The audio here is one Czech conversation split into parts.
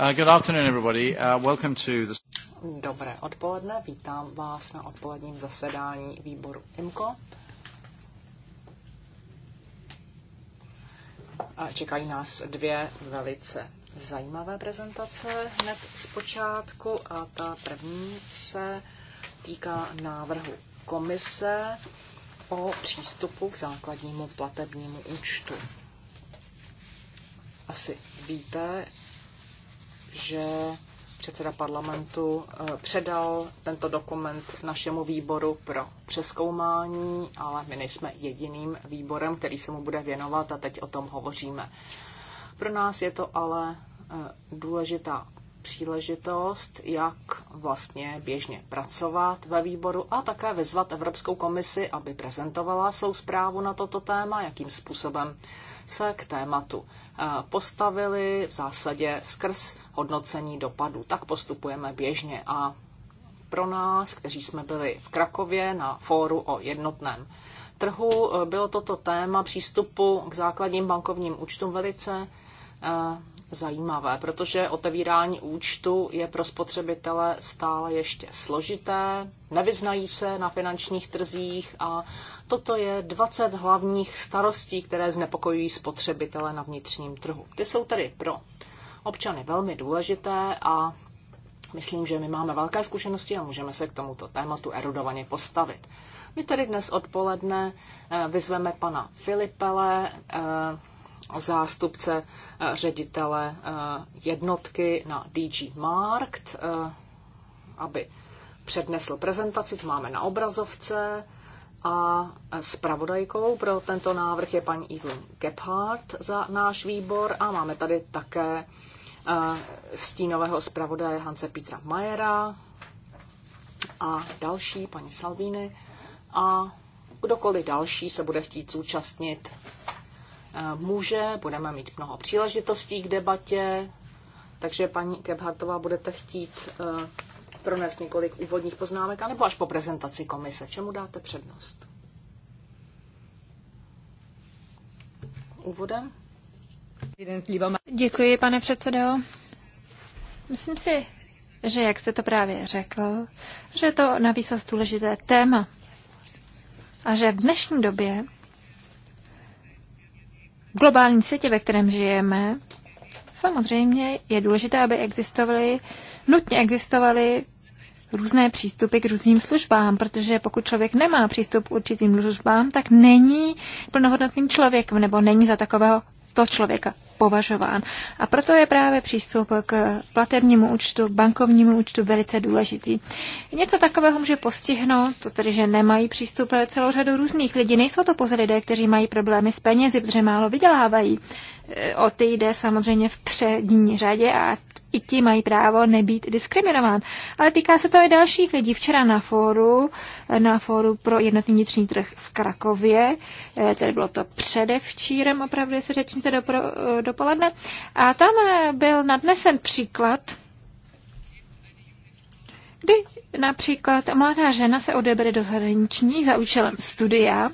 Uh, good afternoon, everybody. Uh, welcome to the... Dobré odpoledne, vítám vás na odpoledním zasedání výboru IMCO. Čekají nás dvě velice zajímavé prezentace hned z počátku a ta první se týká návrhu komise o přístupu k základnímu platebnímu účtu. Asi víte, že předseda parlamentu eh, předal tento dokument našemu výboru pro přeskoumání, ale my nejsme jediným výborem, který se mu bude věnovat a teď o tom hovoříme. Pro nás je to ale eh, důležitá příležitost, jak vlastně běžně pracovat ve výboru a také vyzvat Evropskou komisi, aby prezentovala svou zprávu na toto téma, jakým způsobem se k tématu Eh, postavili v zásadě skrz hodnocení dopadů. Tak postupujeme běžně a pro nás, kteří jsme byli v Krakově na fóru o jednotném trhu, eh, bylo toto téma přístupu k základním bankovním účtům velice eh, zajímavé, protože otevírání účtu je pro spotřebitele stále ještě složité, nevyznají se na finančních trzích a toto je 20 hlavních starostí, které znepokojují spotřebitele na vnitřním trhu. Ty jsou tedy pro občany velmi důležité a myslím, že my máme velké zkušenosti a můžeme se k tomuto tématu erudovaně postavit. My tedy dnes odpoledne eh, vyzveme pana Filipele, eh, zástupce eh, ředitele eh, jednotky na DG Markt, eh, aby přednesl prezentaci, to máme na obrazovce. A spravodajkou pro tento návrh je paní Evelyn Gebhardt za náš výbor a máme tady také stínového zpravodaje Hanse Petra Majera a další, paní Salvini. A kdokoliv další se bude chtít zúčastnit může, budeme mít mnoho příležitostí k debatě, takže paní Kebhartová budete chtít eh, pronést několik úvodních poznámek, anebo až po prezentaci komise. Čemu dáte přednost? Úvodem? Děkuji, pane předsedo. Myslím si, že jak jste to právě řekl, že to navíc důležité téma. A že v dnešní době v globálním světě, ve kterém žijeme, samozřejmě je důležité, aby existovaly, nutně existovaly různé přístupy k různým službám, protože pokud člověk nemá přístup k určitým službám, tak není plnohodnotným člověkem nebo není za takového to člověka považován. A proto je právě přístup k platebnímu účtu, bankovnímu účtu velice důležitý. Něco takového může postihnout, to tedy, že nemají přístup eh, celou řadu různých lidí. Nejsou to pouze lidé, kteří mají problémy s penězi, protože málo vydělávají o ty jde samozřejmě v přední řadě a i ti mají právo nebýt diskriminován. Ale týká se to i dalších lidí. Včera na fóru, na fóru pro jednotný vnitřní trh v Krakově, eh, tedy bylo to předevčírem, opravdu se řečnice do, eh, dopoledne, a tam eh, byl nadnesen příklad, kdy například mladá žena se odebere do zahraničí za účelem studia,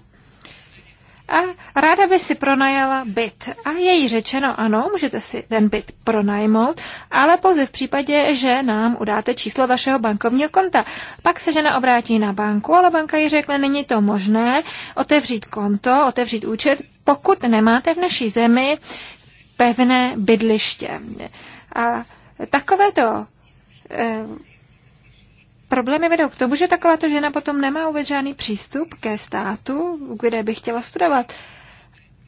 a ráda by si pronajala byt. A je jí řečeno, ano, můžete si ten byt pronajmout, ale pouze v případě, že nám udáte číslo vašeho bankovního konta. Pak se žena obrátí na banku, ale banka jí řekne, není to možné otevřít konto, otevřít účet, pokud nemáte v naší zemi pevné bydliště. A takovéto eh, problémy vedou k tomu, že takováto žena potom nemá vůbec žádný přístup ke státu, kde by chtěla studovat.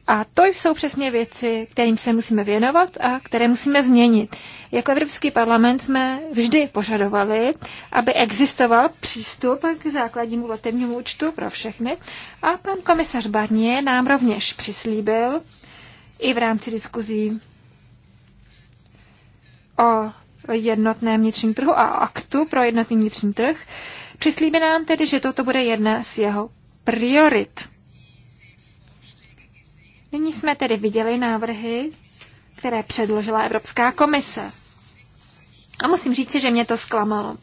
A to jsou přesně věci, kterým se musíme věnovat a které musíme změnit. Jako Evropský parlament jsme vždy požadovali, aby existoval přístup k základnímu letevnímu účtu pro všechny a pan komisař Barnier nám rovněž přislíbil i v rámci diskuzí o jednotném vnitřním trhu a aktu pro jednotný vnitřní trh. Přislíbí nám tedy, že toto bude jedna z jeho priorit. Nyní jsme tedy viděli návrhy, které předložila Evropská komise. A musím říci, že mě to zklamalo.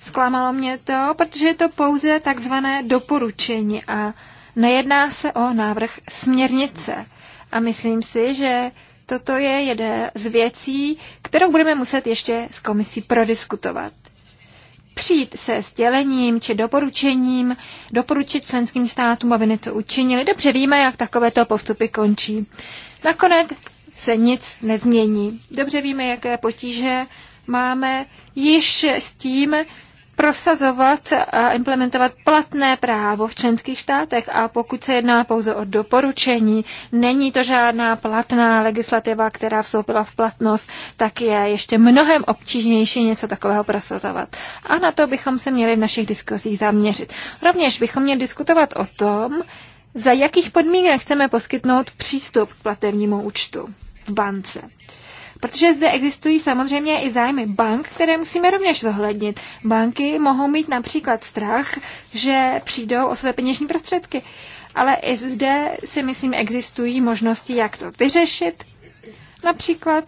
Zklamalo mě to, protože je to pouze takzvané doporučení a nejedná se o návrh směrnice. A myslím si, že Toto je jedna z věcí, kterou budeme muset ještě s komisí prodiskutovat. Přijít se sdělením či doporučením, doporučit členským státům, aby ne to učinili. Dobře víme, jak takovéto postupy končí. Nakonec se nic nezmění. Dobře víme, jaké potíže máme již s tím, prosazovat a implementovat platné právo v členských státech a pokud se jedná pouze o doporučení, není to žádná platná legislativa, která vstoupila v platnost, tak je ještě mnohem obtížnější něco takového prosazovat. A na to bychom se měli v našich diskuzích zaměřit. Rovněž bychom měli diskutovat o tom, za jakých podmínek chceme poskytnout přístup k platebnímu účtu v bance. Protože zde existují samozřejmě i zájmy bank, které musíme rovněž zohlednit. Banky mohou mít například strach, že přijdou o své peněžní prostředky. Ale i zde si myslím existují možnosti, jak to vyřešit. Například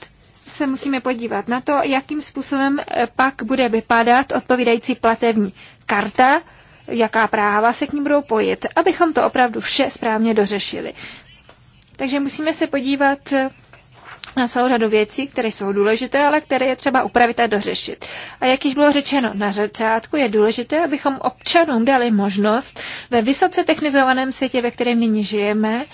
se musíme podívat na to, jakým způsobem eh, pak bude vypadat odpovídající platební karta, jaká práva se k ní budou pojit, abychom to opravdu vše správně dořešili. Takže musíme se podívat eh, na celou řadu věcí, které jsou důležité, ale které je třeba upravit a dořešit. A jak již bylo řečeno na začátku, je důležité, abychom občanům dali možnost ve vysoce technizovaném světě, ve kterém nyní žijeme,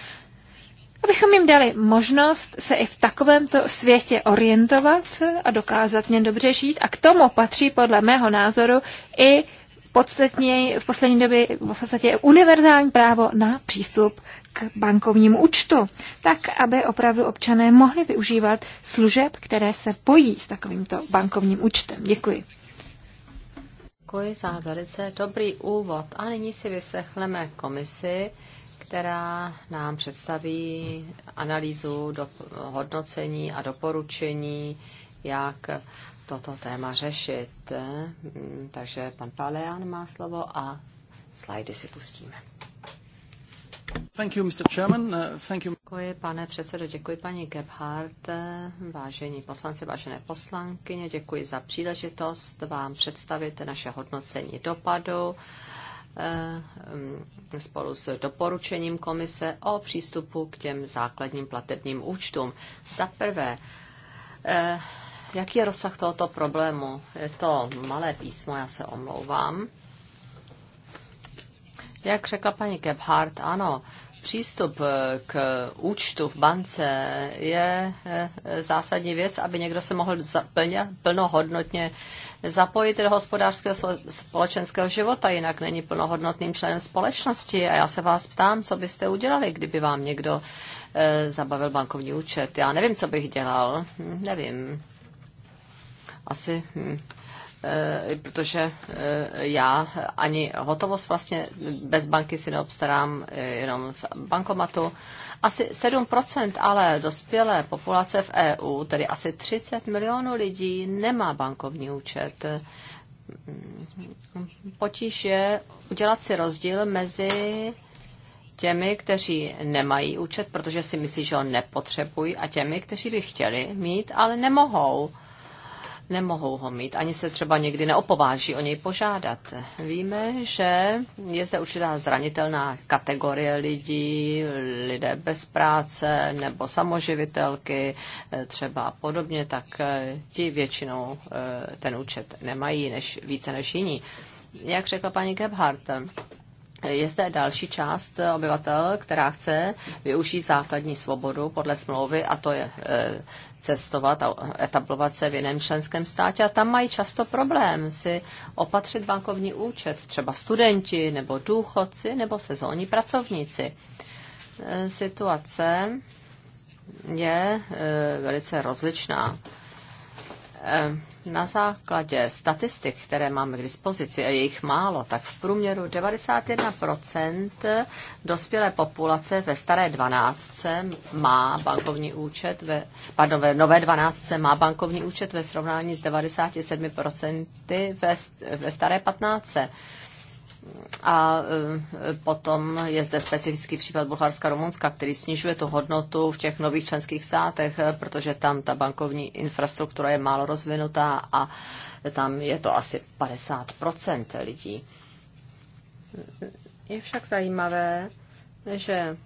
abychom jim dali možnost se i v takovémto světě orientovat a dokázat něm dobře žít. A k tomu patří podle mého názoru i podstatně, v poslední době v podstatě univerzální právo na přístup k bankovnímu účtu, tak aby opravdu občané mohli využívat služeb, které se pojí s takovýmto bankovním účtem. Děkuji. Děkuji za velice dobrý úvod. A nyní si vyslechneme komisi, která nám představí analýzu do, hodnocení a doporučení, jak toto téma řešit. Mm, Takže pan Paleán má slovo a slajdy si pustíme. Thank you, Mr. Chairman. Uh, thank you. Děkuji, pane předsedo, děkuji paní Gebhardt, vážení poslanci, vážené poslankyně, děkuji za příležitost vám představit naše hodnocení dopadu eh, mm, spolu s doporučením komise o přístupu k těm základním platebním účtům. Za prvé, eh, Jaký je rozsah tohoto problému? Je to malé písmo, já se omlouvám. Jak řekla paní Gebhardt, ano, přístup eh, k účtu v bance je eh, zásadní věc, aby někdo se mohl plně, plnohodnotně zapojit do hospodářského společenského života, jinak není plnohodnotným členem společnosti. A já se vás ptám, co byste udělali, kdyby vám někdo eh, zabavil bankovní účet. Já nevím, co bych dělal, hm, nevím asi hm, eh, protože eh, já ani hotovost vlastně bez banky si neobstarám, eh, jenom z bankomatu. Asi 7% ale dospělé populace v EU, tedy asi 30 milionů lidí, nemá bankovní účet. Potíž je udělat si rozdíl mezi těmi, kteří nemají účet, protože si myslí, že ho nepotřebují, a těmi, kteří by chtěli mít, ale nemohou nemohou ho mít, ani se třeba někdy neopováží o něj požádat. Víme, že je zde určitá zranitelná kategorie lidí, lidé bez práce nebo samoživitelky eh, třeba podobně, tak eh, ti většinou eh, ten účet nemají než, více než jiní. Jak řekla paní Gebhardt, je zde další část obyvatel, která chce využít základní svobodu podle smlouvy, a to je e, cestovat a etablovat se v jiném členském státě. A tam mají často problém si opatřit bankovní účet, třeba studenti, nebo důchodci, nebo sezónní pracovníci. E, situace je e, velice rozličná Eh, na základě statistik, které máme k dispozici, a jejich málo, tak v průměru 91% dospělé populace ve staré 12 má bankovní účet, ve, pardon, ve nové 12 má bankovní účet ve srovnání s 97% ve, ve staré 15. A e, potom je zde specifický případ Bulharska Rumunska, který snižuje tu hodnotu v těch nových členských státech, e, protože tam ta bankovní infrastruktura je málo rozvinutá a tam je to asi 50 lidí. Je však zajímavé, že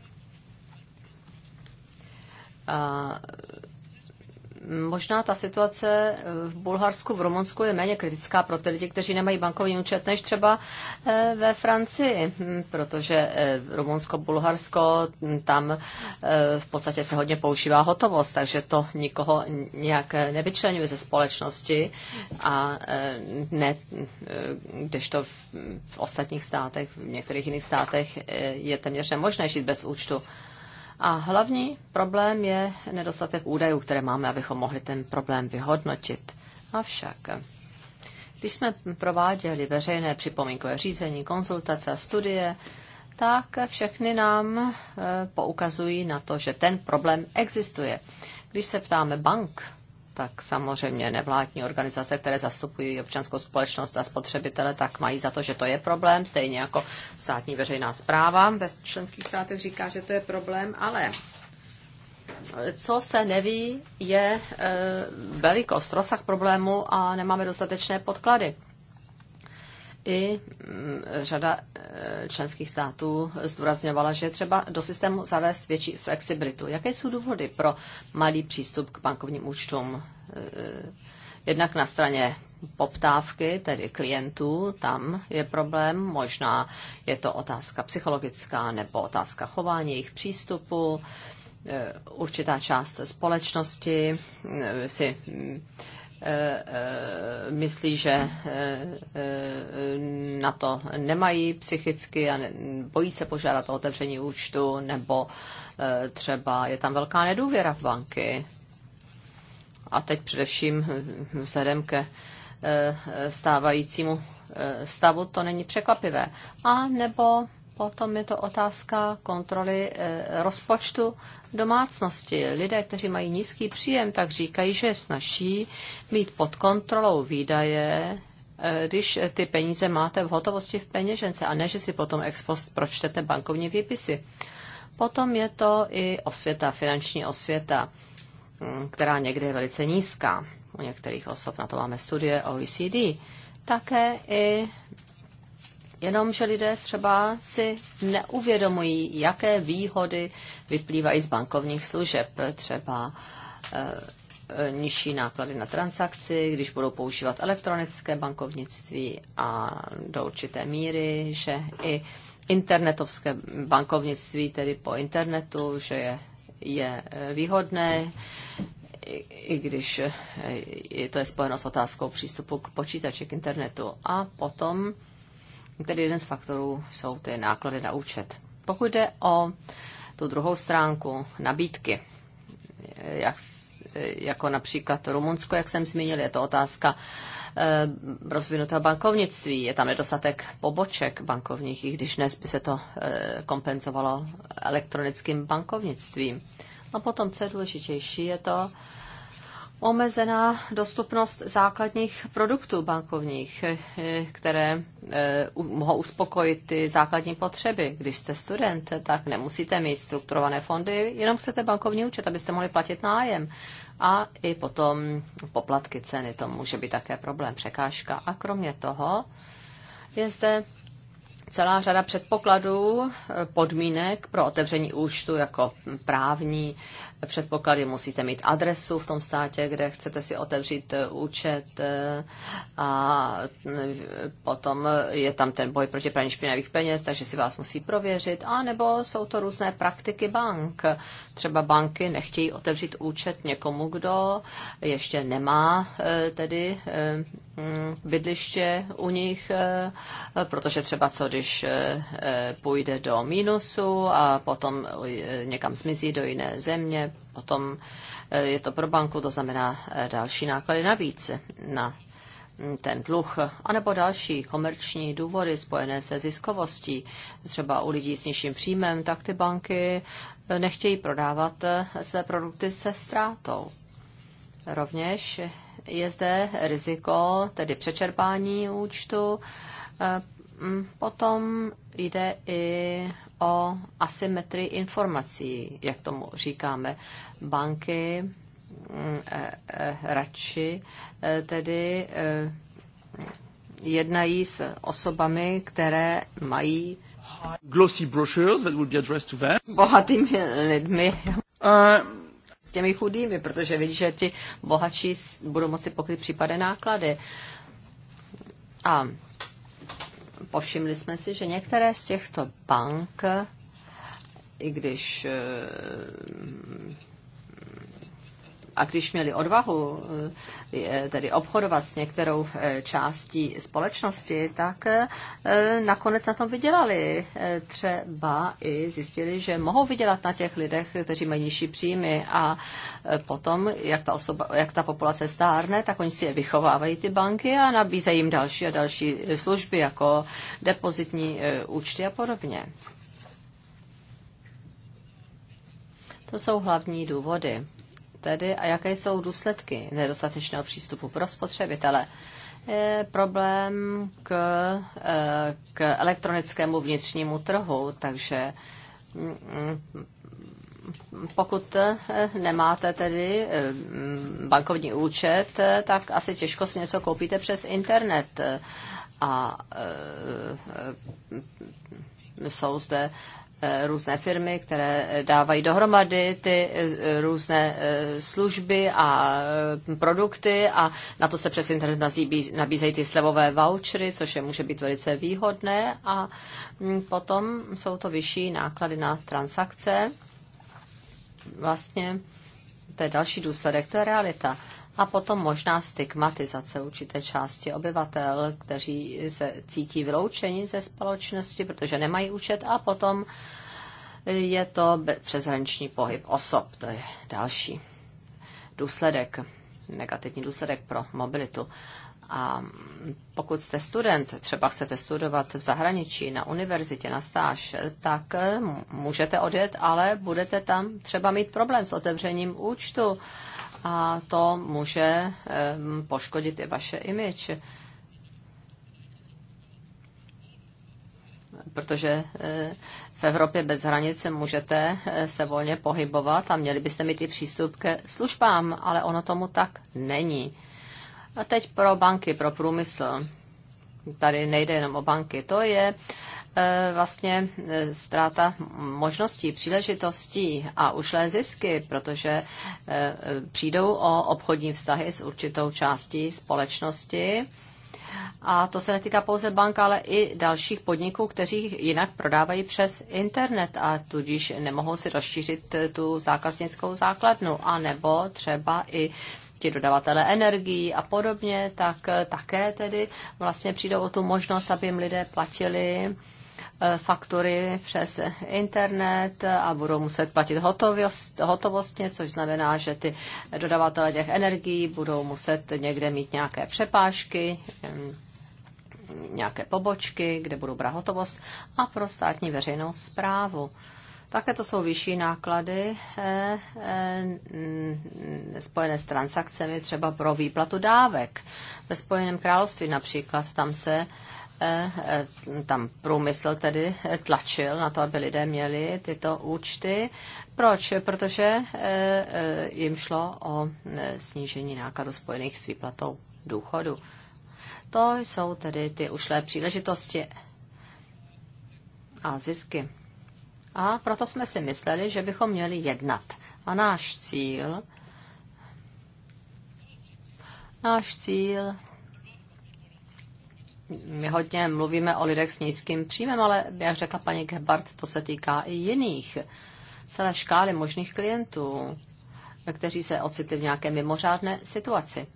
možná ta situace eh, v Bulharsku, v Rumunsku je méně kritická pro ty lidi, kteří nemají bankovní účet, než třeba eh, ve Francii, hm, protože eh, Rumunsko, Bulharsko, hm, tam v podstatě se hodně používá hotovost, takže to nikoho nějak nevyčlenuje ze společnosti a ne, to v ostatních státech, v některých jiných státech je téměř nemožné žít bez účtu. A hlavní problém je nedostatek údajů, které máme, abychom mohli ten problém vyhodnotit. Avšak, když jsme prováděli veřejné připomínkové řízení, konzultace a studie, tak všechny nám eh, poukazují na to, že ten problém existuje. Když se ptáme bank, tak samozřejmě nevládní organizace, které zastupují občanskou společnost a spotřebitele, tak mají za to, že to je problém, stejně jako státní veřejná zpráva ve členských státech říká, že to je problém, ale co se neví, je eh, velikost, rozsah problému a nemáme dostatečné podklady i mm, řada e, členských států zdůrazňovala, že je třeba do systému zavést větší flexibilitu. Jaké jsou důvody pro malý přístup k bankovním účtům? E, jednak na straně poptávky, tedy klientů, tam je problém. Možná je to otázka psychologická nebo otázka chování jejich přístupu. E, určitá část společnosti si mm, Eh, eh, myslí, že eh, na to nemají psychicky a bojí se požádat o otevření účtu, nebo třeba je tam velká nedůvěra v banky. A teď především hm, vzhledem ke stávajícímu stavu to není překvapivé. A nebo Potom je to otázka kontroly eh, rozpočtu domácnosti. Lidé, kteří mají nízký příjem, tak říkají, že je snaží mít pod kontrolou výdaje, eh, když eh, ty peníze máte v hotovosti v peněžence a ne, že si potom ex post pročtete bankovní výpisy. Potom je to i osvěta, finanční osvěta, hm, která někdy je velice nízká. U některých osob na to máme studie OECD. Také i Jenomže lidé třeba si neuvědomují, jaké výhody vyplývají z bankovních služeb, třeba e, nižší náklady na transakci, když budou používat elektronické bankovnictví a do určité míry, že i internetovské bankovnictví, tedy po internetu, že je, je eh, výhodné, i, i když eh, je to je spojeno s otázkou přístupu k počítači, k internetu. A potom tedy jeden z faktorů jsou ty náklady na účet. Pokud jde o tu druhou stránku, nabídky, jak, jako například Rumunsko, jak jsem zmínil, je to otázka eh, rozvinutého bankovnictví. Je tam nedostatek poboček bankovních, i když dnes by se to eh, kompenzovalo elektronickým bankovnictvím. A potom, co je důležitější, je to, omezená dostupnost základních produktů bankovních, eh, které eh, mohou uspokojit ty základní potřeby. Když jste student, tak nemusíte mít strukturované fondy, jenom chcete bankovní účet, abyste mohli platit nájem. A i potom poplatky ceny, to může být také problém, překážka. A kromě toho je zde celá řada předpokladů, eh, podmínek pro otevření účtu jako právní předpoklady. Musíte mít adresu v tom státě, kde chcete si otevřít eh, účet eh, a eh, potom je tam ten boj proti praní špinavých peněz, takže si vás musí prověřit. A nebo jsou to různé praktiky bank. Třeba banky nechtějí otevřít účet někomu, kdo ještě nemá tedy Mm, bydliště u nich, eh, protože třeba co když eh, eh, půjde do mínusu a potom někam zmizí do jiné země, potom je to pro banku, to znamená další náklady navíc na mm, ten dluh, anebo další komerční důvody spojené se ziskovostí. Třeba u lidí s nižším příjmem, tak ty banky nechtějí prodávat své produkty se ztrátou. Rovněž je zde riziko, tedy přečerpání účtu. Eh, mm, potom jde i o asymetrii informací, jak tomu říkáme. Banky mm, eh, eh, radši tedy jednají s osobami, které mají glossy brochures that be addressed to them. Bohatými lidmi. Uh, těmi chudými, protože vidí, že ti bohatší budou moci pokryt případné náklady. A povšimli jsme si, že některé z těchto bank, i když eh, a když měli odvahu eh, tedy obchodovat s některou eh, částí společnosti, tak eh, nakonec na tom vydělali. Třeba i zjistili, že mohou vydělat na těch lidech, kteří mají nižší příjmy a potom, jak ta, osoba, jak ta populace stárne, tak oni si je vychovávají ty banky a nabízejí jim další a další služby, jako depozitní účty a podobně. To jsou hlavní důvody tedy a jaké jsou důsledky nedostatečného přístupu pro spotřebitele. Je problém k, eh, k elektronickému vnitřnímu trhu, takže mm, pokud eh, nemáte tedy eh, bankovní účet, tak asi těžko si něco koupíte přes internet. A jsou zde Eh, různé firmy, které dávají dohromady ty eh, různé eh, služby a produkty a na to se přes internet nabízejí ty slevové vouchery, což je může být velice výhodné a mm, potom jsou to vyšší náklady na transakce. Vlastně to je další důsledek, to je realita a potom možná stigmatizace určité části obyvatel, kteří se cítí vyloučeni ze společnosti, protože nemají účet a potom je to přeshraniční pohyb osob. To je další důsledek, negativní důsledek pro mobilitu. A pokud jste student, třeba chcete studovat v zahraničí, na univerzitě, na stáž, tak můžete odjet, ale budete tam třeba mít problém s otevřením účtu a to může poškodit i vaše imič. protože e, v Evropě bez hranice můžete e, se volně pohybovat a měli byste mít i přístup ke službám, ale ono tomu tak není. A teď pro banky, pro průmysl. Tady nejde jenom o banky, to je eh, Eh, vlastně eh, ztráta možností, příležitostí a ušlé zisky, protože eh, přijdou o obchodní vztahy s určitou částí společnosti. A to se netýká pouze bank, ale i dalších podniků, kteří jinak prodávají přes internet a tudíž nemohou si rozšířit tu zákaznickou základnu. A nebo třeba i ti dodavatele energií a podobně, tak také tedy vlastně přijdou o tu možnost, aby jim lidé platili Eh, faktury přes internet a budou muset platit hotovost, hotovostně, což znamená, že ty dodavatele těch energií budou muset někde mít nějaké přepážky, mm, nějaké pobočky, kde budou brát hotovost a pro státní veřejnou zprávu. Také to jsou vyšší náklady eh, eh, spojené s transakcemi třeba pro výplatu dávek. Ve Spojeném království například tam se E, e, tam průmysl tedy tlačil na to, aby lidé měli tyto účty. Proč? Protože e, jim šlo o snížení nákladů spojených s výplatou důchodu. To jsou tedy ty ušlé příležitosti a zisky. A proto jsme si mysleli, že bychom měli jednat. A náš cíl, náš cíl my hodně mluvíme o lidech s nízkým příjmem, ale jak řekla paní Gebhardt, to se týká i jiných. Celé škály možných klientů, kteří se ocitli v nějaké mimořádné situaci.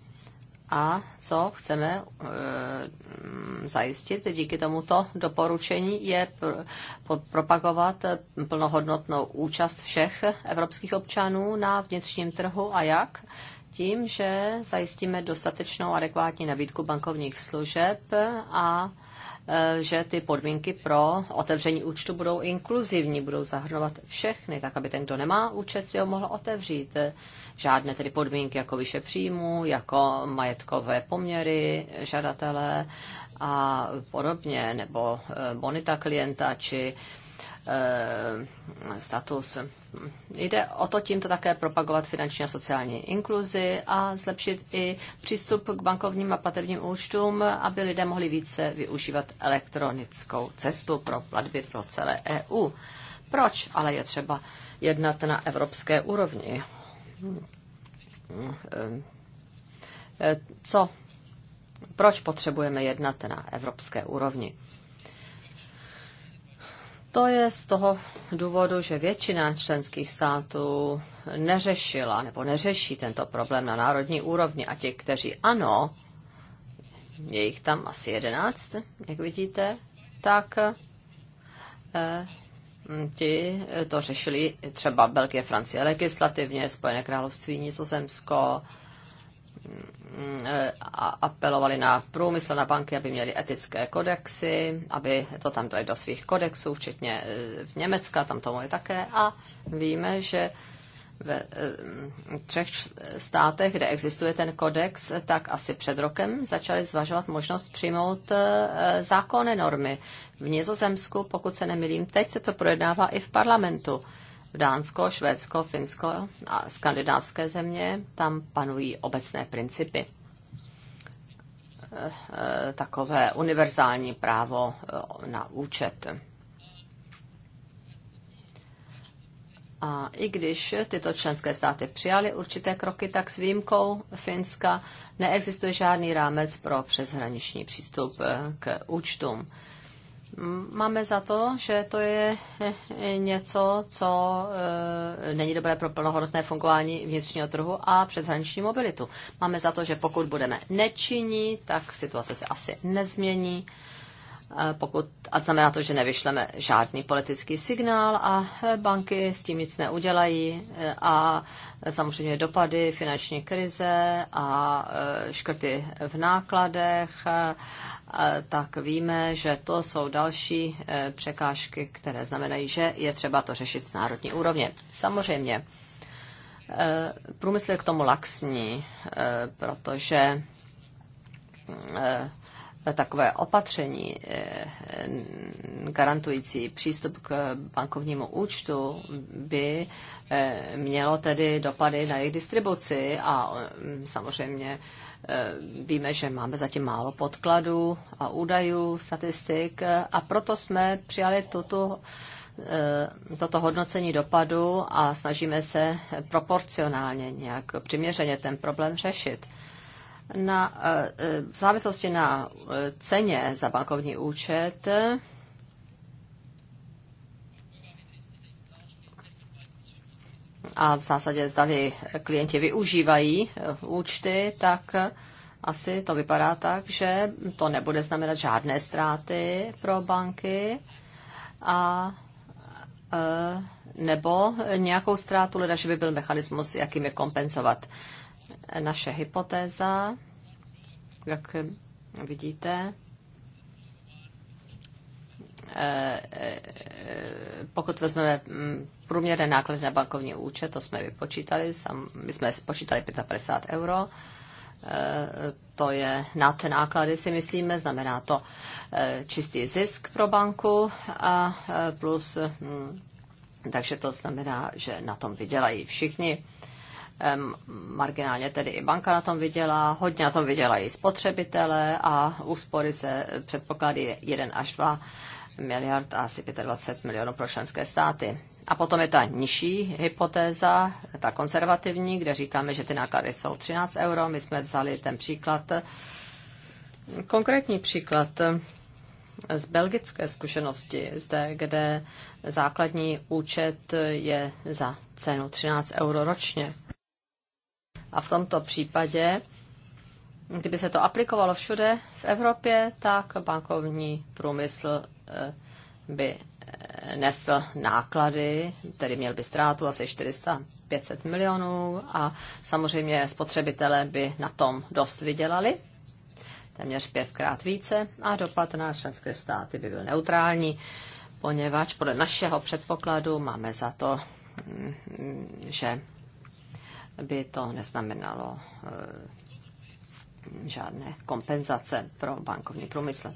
A co chceme e, zajistit díky tomuto doporučení, je pr- propagovat plnohodnotnou účast všech evropských občanů na vnitřním trhu a jak? tím, že zajistíme dostatečnou adekvátní nabídku bankovních služeb a e, že ty podmínky pro otevření účtu budou inkluzivní, budou zahrnovat všechny, tak aby ten, kdo nemá účet, si ho mohl otevřít. Žádné tedy podmínky jako vyše příjmu, jako majetkové poměry žadatele a podobně, nebo e, bonita klienta, či uh, Eh, status. Jde o to tímto také propagovat finanční a sociální inkluzi a zlepšit i přístup k bankovním a platebním účtům, aby lidé mohli více využívat elektronickou cestu pro platby pro celé EU. Proč ale je třeba jednat na evropské úrovni? Eh, co? Proč potřebujeme jednat na evropské úrovni? To je z toho důvodu, že většina členských států neřešila nebo neřeší tento problém na národní úrovni a ti, kteří ano, je jich tam asi jedenáct, jak vidíte, tak eh, ti to řešili třeba Belgie, Francie legislativně, Spojené království, Nizozemsko, eh, apelovali na průmysl, na banky, aby měli etické kodexy, aby to tam dali do svých kodexů, včetně e, v Německa, tam tomu je také. A víme, že ve e, třech státech, kde existuje ten kodex, tak asi před rokem začali zvažovat možnost přijmout e, zákonné normy. V Nizozemsku, pokud se nemilím, teď se to projednává i v parlamentu v Dánsko, Švédsko, Finsko a skandinávské země, tam panují obecné principy. Eh, eh, takové univerzální právo eh, na účet. A i když tyto členské státy přijaly určité kroky, tak s výjimkou Finska neexistuje žádný rámec pro přeshraniční přístup k účtům. Máme za to, že to je eh, něco, co eh, není dobré pro plnohodnotné fungování vnitřního trhu a přeshraniční mobilitu. Máme za to, že pokud budeme nečinní, tak situace se asi nezmění pokud, a znamená to, že nevyšleme žádný politický signál a banky s tím nic neudělají a samozřejmě dopady finanční krize a e, škrty v nákladech, tak víme, že to jsou další e, překážky, které znamenají, že je třeba to řešit z národní úrovně. Samozřejmě, e, průmysl je k tomu laxní, protože takové opatření eh, garantující přístup k bankovnímu účtu by eh, mělo tedy dopady na jejich distribuci a mm, samozřejmě eh, Víme, že máme zatím málo podkladů a údajů, statistik a proto jsme přijali tuto, toto hodnocení dopadu a snažíme se proporcionálně nějak přiměřeně ten problém řešit na, eh, v závislosti na eh, ceně za bankovní účet a v zásadě zdali klienti využívají eh, účty, tak asi to vypadá tak, že to nebude znamenat žádné ztráty pro banky a nebo nějakou ztrátu, leda, že by byl mechanismus, jakým je kompenzovat naše hypotéza, jak vidíte, eh, eh, pokud vezmeme mm, průměrné náklady na bankovní účet, to jsme vypočítali, my jsme spočítali 55 euro, eh, to je na ty náklady, si myslíme, znamená to čistý zisk pro banku a plus, mm, takže to znamená, že na tom vydělají všichni marginálně tedy i banka na tom viděla, hodně na tom viděla i spotřebitele a úspory se předpokládají 1 až 2 miliard a asi 25 milionů pro členské státy. A potom je ta nižší hypotéza, ta konzervativní, kde říkáme, že ty náklady jsou 13 euro. My jsme vzali ten příklad, konkrétní příklad z belgické zkušenosti, zde, kde základní účet je za cenu 13 euro ročně. A v tomto případě, kdyby se to aplikovalo všude v Evropě, tak bankovní průmysl eh, by eh, nesl náklady, tedy měl by ztrátu asi 400 500 milionů a samozřejmě spotřebitelé by na tom dost vydělali, téměř pětkrát více a dopad na členské státy by byl neutrální, poněvadž podle našeho předpokladu máme za to, mm, že by to neznamenalo eh, žádné kompenzace pro bankovní průmysl.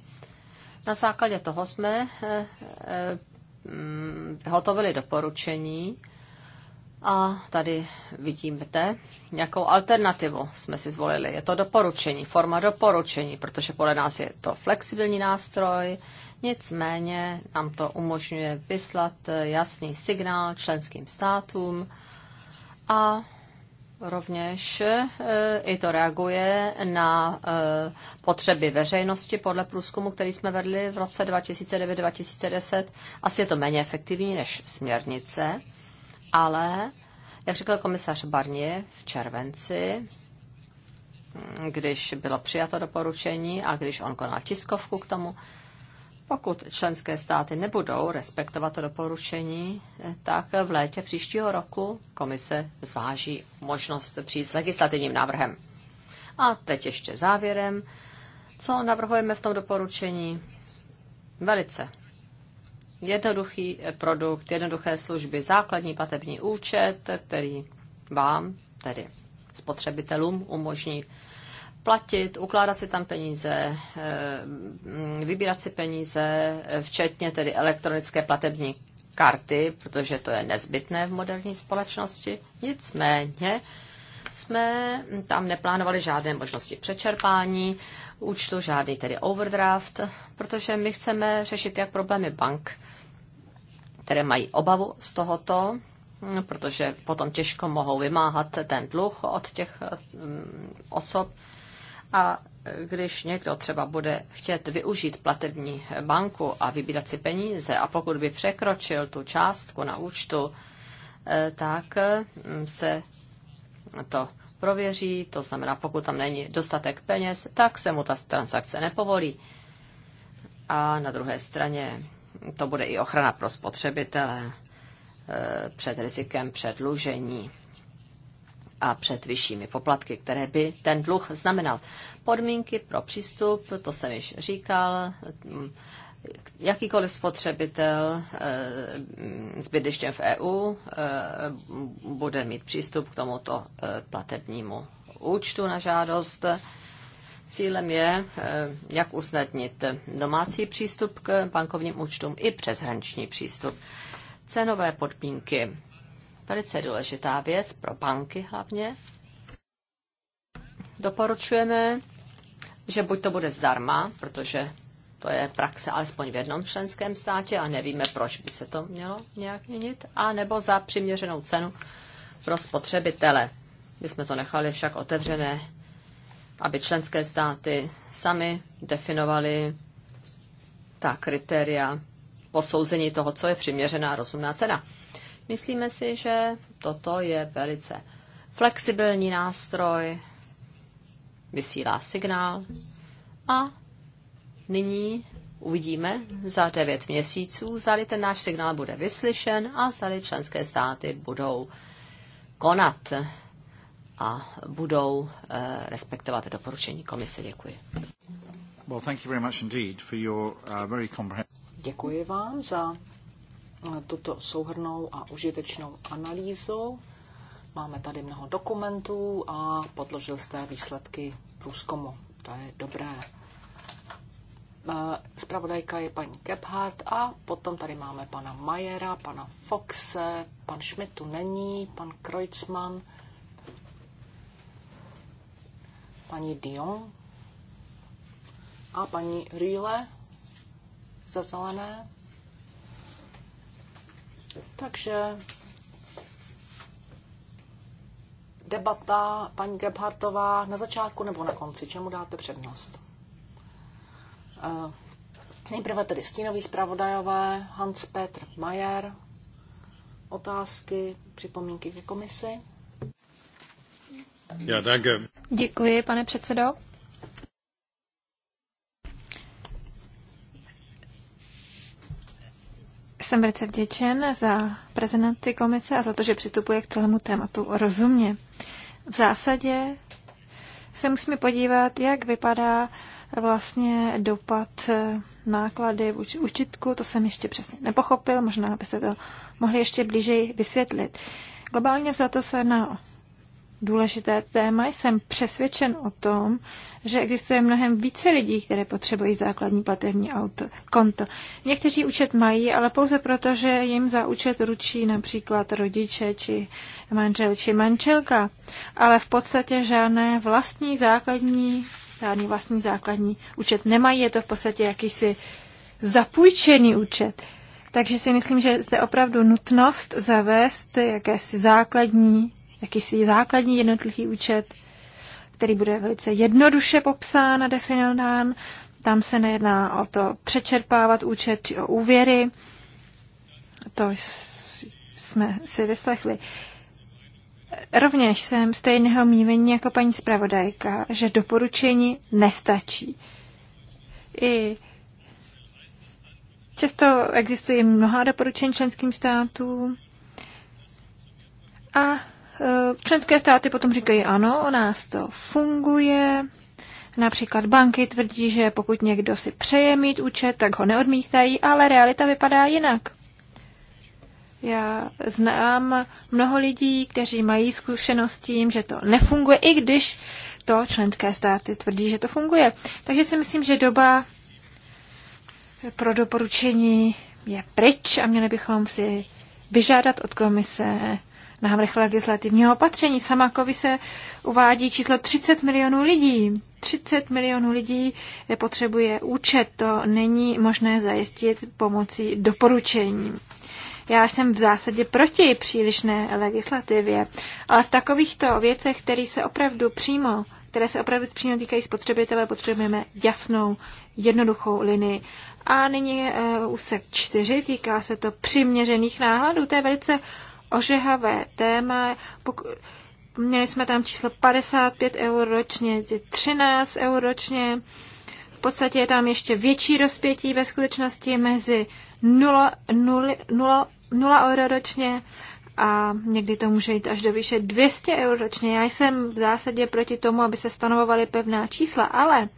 Na základě toho jsme vyhotovili eh, eh, doporučení a tady vidíte, jakou alternativu jsme si zvolili. Je to doporučení, forma doporučení, protože podle nás je to flexibilní nástroj, nicméně nám to umožňuje vyslat jasný signál členským státům a rovněž eh, i to reaguje na eh, potřeby veřejnosti podle průzkumu, který jsme vedli v roce 2009-2010. Asi je to méně efektivní než směrnice, ale, jak řekl komisař Barnier v červenci, hm, když bylo přijato doporučení a když on konal tiskovku k tomu, pokud členské státy nebudou respektovat doporučení, tak v létě příštího roku komise zváží možnost přijít s legislativním návrhem. A teď ještě závěrem, co navrhujeme v tom doporučení. Velice jednoduchý produkt, jednoduché služby, základní platební účet, který vám, tedy spotřebitelům, umožní platit, ukládat si tam peníze, eh, vybírat si peníze, eh, včetně tedy elektronické platební karty, protože to je nezbytné v moderní společnosti. Nicméně jsme tam neplánovali žádné možnosti přečerpání účtu, žádný tedy overdraft, protože my chceme řešit jak problémy bank, které mají obavu z tohoto, hm, protože potom těžko mohou vymáhat ten dluh od těch hm, osob. A když někdo třeba bude chtět využít platební banku a vybírat si peníze a pokud by překročil tu částku na účtu, eh, tak mm, se to prověří, to znamená, pokud tam není dostatek peněz, tak se mu ta transakce nepovolí. A na druhé straně to bude i ochrana pro spotřebitele eh, před rizikem předlužení a před vyššími poplatky, které by ten dluh znamenal. Podmínky pro přístup, to jsem již říkal, mm, jakýkoliv spotřebitel eh, s bydlištěm v EU eh, bude mít přístup k tomuto eh, platebnímu účtu na žádost. Cílem je, jak usnadnit domácí přístup k bankovním účtům i přeshraniční přístup. Cenové podmínky velice důležitá věc pro banky hlavně. Doporučujeme, že buď to bude zdarma, protože to je praxe alespoň v jednom členském státě a nevíme, proč by se to mělo nějak měnit, a nebo za přiměřenou cenu pro spotřebitele. My jsme to nechali však otevřené, aby členské státy sami definovali ta kritéria posouzení toho, co je přiměřená rozumná cena. Myslíme si, že toto je velice flexibilní nástroj, vysílá signál a nyní uvidíme za devět měsíců, zdali ten náš signál bude vyslyšen a zdali členské státy budou konat a budou eh, respektovat doporučení komise. Děkuji. Well, thank you very much indeed for your, uh, very Děkuji vám za tuto souhrnou a užitečnou analýzu. Máme tady mnoho dokumentů a podložil jste výsledky průzkumu. To je dobré. Spravodajka e, je paní Gebhardt a potom tady máme pana Majera, pana Foxe, pan Schmidt tu není, pan Kreutzmann, paní Dion a paní Rýle za zelené. Takže debata, paní Gebhartová, na začátku nebo na konci, čemu dáte přednost? Eh, nejprve tedy stínový zpravodajové, Hans Petr Majer, otázky, připomínky ke komisi. Děkuji, pane předsedo. Jsem velice vděčen za prezentaci komise a za to, že přistupuje k celému tématu rozumně. V zásadě se musíme podívat, jak vypadá vlastně dopad eh, náklady v učitku. to jsem ještě přesně nepochopil, možná byste to mohli ještě blíže vysvětlit. Globálně za to se jedná o důležité téma. Jsem přesvědčen o tom, že existuje mnohem více lidí, které potřebují základní platební auto, konto. Někteří účet mají, ale pouze proto, že jim za účet ručí například rodiče či manžel či manželka, ale v podstatě žádné vlastní základní, žádný vlastní základní účet nemají. Je to v podstatě jakýsi zapůjčený účet. Takže si myslím, že zde opravdu nutnost zavést jakési základní jakýsi základní jednotlivý účet, který bude velice jednoduše popsán a definován. Tam se nejedná o to přečerpávat účet či o úvěry. To jsme si vyslechli. Rovněž jsem stejného mývení jako paní zpravodajka, že doporučení nestačí. I často existují mnoha doporučení členským státům a Eh, členské státy potom říkají ano, u nás to funguje. Například banky tvrdí, že pokud někdo si přeje mít účet, tak ho neodmítají, ale realita vypadá jinak. Já znám mnoho lidí, kteří mají zkušenost s tím, že to nefunguje, i když to členské státy tvrdí, že to funguje. Takže si myslím, že doba pro doporučení je pryč a měli bychom si vyžádat od komise návrh legislativního opatření. Samakovi se uvádí číslo 30 milionů lidí. 30 milionů lidí potřebuje účet. To není možné zajistit pomocí doporučení. Já jsem v zásadě proti přílišné legislativě, ale v takovýchto věcech, které se opravdu přímo které se opravdu přímo týkají spotřebitele, potřebujeme jasnou, jednoduchou linii. A nyní uh, úsek čtyři, týká se to přiměřených náhladů. To je velice ožehavé téma. Měli jsme tam číslo 55 eur ročně, 13 eur ročně. V podstatě je tam ještě větší rozpětí ve skutečnosti mezi 0, eur euro ročně a někdy to může jít až do výše 200 eur ročně. Já jsem v zásadě proti tomu, aby se stanovovaly pevná čísla, ale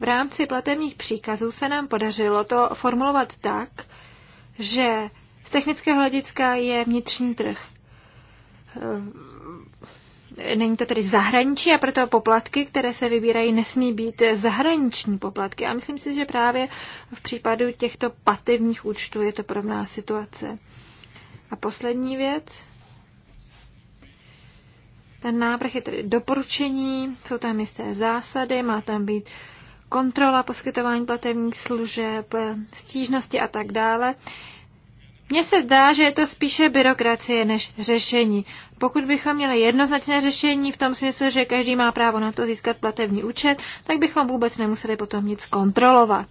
v rámci platebních příkazů se nám podařilo to formulovat tak, že z technického hlediska je vnitřní trh. Eh, není to tedy zahraničí a proto poplatky, které se vybírají, nesmí být zahraniční poplatky. A myslím si, že právě v případu těchto pasivních účtů je to podobná situace. A poslední věc. Ten návrh je tedy doporučení, jsou tam jisté zásady, má tam být kontrola poskytování platebních služeb, stížnosti a tak dále. Mně se zdá, že je to spíše byrokracie než řešení. Pokud bychom měli jednoznačné řešení v tom smyslu, že každý má právo na to získat platební účet, tak bychom vůbec nemuseli potom nic kontrolovat.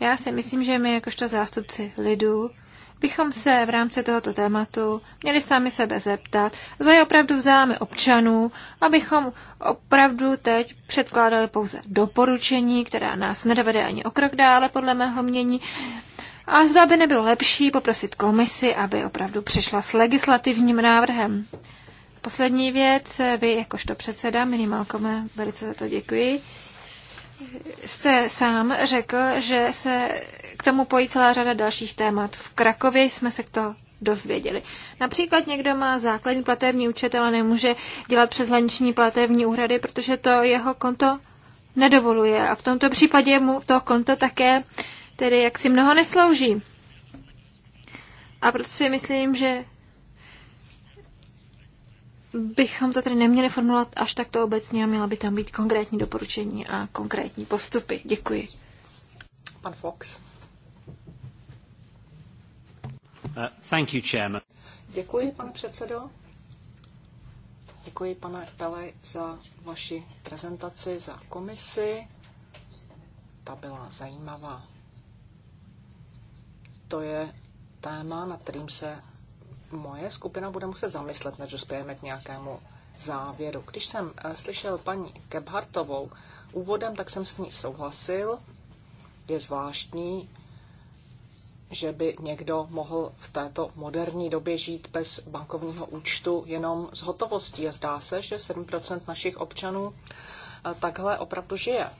Já si myslím, že my jakožto zástupci lidu bychom se v rámci tohoto tématu měli sami sebe zeptat, zda je opravdu v zájmu občanů, abychom opravdu teď předkládali pouze doporučení, která nás nedovede ani o krok dále, podle mého mění, a zda by nebylo lepší poprosit komisi, aby opravdu přišla s legislativním návrhem. Poslední věc, vy jakožto předseda, minimálkome, velice za to děkuji jste sám řekl, že se k tomu pojí celá řada dalších témat. V Krakově jsme se k to dozvěděli. Například někdo má základní platební účet, ale nemůže dělat přeshraniční platební úhrady, protože to jeho konto nedovoluje. A v tomto případě mu to konto také tedy jaksi mnoho neslouží. A proto si myslím, že bychom to tedy neměli formulovat až takto obecně a měla by tam být konkrétní doporučení a konkrétní postupy. Děkuji. Pan Fox. Uh, thank you, chairman. Děkuji, pane předsedo. Děkuji, pane Pele, za vaši prezentaci, za komisi. Ta byla zajímavá. To je téma, nad kterým se moje skupina bude muset zamyslet, než dospějeme k nějakému závěru. Když jsem eh, slyšel paní Gebhartovou úvodem, tak jsem s ní souhlasil. Je zvláštní, že by někdo mohl v této moderní době žít bez bankovního účtu jenom z hotovostí. A zdá se, že 7% našich občanů eh, takhle opravdu žije.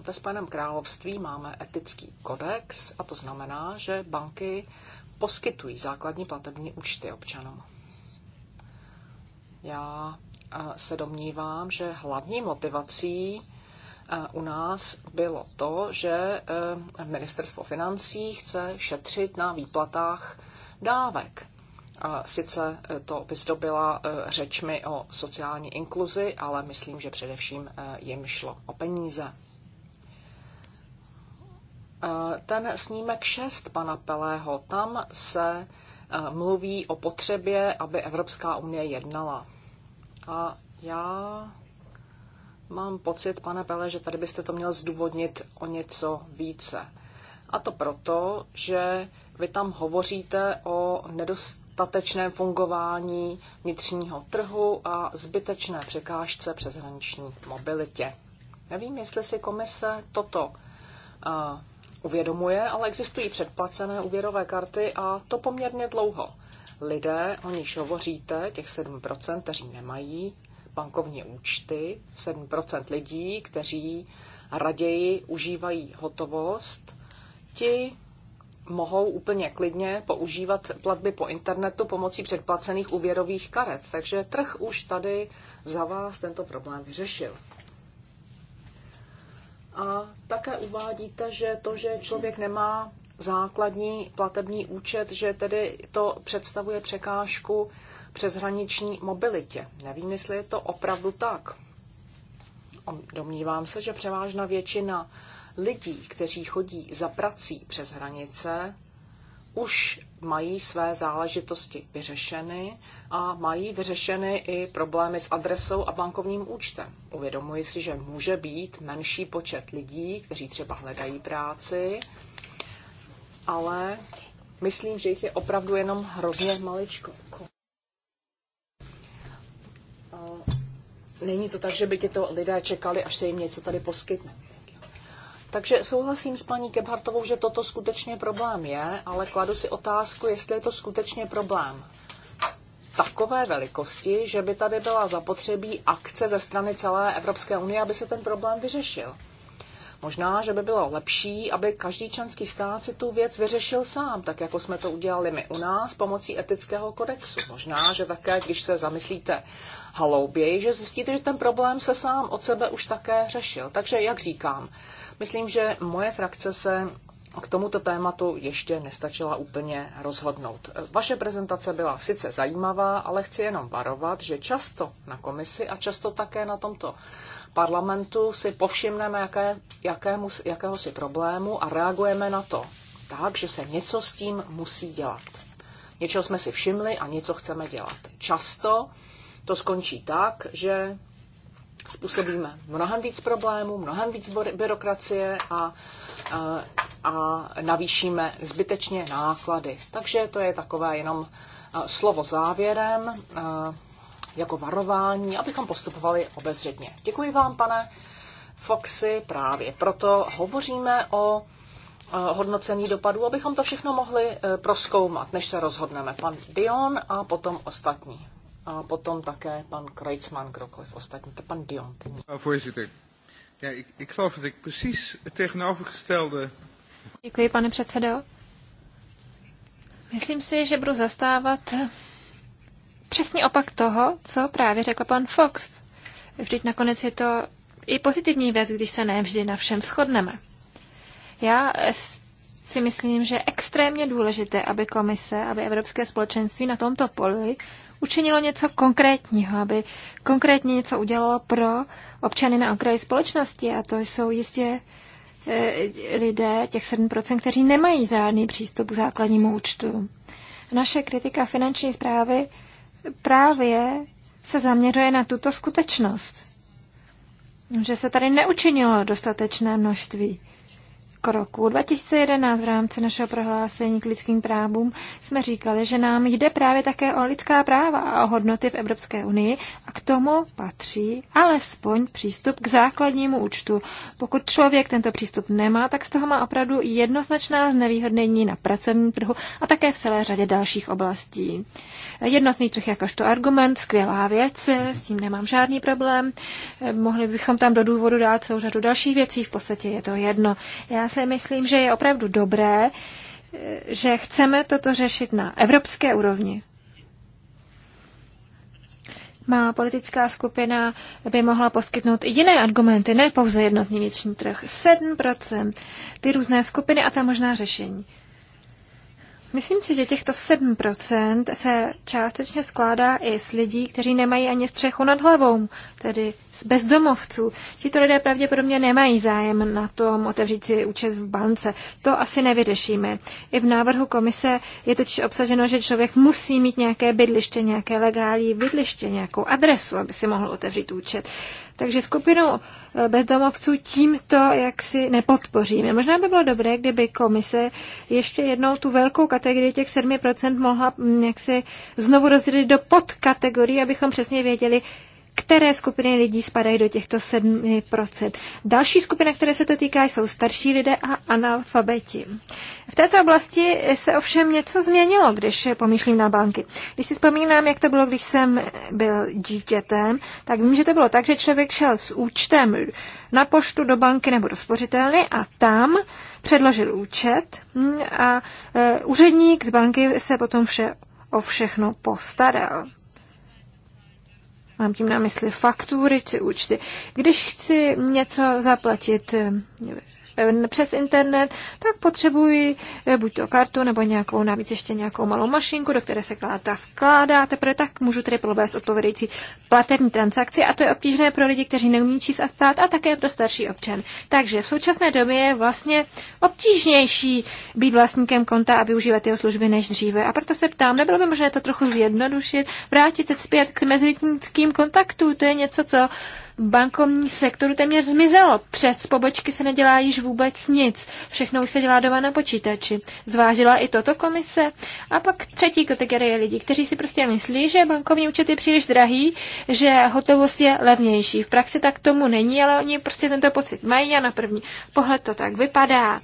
Ve Spojeném království máme etický kodex a to znamená, že banky poskytují základní platební účty občanům. Já eh, se domnívám, že hlavní motivací eh, u nás bylo to, že eh, ministerstvo financí chce šetřit na výplatách dávek. Sice to vyzdobila řečmi o sociální inkluzi, ale myslím, že především jim šlo o peníze. Eh, ten snímek 6 pana Pelého. Tam se eh, mluví o potřebě, aby Evropská unie jednala. A já mám pocit, pane Pele, že tady byste to měl zdůvodnit o něco více. A to proto, že vy tam hovoříte o nedostatečném fungování vnitřního trhu a zbytečné překážce přeshraniční mobilitě. Nevím, jestli si komise toto eh, uvědomuje, ale existují předplacené úvěrové karty a to poměrně dlouho. Lidé, o nichž hovoříte, těch 7%, kteří nemají bankovní účty, 7% lidí, kteří raději užívají hotovost, ti mohou úplně klidně používat platby po internetu pomocí předplacených úvěrových karet. Takže trh už tady za vás tento problém vyřešil. A také uvádíte, že to, že člověk nemá základní platební účet, že tedy to představuje překážku přeshraniční mobilitě. Nevím, jestli je to opravdu tak. Domnívám se, že převážná většina lidí, kteří chodí za prací přes hranice, už mají své záležitosti vyřešeny a mají vyřešeny i problémy s adresou a bankovním účtem. Uvědomuji si, že může být menší počet lidí, kteří třeba hledají práci, ale myslím, že jich je opravdu jenom hrozně maličko. Není to tak, že by to lidé čekali, až se jim něco tady poskytne. Takže souhlasím s paní Kebhartovou, že toto skutečně problém je, ale kladu si otázku, jestli je to skutečně problém takové velikosti, že by tady byla zapotřebí akce ze strany celé Evropské unie, aby se ten problém vyřešil. Možná, že by bylo lepší, aby každý členský stát si tu věc vyřešil sám, tak jako jsme to udělali my u nás pomocí etického kodexu. Možná, že také, když se zamyslíte halouběji, že zjistíte, že ten problém se sám od sebe už také řešil. Takže, jak říkám, Myslím, že moje frakce se k tomuto tématu ještě nestačila úplně rozhodnout. Vaše prezentace byla sice zajímavá, ale chci jenom varovat, že často na komisi a často také na tomto parlamentu si povšimneme jaké, jakému, jakéhosi problému a reagujeme na to tak, že se něco s tím musí dělat. Něčeho jsme si všimli a něco chceme dělat. Často to skončí tak, že způsobíme mnohem víc problémů, mnohem víc byrokracie a, a, a navýšíme zbytečně náklady. Takže to je takové jenom slovo závěrem jako varování, abychom postupovali obezřetně. Děkuji vám, pane Foxy, právě proto hovoříme o hodnocení dopadů, abychom to všechno mohli e, proskoumat, než se rozhodneme. Pan Dion a potom ostatní a potom také pan Kreitzmann, kdokoliv ostatní, to pan Diont. Voorzitter, ja, ik, ik geloof dat ik precies het tegenovergestelde... Děkuji, pane předsedo. Myslím si, že budu zastávat přesně opak toho, co právě řekl pan Fox. Vždyť nakonec je to i pozitivní věc, když se ne vždy na všem shodneme. Já si myslím, že je extrémně důležité, aby komise, aby Evropské společenství na tomto poli učinilo něco konkrétního, aby konkrétně něco udělalo pro občany na okraji společnosti. A to jsou jistě eh, lidé, těch 7%, kteří nemají žádný přístup k základnímu účtu. Naše kritika finanční zprávy právě se zaměřuje na tuto skutečnost, že se tady neučinilo dostatečné množství roku 2011 v rámci našeho prohlášení k lidským právům jsme říkali, že nám jde právě také o lidská práva a o hodnoty v Evropské unii a k tomu patří alespoň přístup k základnímu účtu. Pokud člověk tento přístup nemá, tak z toho má opravdu jednoznačná znevýhodnění na pracovním trhu a také v celé řadě dalších oblastí. Jednotný trh jakožto argument, skvělá věc, s tím nemám žádný problém. Mohli bychom tam do důvodu dát celou řadu dalších věcí, v podstatě je to jedno. Já si myslím, že je opravdu dobré, eh, že chceme toto řešit na evropské úrovni. Má politická skupina by mohla poskytnout i jiné argumenty, ne pouze jednotný vnitřní trh. 7%, ty různé skupiny a ta možná řešení. Myslím si, že těchto 7% se částečně skládá i z lidí, kteří nemají ani střechu nad hlavou, tedy z bezdomovců. Tito lidé pravděpodobně nemají zájem na tom otevřít si účet v bance. To asi nevyřešíme. I v návrhu komise je totiž obsaženo, že člověk musí mít nějaké bydliště, nějaké legální bydliště, nějakou adresu, aby si mohl otevřít účet. Takže skupinu eh, bezdomovců tímto jaksi nepodpoříme. Možná by bylo dobré, kdyby komise ještě jednou tu velkou kategorii těch 7% mohla mm, jaksi znovu rozdělit do podkategorii, abychom přesně věděli, které skupiny lidí spadají do těchto 7%. Další skupina, které se to týká, jsou starší lidé a analfabeti. V této oblasti se ovšem něco změnilo, když pomýšlím na banky. Když si vzpomínám, jak to bylo, když jsem byl dítětem, tak vím, že to bylo tak, že člověk šel s účtem na poštu do banky nebo do spořitelny a tam předložil účet hm, a e, úředník z banky se potom vše o všechno postaral. Mám tím na mysli faktury či účty. Když chci něco zaplatit eh, Eh, přes internet, tak potřebuji eh, buď to kartu nebo nějakou, navíc ještě nějakou malou mašinku, do které se kláda vkládá, teprve tak můžu tedy provést odpovědající platební transakci a to je obtížné pro lidi, kteří neumí číst a stát a také pro starší občan. Takže v současné době je vlastně obtížnější být vlastníkem konta a využívat jeho služby než dříve. A proto se ptám, nebylo by možné to trochu zjednodušit, vrátit se zpět k mezilidským kontaktu to je něco, co bankovní sektoru téměř zmizelo. Přes pobočky se nedělá již vůbec nic. Všechno už se dělá doma na počítači. Zvážila i toto komise. A pak třetí kategorie lidí, kteří si prostě myslí, že bankovní účet je příliš drahý, že hotovost je levnější. V praxi tak tomu není, ale oni prostě tento pocit mají a na první pohled to tak vypadá.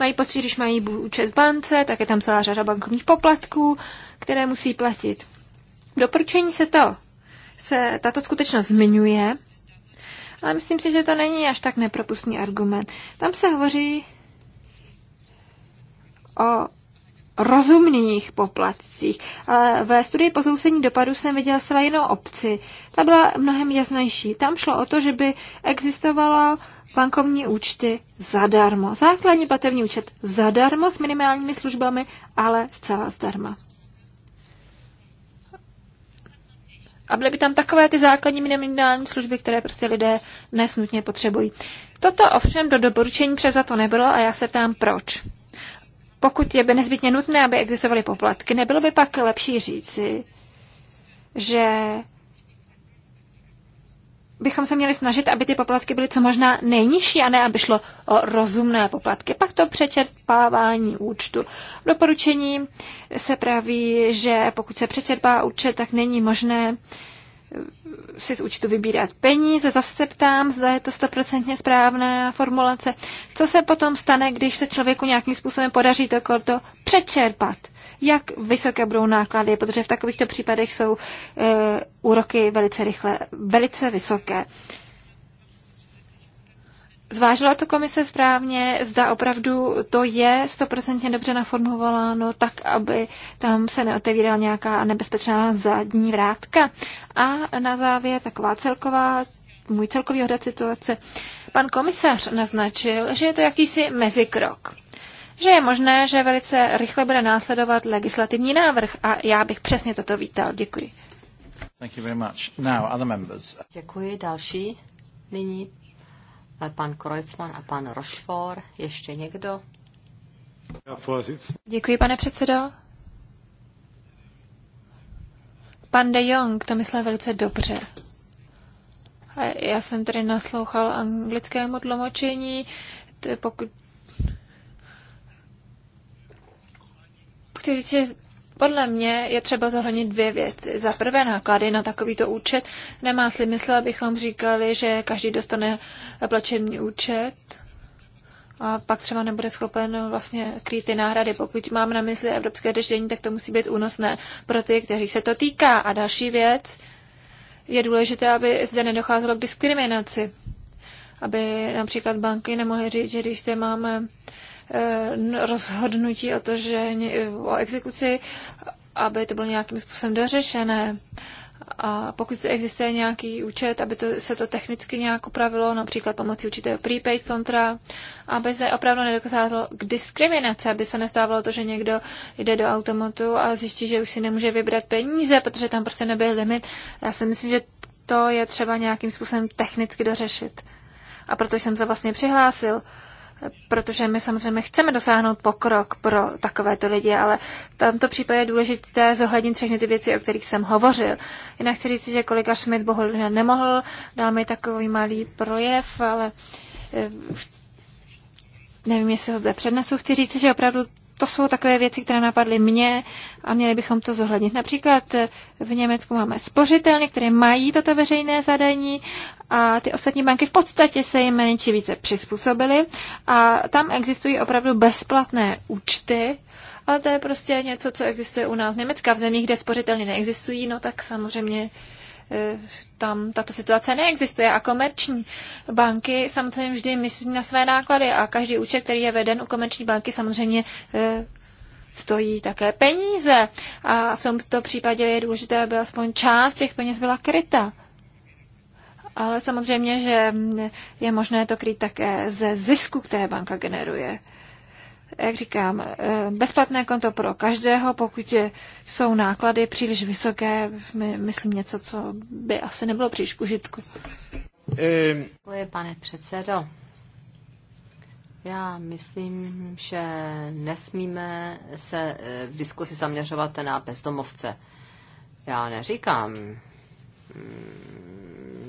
Mají pocit, když mají účet v bance, tak je tam celá řada bankovních poplatků, které musí platit. doporučení se to se tato skutečnost zmiňuje, ale myslím si, že to není až tak nepropustný argument. Tam se hovoří o rozumných poplatcích. Ale ve studii pozousení dopadu jsem viděla zcela jinou obci. Ta byla mnohem jasnější. Tam šlo o to, že by existovalo bankovní účty zadarmo. Základní platební účet zadarmo s minimálními službami, ale zcela zdarma. a byly by tam takové ty základní minimální služby, které prostě lidé dnes nutně potřebují. Toto ovšem do doporučení to nebylo a já se ptám proč. Pokud je by nezbytně nutné, aby existovaly poplatky, nebylo by pak lepší říci, že bychom se měli snažit, aby ty poplatky byly co možná nejnižší a ne, aby šlo o rozumné poplatky. Pak to přečerpávání účtu. V doporučení se praví, že pokud se přečerpá účet, tak není možné eh, si z účtu vybírat peníze. Zase se ptám, zda je to stoprocentně správná formulace. Co se potom stane, když se člověku nějakým způsobem podaří to konto přečerpat? jak vysoké budou náklady, protože v takovýchto případech jsou e, úroky velice rychle, velice vysoké. Zvážila to komise správně, zda opravdu to je stoprocentně dobře naformulováno, tak aby tam se neotevírala nějaká nebezpečná zadní vrátka. A na závěr taková celková, můj celkový odhad situace. Pan komisař naznačil, že je to jakýsi mezikrok že je možné, že velice rychle bude následovat legislativní návrh a já bych přesně toto vítal. Děkuji. Thank you very much. Now, other members. Děkuji. Další nyní eh, pan Kreutzmann a pan Rošfor. Ještě někdo? Děkuji, pane předsedo. Pan de Jong to myslel velice dobře. já jsem tedy naslouchal anglickému tlumočení, pokud chci říct, že podle mě je třeba zohlednit dvě věci. Za prvé náklady na takovýto účet. Nemá mysl, abychom říkali, že každý dostane plačební účet a pak třeba nebude schopen vlastně krýt ty náhrady. Pokud mám na mysli evropské řešení, tak to musí být únosné pro ty, kteří se to týká. A další věc, je důležité, aby zde nedocházelo k diskriminaci. Aby například banky nemohly říct, že když se máme Eh, rozhodnutí o to, že o exekuci, aby to bylo nějakým způsobem dořešené. A pokud existuje nějaký účet, aby to, se to technicky nějak upravilo, například pomocí určitého prepaid kontra, aby se opravdu nedokázalo k diskriminaci, aby se nestávalo to, že někdo jde do automatu a zjistí, že už si nemůže vybrat peníze, protože tam prostě nebyl limit. Já si myslím, že to je třeba nějakým způsobem technicky dořešit. A proto jsem se vlastně přihlásil. Uh, protože my samozřejmě chceme dosáhnout pokrok pro takovéto lidi, ale v tomto případě je důležité zohlednit všechny ty věci, o kterých jsem hovořil. Jinak chci říct, že kolega Schmidt bohužel nemohl, dal mi takový malý projev, ale eh, nevím, jestli ho zde přednesu. Chci říct, že opravdu to jsou takové věci, které napadly mě a měli bychom to zohlednit. Například eh, v Německu máme spořitelny, které mají toto veřejné zadání a ty ostatní banky v podstatě se jim méně více přizpůsobily a tam existují opravdu bezplatné účty, ale to je prostě něco, co existuje u nás v Německa, v zemích, kde spořitelně neexistují, no tak samozřejmě eh, tam tato situace neexistuje a komerční banky samozřejmě vždy myslí na své náklady a každý účet, který je veden u komerční banky samozřejmě eh, stojí také peníze a v tomto případě je důležité, aby aspoň část těch peněz byla kryta ale samozřejmě, že je možné to krýt také ze zisku, které banka generuje. Jak říkám, eh, bezplatné konto pro každého, pokud jsou náklady příliš vysoké, myslím něco, co by asi nebylo příliš k užitku. Ehm. Děkuji, pane předsedo. Já myslím, že nesmíme se eh, v diskusi zaměřovat na bezdomovce. Já neříkám, mm,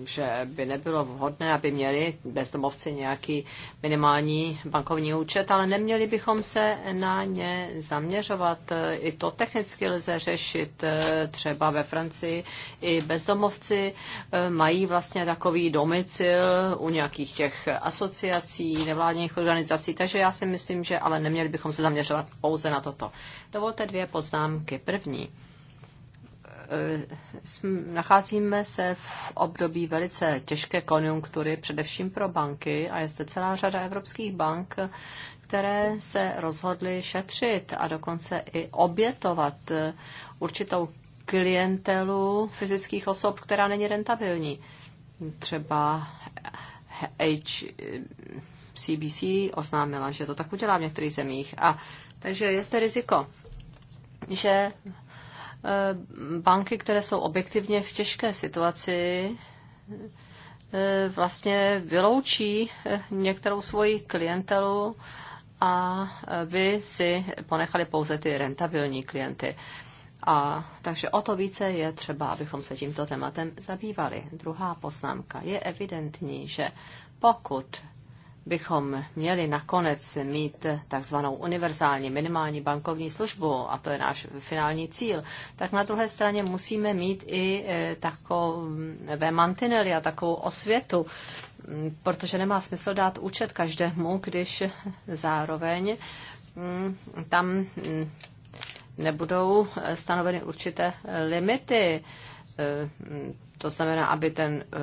že by nebylo vhodné, aby měli bezdomovci nějaký minimální bankovní účet, ale neměli bychom se na ně zaměřovat. I to technicky lze řešit. Eh, třeba ve Francii i bezdomovci eh, mají vlastně takový domicil u nějakých těch asociací, nevládních organizací, takže já si myslím, že ale neměli bychom se zaměřovat pouze na toto. Dovolte dvě poznámky. První Eh, nacházíme se v období velice těžké konjunktury, především pro banky, a je zde celá řada evropských bank, které se rozhodly šetřit a dokonce i obětovat eh, určitou klientelu fyzických osob, která není rentabilní. Třeba HCBC oznámila, že to tak udělá v některých zemích. A takže je zde riziko, že Eh, banky, které jsou objektivně v těžké situaci, eh, vlastně vyloučí eh, některou svoji klientelu a by si ponechali pouze ty rentabilní klienty. A takže o to více je třeba, abychom se tímto tématem zabývali. Druhá poznámka. Je evidentní, že pokud bychom měli nakonec mít takzvanou univerzální minimální bankovní službu, a to je náš finální cíl, tak na druhé straně musíme mít i e, takové mantinely a takovou osvětu, protože nemá smysl dát účet každému, když zároveň mm, tam mm, nebudou stanoveny určité limity. E, to znamená, aby ten e,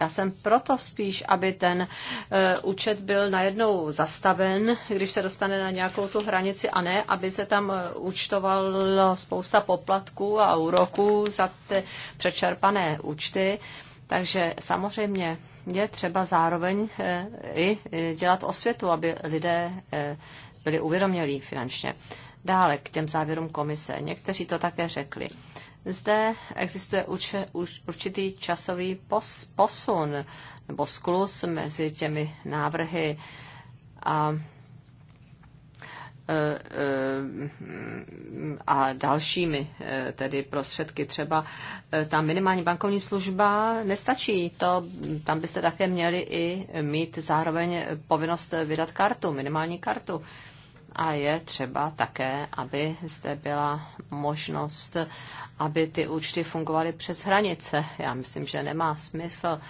já jsem proto spíš, aby ten eh, účet byl najednou zastaven, když se dostane na nějakou tu hranici, a ne, aby se tam eh, účtovalo spousta poplatků a úroků za ty přečerpané účty. Takže samozřejmě je třeba zároveň eh, i dělat osvětu, aby lidé byli uvědomělí finančně. Dále k těm závěrům komise. Někteří to také řekli. Zde existuje určitý časový posun nebo sklus mezi těmi návrhy a e, e, a dalšími e, tedy prostředky. Třeba ta minimální bankovní služba nestačí. To, tam byste také měli i mít zároveň povinnost vydat kartu, minimální kartu a je třeba také, aby zde byla možnost, aby ty účty fungovaly přes hranice. Já myslím, že nemá smysl,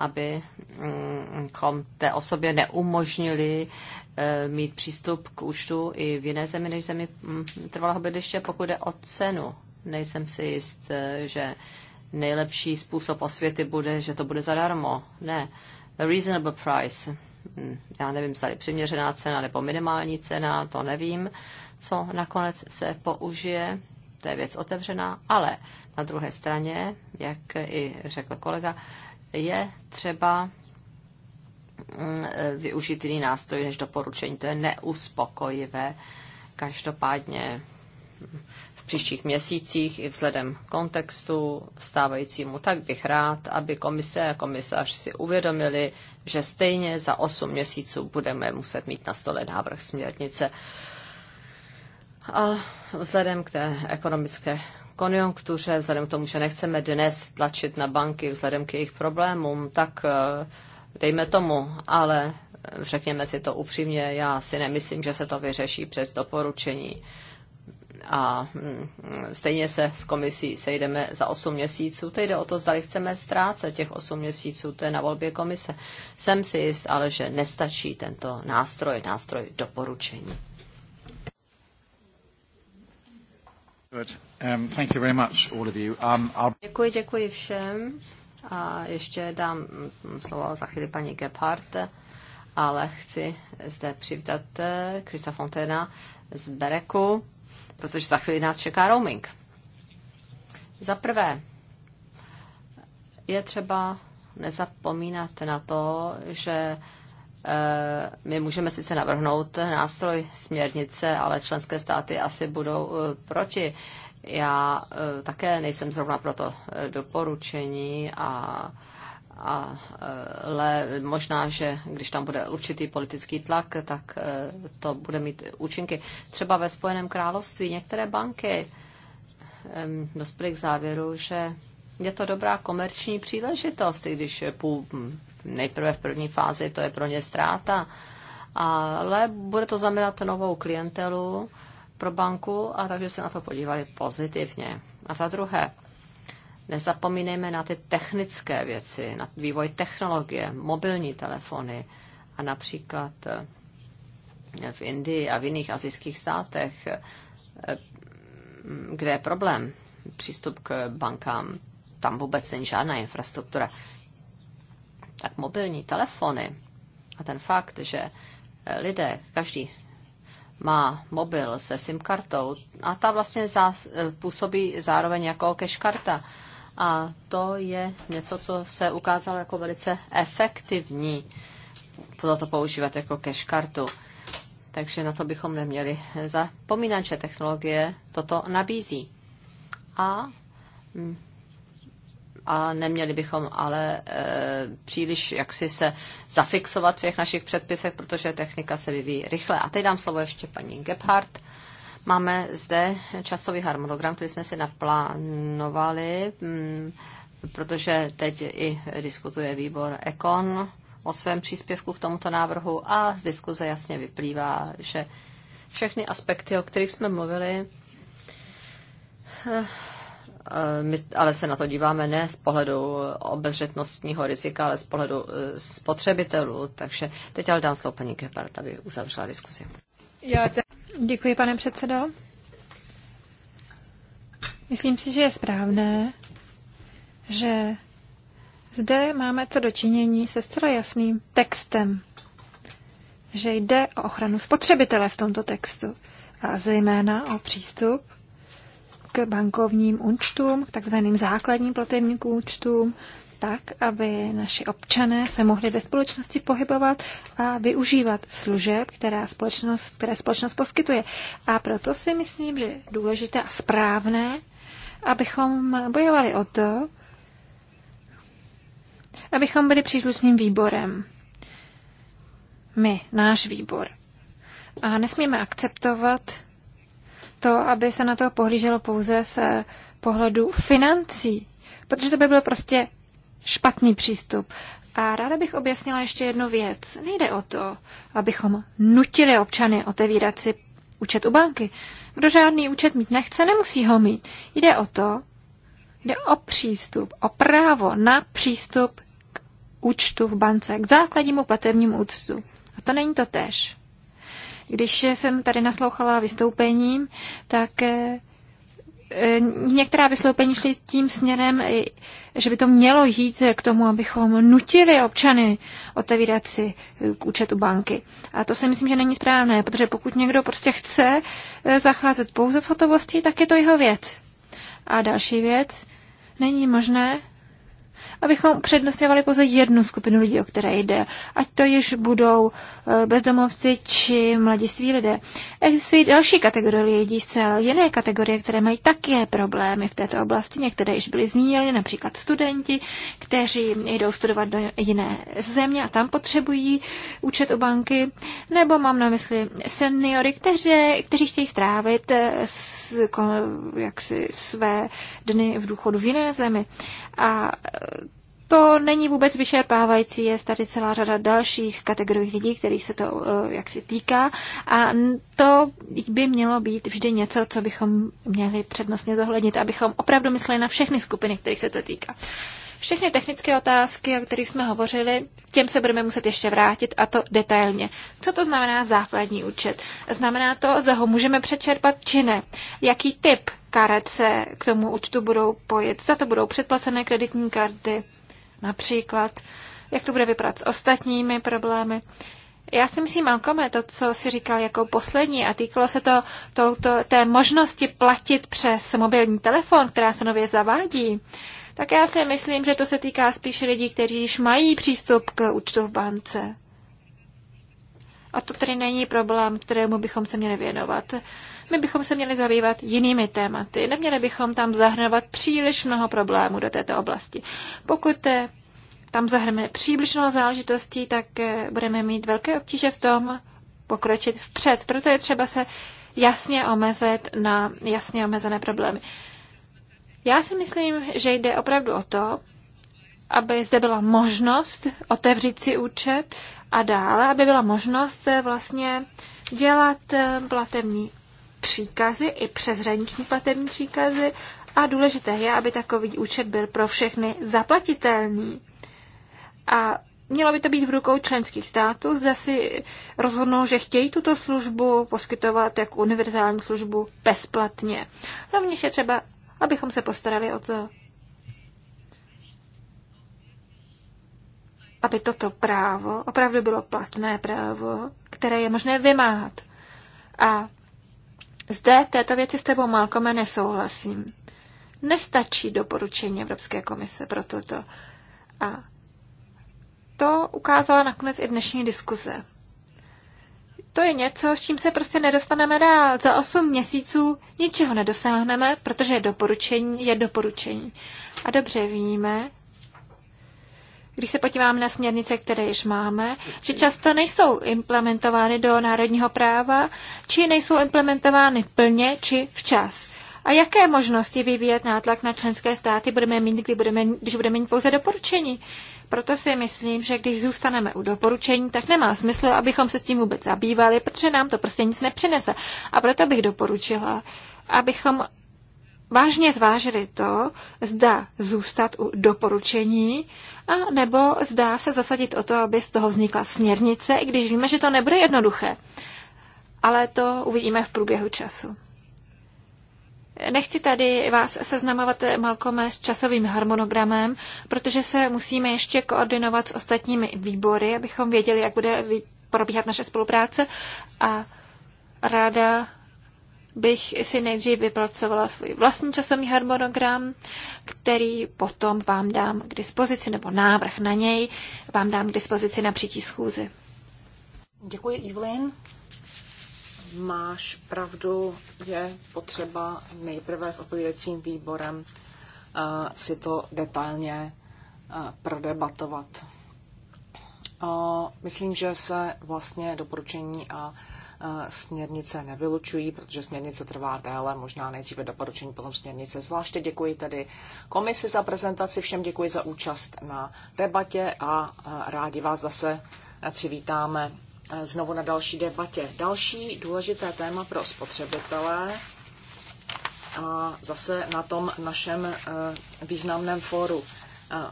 abychom mm, té osobě neumožnili eh, mít přístup k účtu i v jiné zemi než zemi mm, trvalého bydliště, pokud jde o cenu. Nejsem si jist, eh, že nejlepší způsob osvěty bude, že to bude zadarmo. Ne. A reasonable price Hm, já nevím, zda přiměřená cena nebo minimální cena, to nevím, co nakonec se použije, to je věc otevřená, ale na druhé straně, jak i řekl kolega, je třeba hm, využít jiný nástroj než doporučení. To je neuspokojivé. Každopádně hm, příštích měsících i vzhledem kontextu stávajícímu, tak bych rád, aby komise a komisař si uvědomili, že stejně za 8 měsíců budeme muset mít na stole návrh směrnice. A vzhledem k té ekonomické konjunktuře, vzhledem k tomu, že nechceme dnes tlačit na banky vzhledem k jejich problémům, tak eh, dejme tomu, ale eh, řekněme si to upřímně, já si nemyslím, že se to vyřeší přes doporučení a mm, stejně se s komisí sejdeme za 8 měsíců. Teď jde o to, zda chceme ztrácet těch 8 měsíců, to je na volbě komise. Jsem si jist, ale že nestačí tento nástroj, nástroj doporučení. Um, um, děkuji, děkuji všem. A ještě dám mm, slovo za chvíli paní Gebhardt, ale chci zde přivítat Krista eh, Fontena z Bereku protože za chvíli nás čeká roaming. Za prvé, je třeba nezapomínat na to, že eh, my můžeme sice navrhnout nástroj směrnice, ale členské státy asi budou eh, proti. Já eh, také nejsem zrovna pro to doporučení a ale možná, že když tam bude určitý politický tlak, tak e, to bude mít účinky. Třeba ve Spojeném království některé banky dospěly k závěru, že je to dobrá komerční příležitost, i když nejprve v první fázi to je pro ně ztráta, ale bude to znamenat novou klientelu pro banku a takže se na to podívali pozitivně. A za druhé, nezapomínejme na ty technické věci, na vývoj technologie, mobilní telefony a například eh, v Indii a v jiných azijských státech, eh, kde je problém přístup k bankám, tam vůbec není žádná infrastruktura. Tak mobilní telefony a ten fakt, že eh, lidé, každý má mobil se SIM kartou a ta vlastně zás, působí zároveň jako cash karta. A to je něco, co se ukázalo jako velice efektivní. to používat jako cash kartu. Takže na to bychom neměli zapomínat, že technologie toto nabízí. A mm, a neměli bychom ale e, příliš jaksi se zafixovat v těch našich předpisech, protože technika se vyvíjí rychle. A teď dám slovo ještě paní Gebhardt, Máme zde časový harmonogram, který jsme si naplánovali, mm, protože teď i diskutuje výbor Ekon o svém příspěvku k tomuto návrhu a z diskuze jasně vyplývá, že všechny aspekty, o kterých jsme mluvili, eh, eh, my ale se na to díváme ne z pohledu obezřetnostního rizika, ale z pohledu eh, spotřebitelů. Takže teď ale dám slovo paní Gebhardt, aby uzavřela diskuzi. Já te... Děkuji, pane předsedo. Myslím si, že je správné, že zde máme co dočinění se zcela jasným textem, že jde o ochranu spotřebitele v tomto textu a zejména o přístup k bankovním účtům, k takzvaným základním platebním účtům, tak, aby naši občané se mohli ve společnosti pohybovat a využívat služeb, která společnost, které společnost poskytuje. A proto si myslím, že je důležité a správné, abychom bojovali o to, abychom byli příslušným výborem. My, náš výbor. A nesmíme akceptovat to, aby se na to pohlíželo pouze z pohledu financí, protože to by bylo prostě špatný přístup. A ráda bych objasnila ještě jednu věc. Nejde o to, abychom nutili občany otevírat si účet u banky. Kdo žádný účet mít nechce, nemusí ho mít. Jde o to, jde o přístup, o právo na přístup k účtu v bance, k základnímu platebnímu účtu. A to není to tež. Když jsem tady naslouchala vystoupením, tak eh, Eh, některá vystoupení šly tím směrem, eh, že by to mělo jít k tomu, abychom nutili občany otevírat si eh, k účetu banky. A to si myslím, že není správné, protože pokud někdo prostě chce zacházet pouze s hotovostí, tak je to jeho věc. A další věc, není možné, abychom přednostňovali pouze jednu skupinu lidí, o které jde, ať to již budou eh, bezdomovci či mladiství lidé. Existují další kategorie lidí z jiné kategorie, které mají také problémy v této oblasti. Některé již byly zmíněny, například studenti, kteří jdou studovat do jiné země a tam potřebují účet u banky, nebo mám na mysli seniory, kteří, kteří chtějí strávit eh, s, jaksi své dny v důchodu v jiné zemi. A eh, to není vůbec vyšerpávající, je tady celá řada dalších kategorií lidí, kterých se to eh, jaksi týká a to by mělo být vždy něco, co bychom měli přednostně zohlednit, abychom opravdu mysleli na všechny skupiny, kterých se to týká. Všechny technické otázky, o kterých jsme hovořili, těm se budeme muset ještě vrátit a to detailně. Co to znamená základní účet? Znamená to, zda ho můžeme přečerpat či ne. Jaký typ karet se k tomu účtu budou pojet? Za to budou předplacené kreditní karty, Například, jak to bude vypadat s ostatními problémy. Já si myslím, Alkome, to, co si říkal jako poslední, a týkalo se to, to, to té možnosti platit přes mobilní telefon, která se nově zavádí, tak já si myslím, že to se týká spíše lidí, kteří již mají přístup k účtu v bance. A to tedy není problém, kterému bychom se měli věnovat. My bychom se měli zabývat jinými tématy. Neměli bychom tam zahrnovat příliš mnoho problémů do této oblasti. Pokud eh, tam zahrneme příliš mnoho záležitostí, tak eh, budeme mít velké obtíže v tom pokročit vpřed. Proto je třeba se jasně omezit na jasně omezené problémy. Já si myslím, že jde opravdu o to, aby zde byla možnost otevřít si účet a dále, aby byla možnost eh, vlastně dělat platební příkazy i přeshraniční platební příkazy a důležité je, aby takový účet byl pro všechny zaplatitelný. A mělo by to být v rukou členských států, zda si rozhodnou, že chtějí tuto službu poskytovat jako univerzální službu bezplatně. Rovněž je třeba, abychom se postarali o to, aby toto právo opravdu bylo platné právo, které je možné vymáhat. A zde v této věci s tebou, Malkome, nesouhlasím. Nestačí doporučení Evropské komise pro toto. A to ukázala nakonec i dnešní diskuze. To je něco, s čím se prostě nedostaneme dál. Za 8 měsíců ničeho nedosáhneme, protože doporučení je doporučení. A dobře víme, když se podíváme na směrnice, které již máme, že často nejsou implementovány do národního práva, či nejsou implementovány plně, či včas. A jaké možnosti vyvíjet nátlak na členské státy budeme mít, kdy budeme, když budeme mít pouze doporučení? Proto si myslím, že když zůstaneme u doporučení, tak nemá smysl, abychom se s tím vůbec zabývali, protože nám to prostě nic nepřinese. A proto bych doporučila, abychom vážně zvážili to, zda zůstat u doporučení a nebo zdá se zasadit o to, aby z toho vznikla směrnice, i když víme, že to nebude jednoduché. Ale to uvidíme v průběhu času. Nechci tady vás seznamovat, eh, Malkome, s časovým harmonogramem, protože se musíme ještě koordinovat s ostatními výbory, abychom věděli, jak bude probíhat naše spolupráce a ráda bych si nejdřív vypracovala svůj vlastní časový harmonogram, který potom vám dám k dispozici, nebo návrh na něj vám dám k dispozici na přítí schůzi. Děkuji, Evelyn. Máš pravdu, je potřeba nejprve s odpovědacím výborem uh, si to detailně uh, prodebatovat. Uh, myslím, že se vlastně doporučení a uh, Eh, směrnice nevylučují, protože směrnice trvá déle, možná nejdříve doporučení, potom směrnice. Zvláště děkuji tedy komisi za prezentaci, všem děkuji za účast na debatě a eh, rádi vás zase eh, přivítáme znovu na další debatě. Další důležité téma pro spotřebitele a zase na tom našem významném fóru.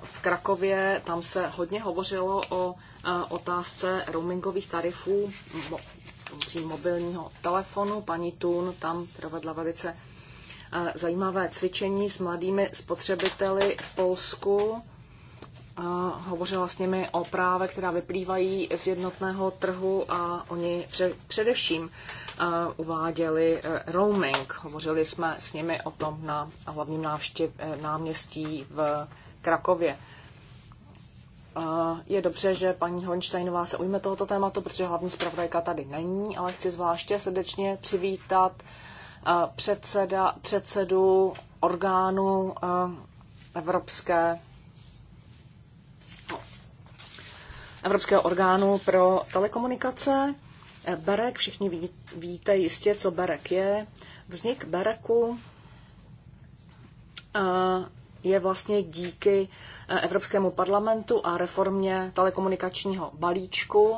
V Krakově tam se hodně hovořilo o otázce roamingových tarifů, pomocí mobilního telefonu. Paní Tun tam provedla velice eh, zajímavé cvičení s mladými spotřebiteli v Polsku. Eh, hovořila s nimi o práve, která vyplývají z jednotného trhu a oni především eh, uváděli roaming. Hovořili jsme s nimi o tom na hlavním návštěv, náměstí v Krakově je dobře, že paní Honštajnová se ujme tohoto tématu, protože hlavní zpravodajka tady není, ale chci zvláště srdečně přivítat eh, předseda, předsedu orgánu eh, Evropské Evropského orgánu pro telekomunikace. Eh, Berek, všichni víte jistě, co Berek je. Vznik Bereku je vlastně díky eh, Evropskému parlamentu a reformě telekomunikačního balíčku.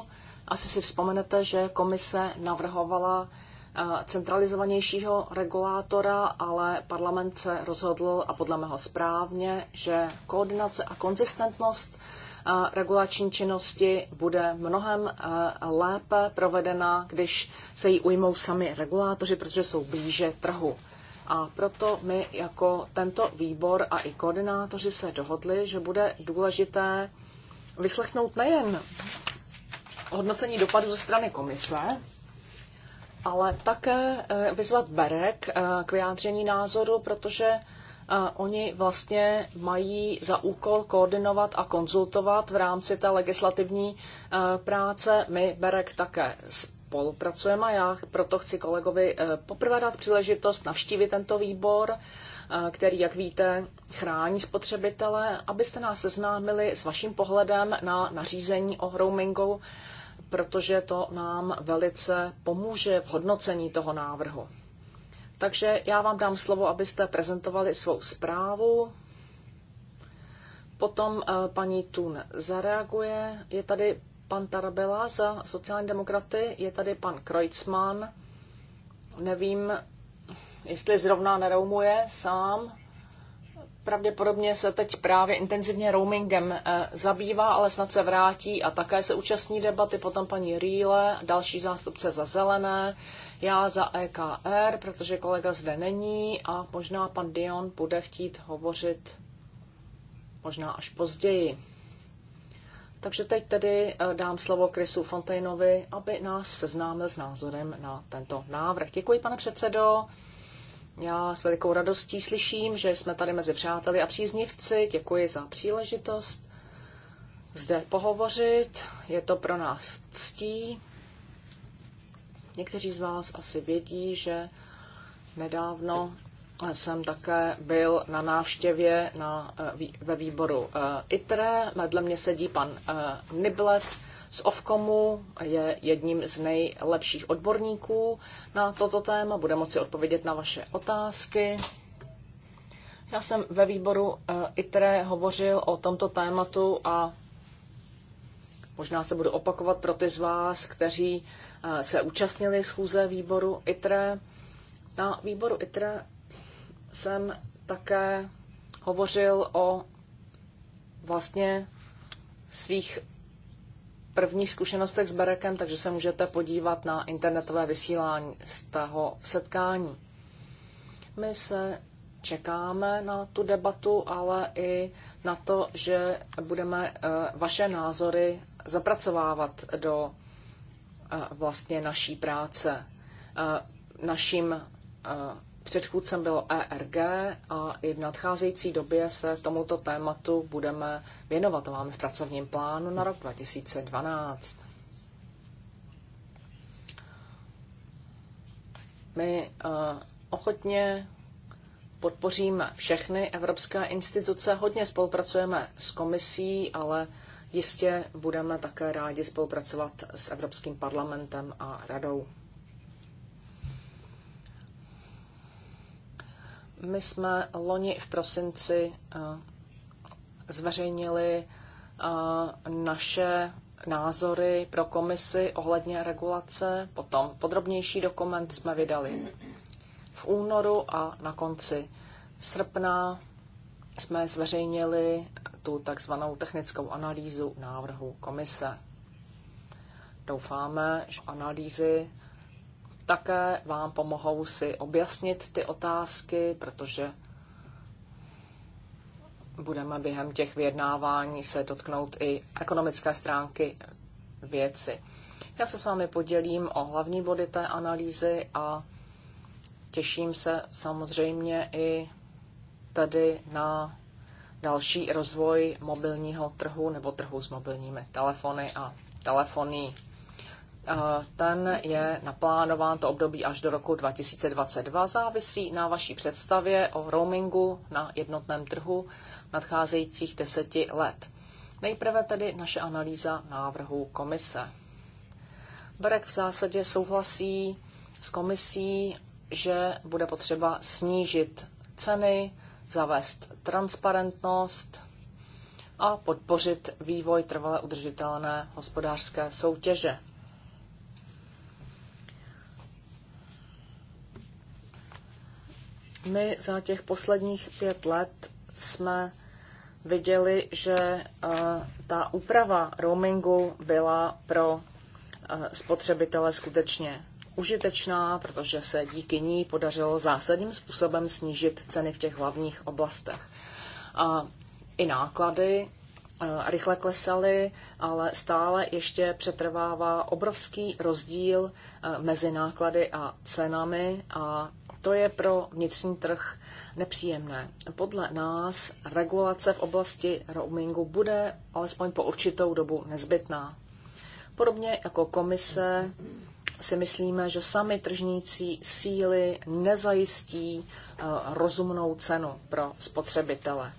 Asi si vzpomenete, že komise navrhovala eh, centralizovanějšího regulátora, ale parlament se rozhodl, a podle mého správně, že koordinace a konzistentnost eh, regulační činnosti bude mnohem lépe provedena, když se jí ujmou sami regulátoři, protože jsou blíže trhu. A proto my jako tento výbor a i koordinátoři se dohodli, že bude důležité vyslechnout nejen hodnocení dopadu ze strany komise, ale také eh, vyzvat Berek eh, k vyjádření názoru, protože eh, oni vlastně mají za úkol koordinovat a konzultovat v rámci té legislativní práce. My Berek také spolupracujeme a já proto chci kolegovi eh, poprvé dát příležitost navštívit tento výbor, eh, který, jak víte, chrání spotřebitele, abyste nás seznámili s vaším pohledem na nařízení o roamingu, protože to nám velice pomůže v hodnocení toho návrhu. Takže já vám dám slovo, abyste prezentovali svou zprávu. Potom eh, paní Tun zareaguje. Je tady pan Tarabela za sociální demokraty, je tady pan Kreutzmann. Nevím, jestli zrovna neroumuje sám. Pravděpodobně se teď právě intenzivně roamingem eh, zabývá, ale snad se vrátí a také se účastní debaty. Potom paní Rýle, další zástupce za zelené, já za EKR, protože kolega zde není a možná pan Dion bude chtít hovořit možná až později. Takže teď tedy eh, dám slovo Krisu Fontainovi, aby nás seznámil s názorem na tento návrh. Děkuji, pane předsedo. Já s velikou radostí slyším, že jsme tady mezi přáteli a příznivci. Děkuji za příležitost zde pohovořit. Je to pro nás ctí. Někteří z vás asi vědí, že nedávno jsem také byl na návštěvě na, eh, ve výboru eh, ITRE. Vedle mě sedí pan eh, Niblet z Ovkomu, je jedním z nejlepších odborníků na toto téma, bude moci odpovědět na vaše otázky. Já jsem ve výboru ITRE hovořil o tomto tématu a možná se budu opakovat pro ty z vás, kteří se účastnili schůze výboru ITRE. Na výboru ITRE jsem také hovořil o vlastně svých prvních zkušenostech s Berekem, takže se můžete podívat na internetové vysílání z toho setkání. My se čekáme na tu debatu, ale i na to, že budeme eh, vaše názory zapracovávat do eh, vlastně naší práce. Eh, naším Předchůdcem bylo ERG a i v nadcházející době se tomuto tématu budeme věnovat. To máme v pracovním plánu na rok 2012. My eh, ochotně podpoříme všechny evropské instituce, hodně spolupracujeme s komisí, ale jistě budeme také rádi spolupracovat s Evropským parlamentem a radou. My jsme loni v prosinci eh, zveřejnili eh, naše názory pro komisi ohledně regulace, potom podrobnější dokument jsme vydali v únoru a na konci srpna jsme zveřejnili tu takzvanou technickou analýzu návrhu komise. Doufáme, že analýzy také vám pomohou si objasnit ty otázky, protože budeme během těch vyjednávání se dotknout i ekonomické stránky věci. Já se s vámi podělím o hlavní body té analýzy a těším se samozřejmě i tady na další rozvoj mobilního trhu nebo trhu s mobilními telefony a telefoní ten je naplánován, to období až do roku 2022, závisí na vaší představě o roamingu na jednotném trhu nadcházejících deseti let. Nejprve tedy naše analýza návrhu komise. Berek v zásadě souhlasí s komisí, že bude potřeba snížit ceny, zavést transparentnost a podpořit vývoj trvale udržitelné hospodářské soutěže. My za těch posledních pět let jsme viděli, že eh, ta úprava roamingu byla pro eh, spotřebitele skutečně užitečná, protože se díky ní podařilo zásadním způsobem snížit ceny v těch hlavních oblastech. A i náklady eh, rychle klesaly, ale stále ještě přetrvává obrovský rozdíl mezi náklady a cenami a to je pro vnitřní trh nepříjemné. Podle nás regulace v oblasti roamingu bude alespoň po určitou dobu nezbytná. Podobně jako komise si myslíme, že sami tržnící síly nezajistí eh, rozumnou cenu pro spotřebitele.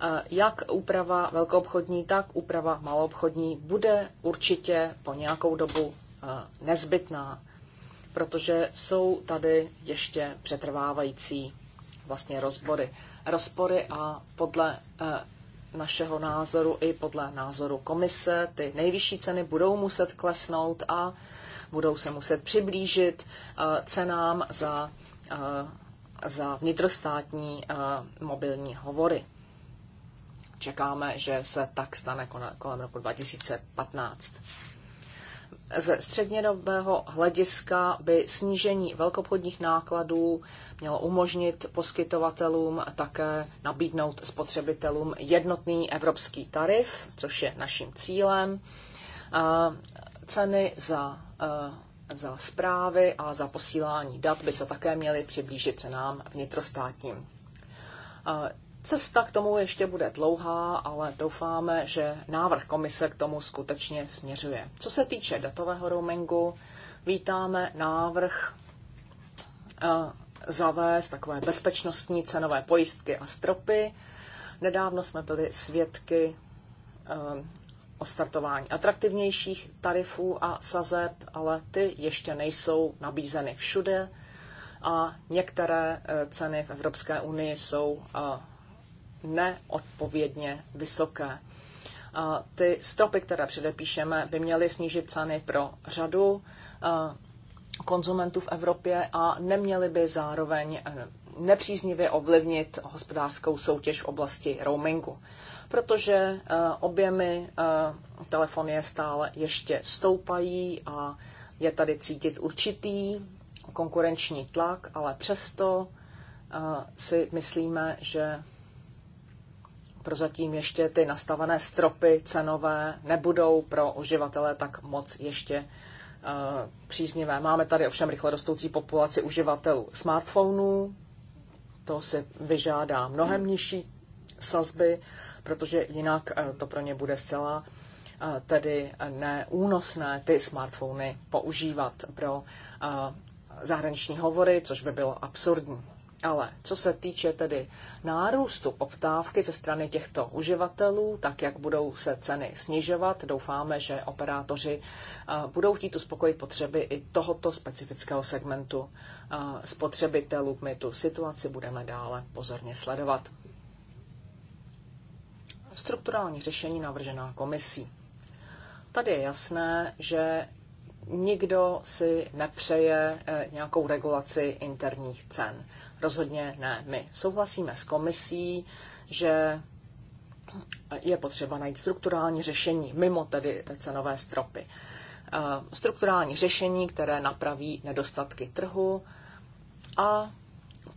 Eh, jak úprava velkoobchodní, tak úprava maloobchodní bude určitě po nějakou dobu eh, nezbytná protože jsou tady ještě přetrvávající vlastně rozbory. Rozpory a podle eh, našeho názoru i podle názoru komise ty nejvyšší ceny budou muset klesnout a budou se muset přiblížit eh, cenám za, eh, za vnitrostátní mobilní hovory. Čekáme, že se tak stane kolem roku 2015. Ze střednědobého hlediska by snížení velkobchodních nákladů mělo umožnit poskytovatelům také nabídnout spotřebitelům jednotný evropský tarif, což je naším cílem. Ceny za, za zprávy a za posílání dat by se také měly přiblížit cenám vnitrostátním. Cesta k tomu ještě bude dlouhá, ale doufáme, že návrh komise k tomu skutečně směřuje. Co se týče datového roamingu, vítáme návrh eh, zavést takové bezpečnostní cenové pojistky a stropy. Nedávno jsme byli svědky eh, o startování atraktivnějších tarifů a sazeb, ale ty ještě nejsou nabízeny všude a některé eh, ceny v Evropské unii jsou neodpovědně vysoké. Ty stropy, které předepíšeme, by měly snížit ceny pro řadu konzumentů v Evropě a neměly by zároveň e, nepříznivě ovlivnit hospodářskou soutěž v oblasti roamingu, protože e, objemy e, telefonie stále ještě stoupají a je tady cítit určitý konkurenční tlak, ale přesto si myslíme, že prozatím ještě ty nastavené stropy cenové nebudou pro uživatele tak moc ještě eh, příznivé. Máme tady ovšem rychle rostoucí populaci uživatelů smartphonů, to si vyžádá mnohem nižší sazby, protože jinak eh, to pro ně bude zcela eh, tedy neúnosné ty smartfony používat pro zahraniční hovory, což by bylo absurdní. Ale co se týče tedy nárůstu poptávky ze strany těchto uživatelů, tak jak budou se ceny snižovat, doufáme, že operátoři eh, budou chtít uspokojit potřeby i tohoto specifického segmentu eh, spotřebitelů. My tu situaci budeme dále pozorně sledovat. Strukturální řešení navržená komisí. Tady je jasné, že nikdo si nepřeje eh, nějakou regulaci interních cen. Rozhodně ne. My souhlasíme s komisí, že je potřeba najít strukturální řešení mimo tedy cenové stropy. Eh, strukturální řešení, které napraví nedostatky trhu a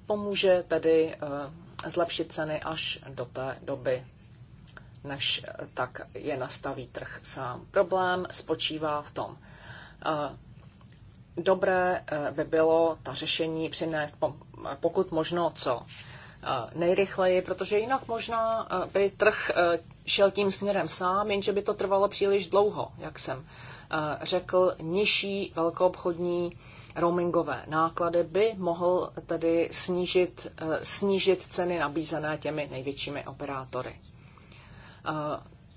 pomůže tedy eh, zlepšit ceny až do té doby, než eh, tak je nastaví trh sám. Problém spočívá v tom, dobré eh, by bylo ta řešení přinést pokud možno co eh, nejrychleji, protože jinak možná eh, by trh šel tím směrem sám, jenže by to trvalo příliš dlouho, jak jsem řekl, nižší velkoobchodní roamingové náklady by mohl tedy snížit, snížit ceny nabízené těmi největšími operátory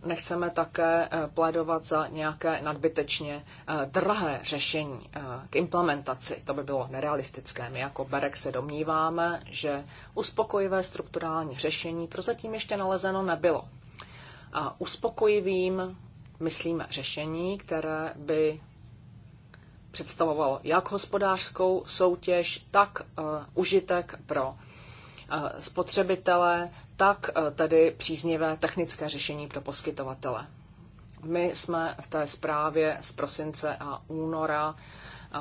nechceme také eh, plédovat za nějaké nadbytečně eh, drahé řešení eh, k implementaci. To by bylo nerealistické. My jako Berek se domníváme, že uspokojivé strukturální řešení prozatím ještě nalezeno nebylo. A uspokojivým myslíme řešení, které by představovalo jak hospodářskou soutěž, tak užitek pro spotřebitele, tak eh, tedy příznivé technické řešení pro poskytovatele. My jsme v té zprávě z prosince a února eh,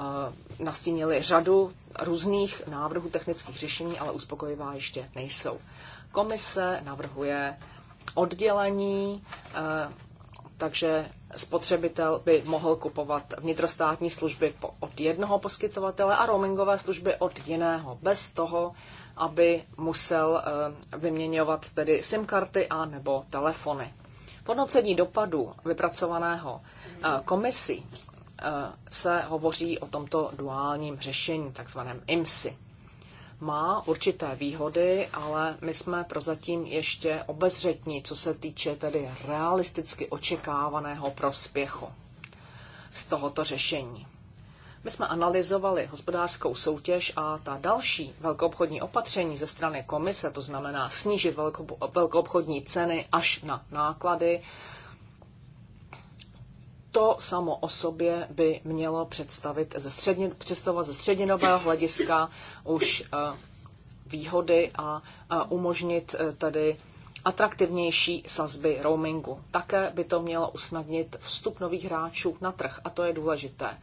nastínili řadu různých návrhů technických řešení, ale uspokojivá ještě nejsou. Komise navrhuje oddělení, eh, takže spotřebitel by mohl kupovat vnitrostátní služby od jednoho poskytovatele a roamingové služby od jiného, bez toho, aby musel eh, vyměňovat tedy SIM karty a nebo telefony. Podnocení dopadu vypracovaného eh, komisí eh, se hovoří o tomto duálním řešení, takzvaném IMSI. Má určité výhody, ale my jsme prozatím ještě obezřetní, co se týče tedy realisticky očekávaného prospěchu z tohoto řešení. My jsme analyzovali hospodářskou soutěž a ta další velkoobchodní opatření ze strany komise, to znamená snížit velkoobchodní ceny až na náklady, to samo o sobě by mělo představit ze středně, představovat ze střednědobého hlediska už eh, výhody a umožnit eh, tedy atraktivnější sazby roamingu. Také by to mělo usnadnit vstup nových hráčů na trh a to je důležité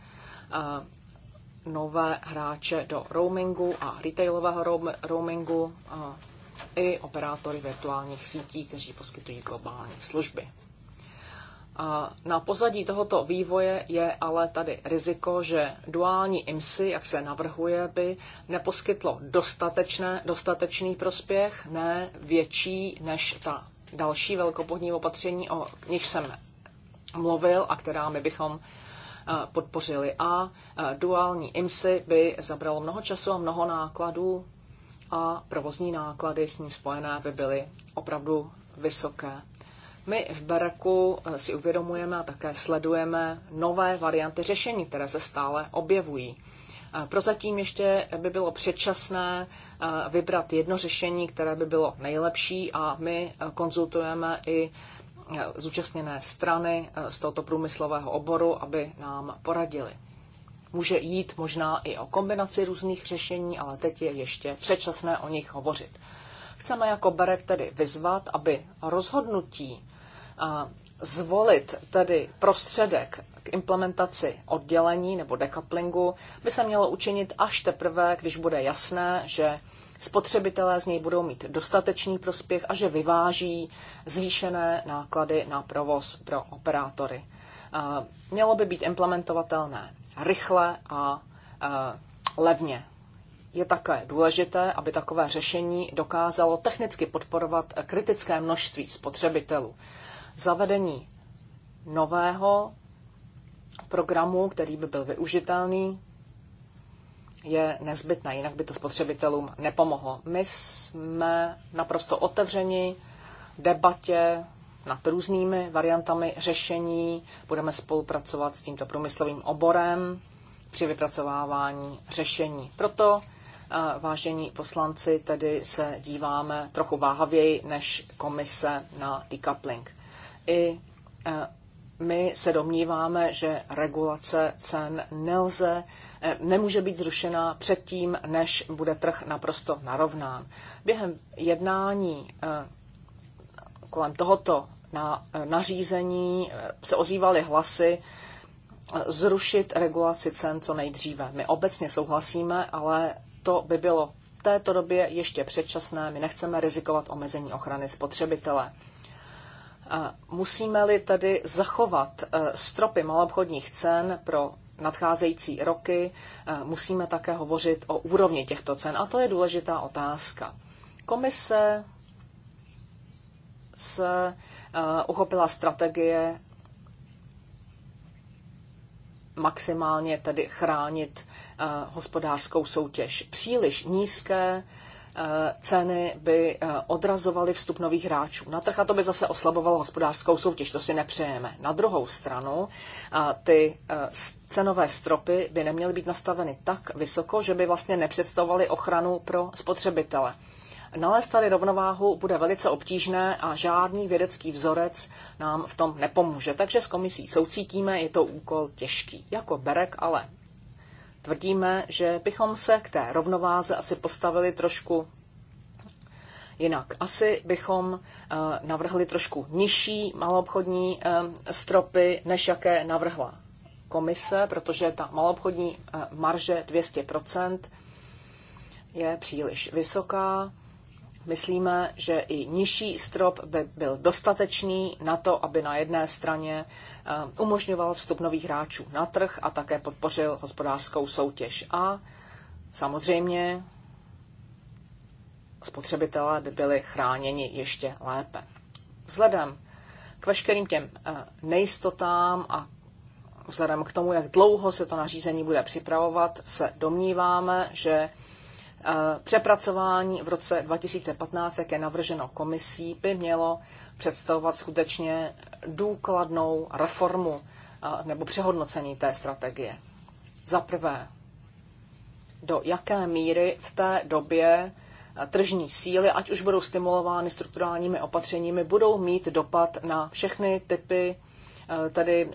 nové hráče do roamingu a retailového roamingu a i operátory virtuálních sítí, kteří poskytují globální služby. A na pozadí tohoto vývoje je ale tady riziko, že duální IMSI, jak se navrhuje, by neposkytlo dostatečné, dostatečný prospěch, ne větší než ta další velkopodní opatření, o nich jsem mluvil a která my bychom Eh, podpořili. A eh, duální IMSI by zabralo mnoho času a mnoho nákladů a provozní náklady s ním spojené by byly opravdu vysoké. My v Bereku eh, si uvědomujeme a také sledujeme nové varianty řešení, které se stále objevují. Prozatím ještě by bylo předčasné vybrat jedno řešení, které by bylo nejlepší a my konzultujeme i zúčastněné strany eh, z tohoto průmyslového oboru, aby nám poradili. Může jít možná i o kombinaci různých řešení, ale teď je ještě předčasné o nich hovořit. Chceme jako Berek tedy vyzvat, aby rozhodnutí eh, zvolit tedy prostředek k implementaci oddělení nebo dekaplingu by se mělo učinit až teprve, když bude jasné, že spotřebitelé z něj budou mít dostatečný prospěch a že vyváží zvýšené náklady na provoz pro operátory. Mělo by být implementovatelné rychle a levně. Je také důležité, aby takové řešení dokázalo technicky podporovat kritické množství spotřebitelů. Zavedení nového programu, který by byl využitelný je nezbytné, jinak by to spotřebitelům nepomohlo. My jsme naprosto otevřeni debatě nad různými variantami řešení. Budeme spolupracovat s tímto průmyslovým oborem při vypracovávání řešení. Proto, eh, vážení poslanci, tedy se díváme trochu váhavěji než komise na decoupling. I eh, my se domníváme, že regulace cen nelze, eh, nemůže být zrušena předtím, než bude trh naprosto narovnán. Během jednání eh, kolem tohoto na eh, nařízení se ozývaly hlasy zrušit regulaci cen co nejdříve. My obecně souhlasíme, ale to by bylo v této době ještě předčasné. My nechceme rizikovat omezení ochrany spotřebitele. Musíme-li tedy zachovat eh, stropy maloobchodních cen pro nadcházející roky, eh, musíme také hovořit o úrovni těchto cen. A to je důležitá otázka. Komise se eh, uchopila strategie maximálně tedy chránit hospodářskou soutěž. Příliš nízké Eh, ceny by eh, odrazovaly vstup nových hráčů na trh a to by zase oslabovalo hospodářskou soutěž. To si nepřejeme. Na druhou stranu eh, ty cenové stropy by neměly být nastaveny tak vysoko, že by vlastně nepředstavovaly ochranu pro spotřebitele. Nalézt tady rovnováhu bude velice obtížné a žádný vědecký vzorec nám v tom nepomůže. Takže s komisí soucítíme, je to úkol těžký. Jako Berek ale tvrdíme, že bychom se k té rovnováze asi postavili trošku jinak. Asi bychom eh, navrhli trošku nižší maloobchodní eh, stropy, než jaké navrhla komise, protože ta maloobchodní eh, marže 200 je příliš vysoká Myslíme, že i nižší strop by byl dostatečný na to, aby na jedné straně eh, umožňoval vstup nových hráčů na trh a také podpořil hospodářskou soutěž. A samozřejmě spotřebitelé by byli chráněni ještě lépe. Vzhledem k veškerým těm eh, nejistotám a vzhledem k tomu, jak dlouho se to nařízení bude připravovat, se domníváme, že Eh, přepracování v roce 2015, jak je navrženo komisí, by mělo představovat skutečně důkladnou reformu eh, nebo přehodnocení té strategie. Za prvé, do jaké míry v té době eh, tržní síly, ať už budou stimulovány strukturálními opatřeními, budou mít dopad na všechny typy tedy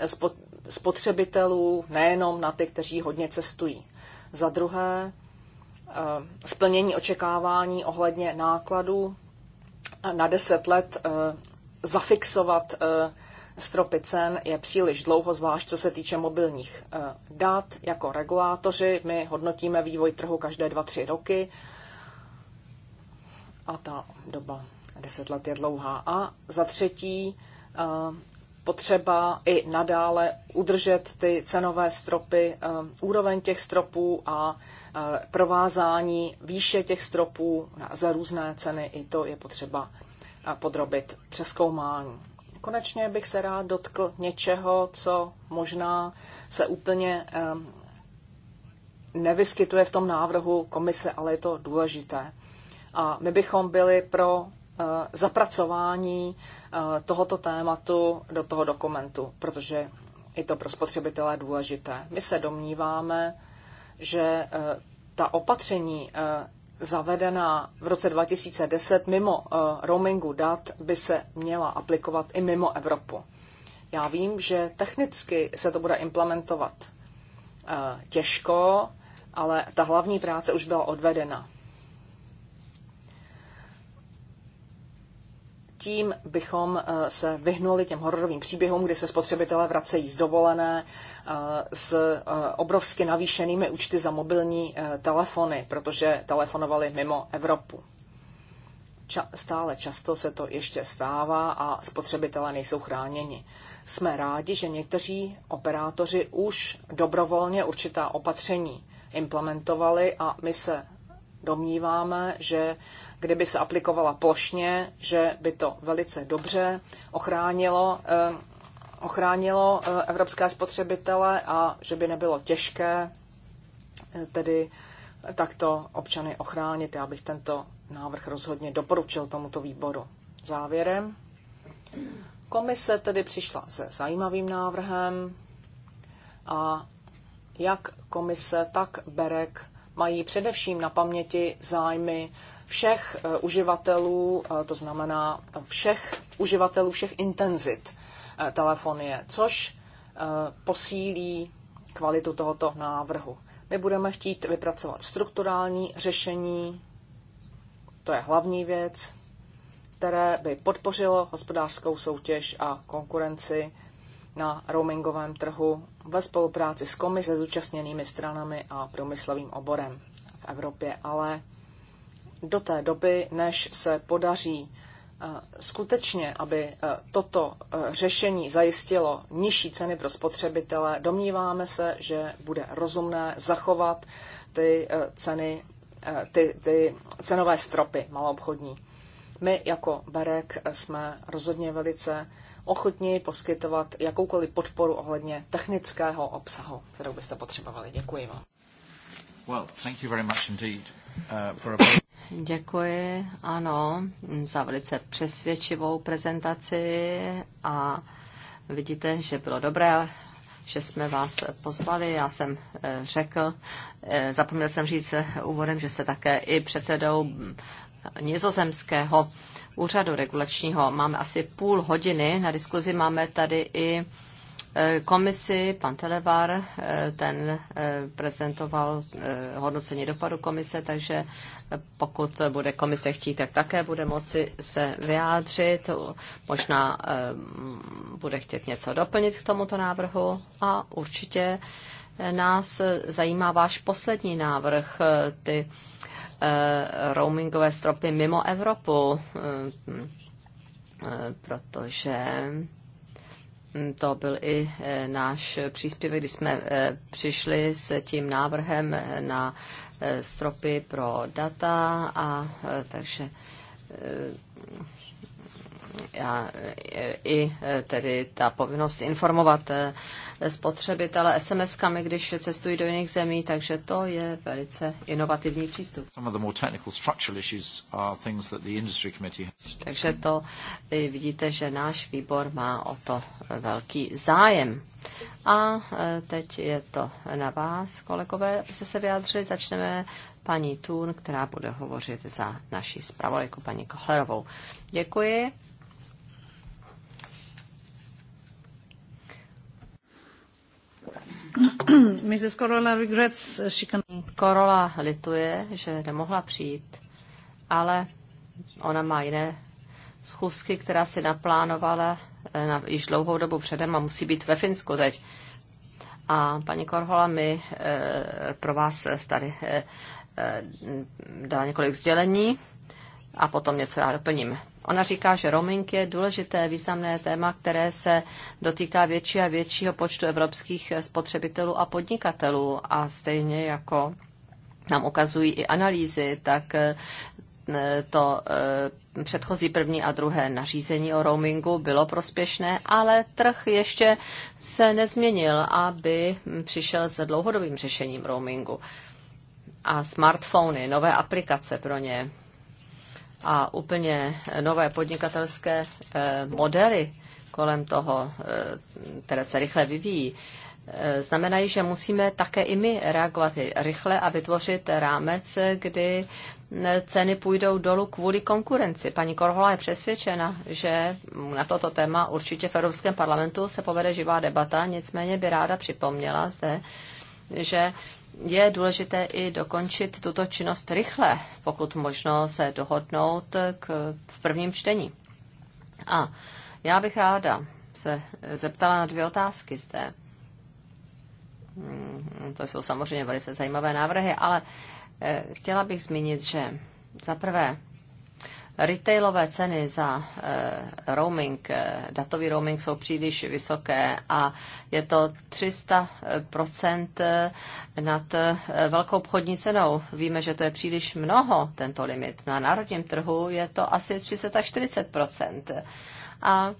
spotřebitelů, nejenom na ty, kteří hodně cestují. Za druhé, Eh, splnění očekávání ohledně nákladů na 10 let eh, zafixovat eh, stropy cen je příliš dlouho, zvlášť co se týče mobilních dat. Jako regulátoři my hodnotíme vývoj trhu každé 2-3 roky a ta doba 10 let je dlouhá. A za třetí potřeba i nadále udržet ty cenové stropy, eh, úroveň těch stropů a eh, provázání výše těch stropů za různé ceny, i to je potřeba eh, podrobit přeskoumání. Konečně bych se rád dotkl něčeho, co možná se úplně nevyskytuje v tom návrhu komise, ale je to důležité. A my bychom byli pro Eh, zapracování eh, tohoto tématu do toho dokumentu, protože je to pro spotřebitele důležité. My se domníváme, že eh, ta opatření zavedená v roce 2010 mimo roamingu dat by se měla aplikovat i mimo Evropu. Já vím, že technicky se to bude implementovat těžko, ale ta hlavní práce už byla odvedena. tím bychom eh, se vyhnuli těm hororovým příběhům, kdy se spotřebitelé vracejí z dovolené eh, s eh, obrovsky navýšenými účty za mobilní telefony, protože telefonovali mimo Evropu. Ča- stále často se to ještě stává a spotřebitelé nejsou chráněni. Jsme rádi, že někteří operátoři už dobrovolně určitá opatření implementovali a my se domníváme, že kdyby se aplikovala plošně, že by to velice dobře ochránilo, eh, ochránilo eh, evropské spotřebitele a že by nebylo těžké eh, tedy takto občany ochránit. Já bych tento návrh rozhodně doporučil tomuto výboru. Závěrem. Komise tedy přišla se zajímavým návrhem a jak komise, tak Berek mají především na paměti zájmy všech eh, uživatelů, eh, to znamená eh, všech uživatelů všech intenzit telefonie, což posílí kvalitu tohoto návrhu. My budeme chtít vypracovat strukturální řešení, to je hlavní věc, které by podpořilo hospodářskou soutěž a konkurenci na roamingovém trhu ve spolupráci s komise, zúčastněnými stranami a průmyslovým oborem v Evropě, ale do té doby, než se podaří eh, skutečně, aby eh, toto eh, řešení zajistilo nižší ceny pro spotřebitele, domníváme se, že bude rozumné zachovat ty ceny, ty, ty cenové stropy maloobchodní. My jako Berek jsme rozhodně velice ochotní poskytovat jakoukoliv podporu ohledně technického obsahu, kterou byste potřebovali. Děkuji vám. Well, thank you very much indeed, uh, for a... Děkuji, ano, za velice přesvědčivou prezentaci a vidíte, že bylo dobré, že jsme vás pozvali. Já jsem eh, řekl, eh, zapomněl jsem říct eh, úvodem, že jste také i předsedou mm, nizozemského úřadu regulačního. Máme asi půl hodiny na diskuzi, máme tady i komisi, pan Televar, eh, ten eh, prezentoval eh, hodnocení dopadu komise, takže pokud bude komise chtít, tak také bude moci se vyjádřit. Možná bude chtět něco doplnit k tomuto návrhu a určitě nás zajímá váš poslední návrh, ty roamingové stropy mimo Evropu, protože to byl i e, náš příspěvek, kdy jsme e, přišli s tím návrhem na e, stropy pro data a takže a e, i e, tedy ta povinnost informovat e, spotřebitele SMS-kami, když cestují do jiných zemí, takže to je velice inovativní přístup. Takže to vidíte, že náš výbor má o to velký zájem. A teď je to na vás, kolegové, abyste se vyjádřili. Začneme paní Tun, která bude hovořit za naší zpravodajku paní Kohlerovou. Děkuji. Mrs. Corolla regrets uh, she can... Corolla lituje, že nemohla přijít, ale ona má jiné schůzky, která si naplánovala eh, na, již dlouhou dobu předem a musí být ve Finsku teď. A paní Korhola mi e, eh, pro vás eh, tady e, dala několik sdělení a potom něco já doplním. Ona říká, že roaming je důležité, významné téma, které se dotýká větší a většího počtu evropských spotřebitelů a podnikatelů. A stejně jako nám ukazují i analýzy, tak eh, to eh, předchozí první a druhé nařízení o roamingu bylo prospěšné, ale trh ještě se nezměnil, aby přišel s dlouhodobým řešením roamingu. A smartfony, nové aplikace pro ně, a úplně nové podnikatelské eh, modely kolem toho, eh, které se rychle vyvíjí, eh, znamenají, že musíme také i my reagovat rychle a vytvořit rámec, kdy ceny půjdou dolů kvůli konkurenci. Paní Korhola je přesvědčena, že na toto téma určitě v Evropském parlamentu se povede živá debata, nicméně by ráda připomněla zde, že je důležité i dokončit tuto činnost rychle, pokud možno se dohodnout k, v prvním čtení. A já bych ráda se zeptala na dvě otázky zde. Hmm, to jsou samozřejmě velice zajímavé návrhy, ale eh, chtěla bych zmínit, že za prvé retailové ceny za eh, roaming, eh, datový roaming jsou příliš vysoké a je to 300% eh, nad velkou obchodní cenou. Víme, že to je příliš mnoho, tento limit. Na národním trhu je to asi 30 až 40%. A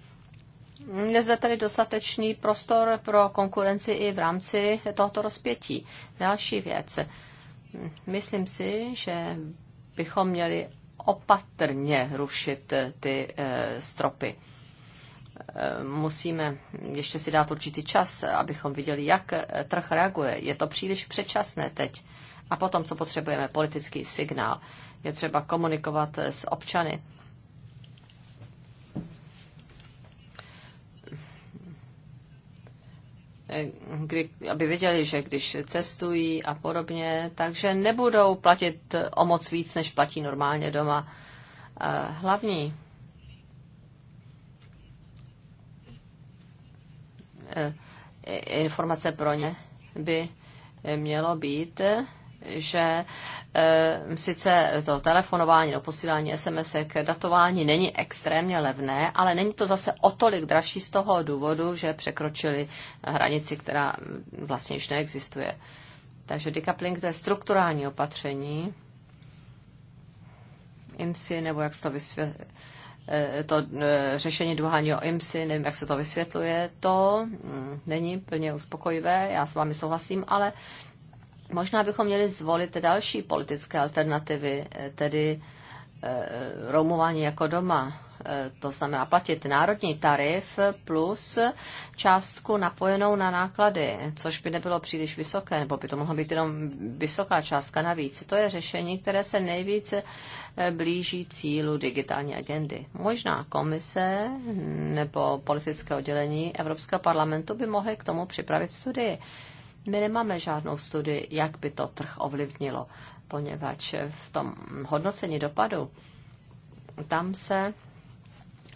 je zde tedy dostatečný prostor pro konkurenci i v rámci tohoto rozpětí. Další věc. Myslím si, že bychom měli opatrně rušit eh, ty eh, stropy. Eh, musíme ještě si dát určitý čas, abychom viděli, jak trh reaguje. Je to příliš předčasné teď. A potom, co potřebujeme, politický signál. Je třeba komunikovat s občany kdy, aby věděli, že když cestují a podobně, takže nebudou platit o moc víc, než platí normálně doma. Eh, hlavní eh, informace pro ně by mělo být že e, sice to telefonování, no posílání sms datování není extrémně levné, ale není to zase o tolik dražší z toho důvodu, že překročili hranici, která vlastně již neexistuje. Takže decoupling to je strukturální opatření. IMSI, nebo jak se to vysvětluje, to e, řešení dluhání o IMSI, nevím, jak se to vysvětluje, to mm, není plně uspokojivé, já s vámi souhlasím, ale Možná bychom měli zvolit další politické alternativy, eh, tedy e, eh, roumování jako doma. E, to znamená platit národní tarif plus částku napojenou na náklady, což by nebylo příliš vysoké, nebo by to mohla být jenom vysoká částka navíc. To je řešení, které se nejvíce blíží cílu digitální agendy. Možná komise nebo politické oddělení Evropského parlamentu by mohly k tomu připravit studii. My nemáme žádnou studii, jak by to trh ovlivnilo, poněvadž v tom hodnocení dopadu tam se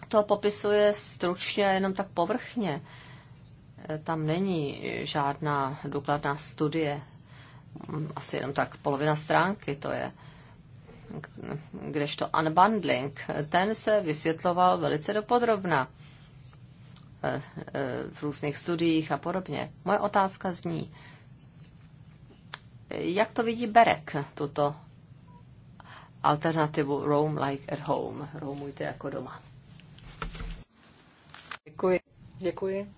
to popisuje stručně, jenom tak povrchně. Tam není žádná důkladná studie. Asi jenom tak polovina stránky to je. Kdežto unbundling, ten se vysvětloval velice dopodrobna. Eh, eh, v různých studiích a podobně. Moje otázka zní, jak to vidí Berek, tuto alternativu Roam like at home, roamujte jako doma. Děkuji. Děkuji.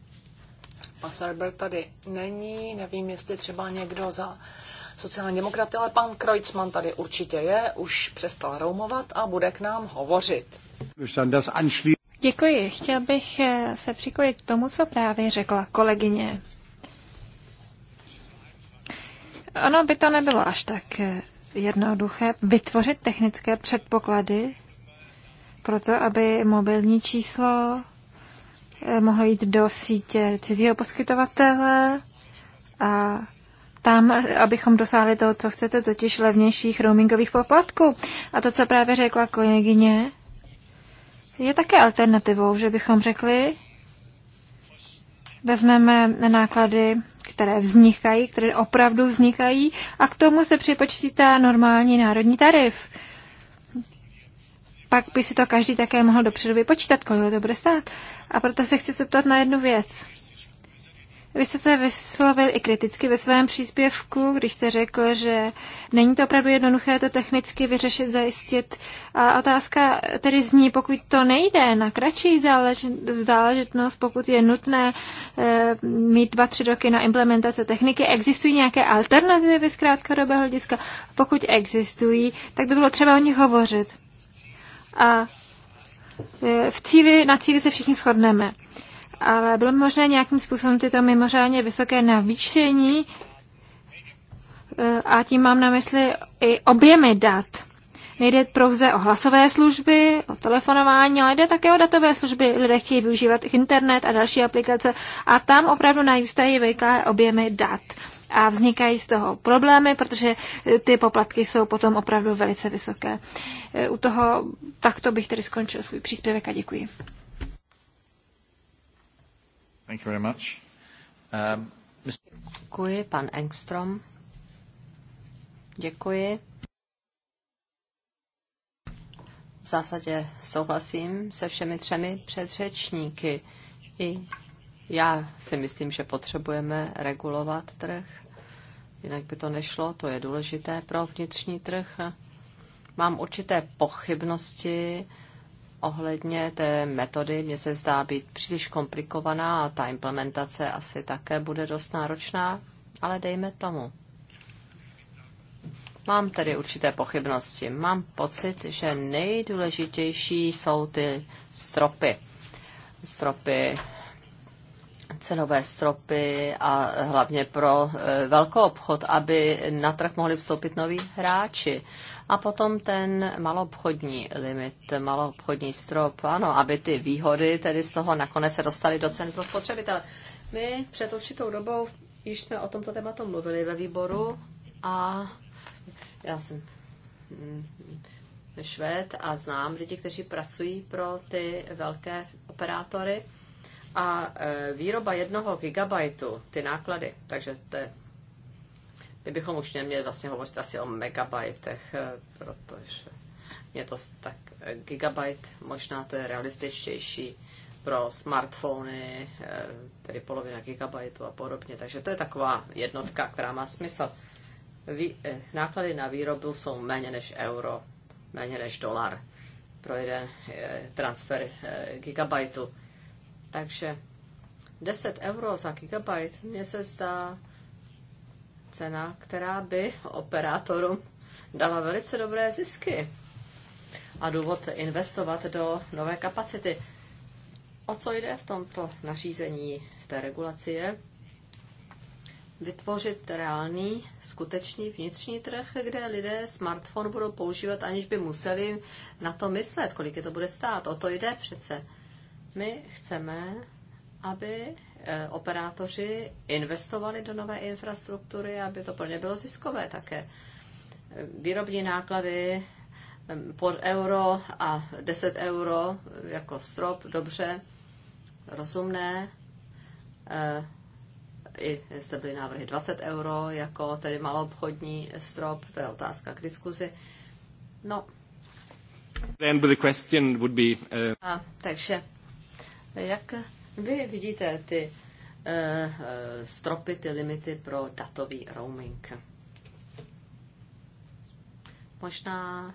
Paserber tady není, nevím, jestli třeba někdo za sociální demokraty, ale pan Kreutzmann tady určitě je, už přestal roumovat a bude k nám hovořit. Děkuji. Chtěl bych eh, se připojit k tomu, co právě řekla kolegyně. Ono by to nebylo až tak eh, jednoduché vytvořit technické předpoklady pro to, aby mobilní číslo eh, mohlo jít do sítě cizího poskytovatele a tam, abychom dosáhli toho, co chcete, totiž levnějších roamingových poplatků. A to, co právě řekla kolegyně, je také alternativou, že bychom řekli, vezmeme náklady, které vznikají, které opravdu vznikají a k tomu se připočtí ta normální národní tarif. Pak by si to každý také mohl dopředu vypočítat, kolik to bude stát. A proto se chci zeptat na jednu věc. Vy jste se vyslovil i kriticky ve svém příspěvku, když jste řekl, že není to opravdu jednoduché to technicky vyřešit, zajistit. A otázka tedy zní, pokud to nejde na kratší záležitost, pokud je nutné e, mít dva, tři roky na implementace techniky, existují nějaké alternativy z krátkodobého hlediska? Pokud existují, tak by bylo třeba o nich hovořit. A eh, v cíli, na cíli se všichni shodneme ale bylo možné nějakým způsobem tyto mimořádně vysoké navýšení eh, a tím mám na mysli i objemy dat. Nejde pouze o hlasové služby, o telefonování, ale jde také o datové služby. Lidé chtějí využívat internet a další aplikace a tam opravdu najůstají veliké objemy dat. A vznikají z toho problémy, protože eh, ty poplatky jsou potom opravdu velice vysoké. Eh, u toho takto bych tedy skončil svůj příspěvek a děkuji. Thank you very much. Um, Děkuji, pan Engstrom. Děkuji. V zásadě souhlasím se všemi třemi předřečníky. I já si myslím, že potřebujeme regulovat trh, jinak by to nešlo, to je důležité pro vnitřní trh. Mám určité pochybnosti, ohledně té metody mně se zdá být příliš komplikovaná a ta implementace asi také bude dost náročná, ale dejme tomu. Mám tedy určité pochybnosti. Mám pocit, že nejdůležitější jsou ty stropy. Stropy, cenové stropy a hlavně pro eh, velkou obchod, aby na trh mohli vstoupit noví hráči. A potom ten malobchodní limit, malobchodní strop, ano, aby ty výhody tedy z toho nakonec se dostaly do cen pro spotřebitele. My před určitou dobou již jsme o tomto tématu mluvili ve výboru a já jsem mm, Švéd a znám lidi, kteří pracují pro ty velké operátory. A e, výroba jednoho gigabajtu, ty náklady, takže to je my bychom už neměli vlastně hovořit asi o megabajtech, eh, protože mě to tak eh, gigabyte, možná to je realističtější pro smartfony, eh, tedy polovina gigabajtu a podobně. Takže to je taková jednotka, která má smysl. Vý, náklady na výrobu jsou méně než euro, méně než dolar pro jeden transfer gigabajtu. Takže 10 euro za gigabajt mě se zdá cena, která by operátorům dala velice dobré zisky a důvod investovat do nové kapacity. O co jde v tomto nařízení, v té regulaci je vytvořit reálný, skutečný vnitřní trh, kde lidé smartphone budou používat, aniž by museli na to myslet, kolik je to bude stát. O to jde přece. My chceme, aby Eh, operátoři investovali do nové infrastruktury, aby to pro ně bylo ziskové také. Výrobní náklady pod euro a 10 euro jako strop, dobře, rozumné. Eh, I zde byly návrhy 20 euro jako tedy maloobchodní strop, to je otázka k diskuzi. No. Then the question would be, uh... a, takže jak vy vidíte ty uh, stropy, ty limity pro datový roaming. Možná,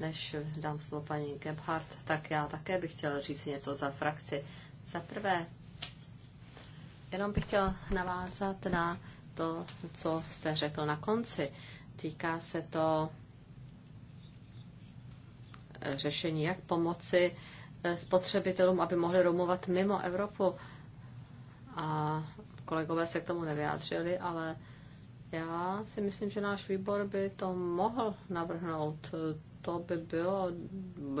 než dám slovo paní Gebhardt, tak já také bych chtěl říct něco za frakci. Za prvé, jenom bych chtěl navázat na to, co jste řekl na konci. Týká se to eh, řešení, jak pomoci Eh, spotřebitelům, aby mohli roumovat mimo Evropu. A kolegové se k tomu nevyjádřili, ale já si myslím, že náš výbor by to mohl navrhnout. To by bylo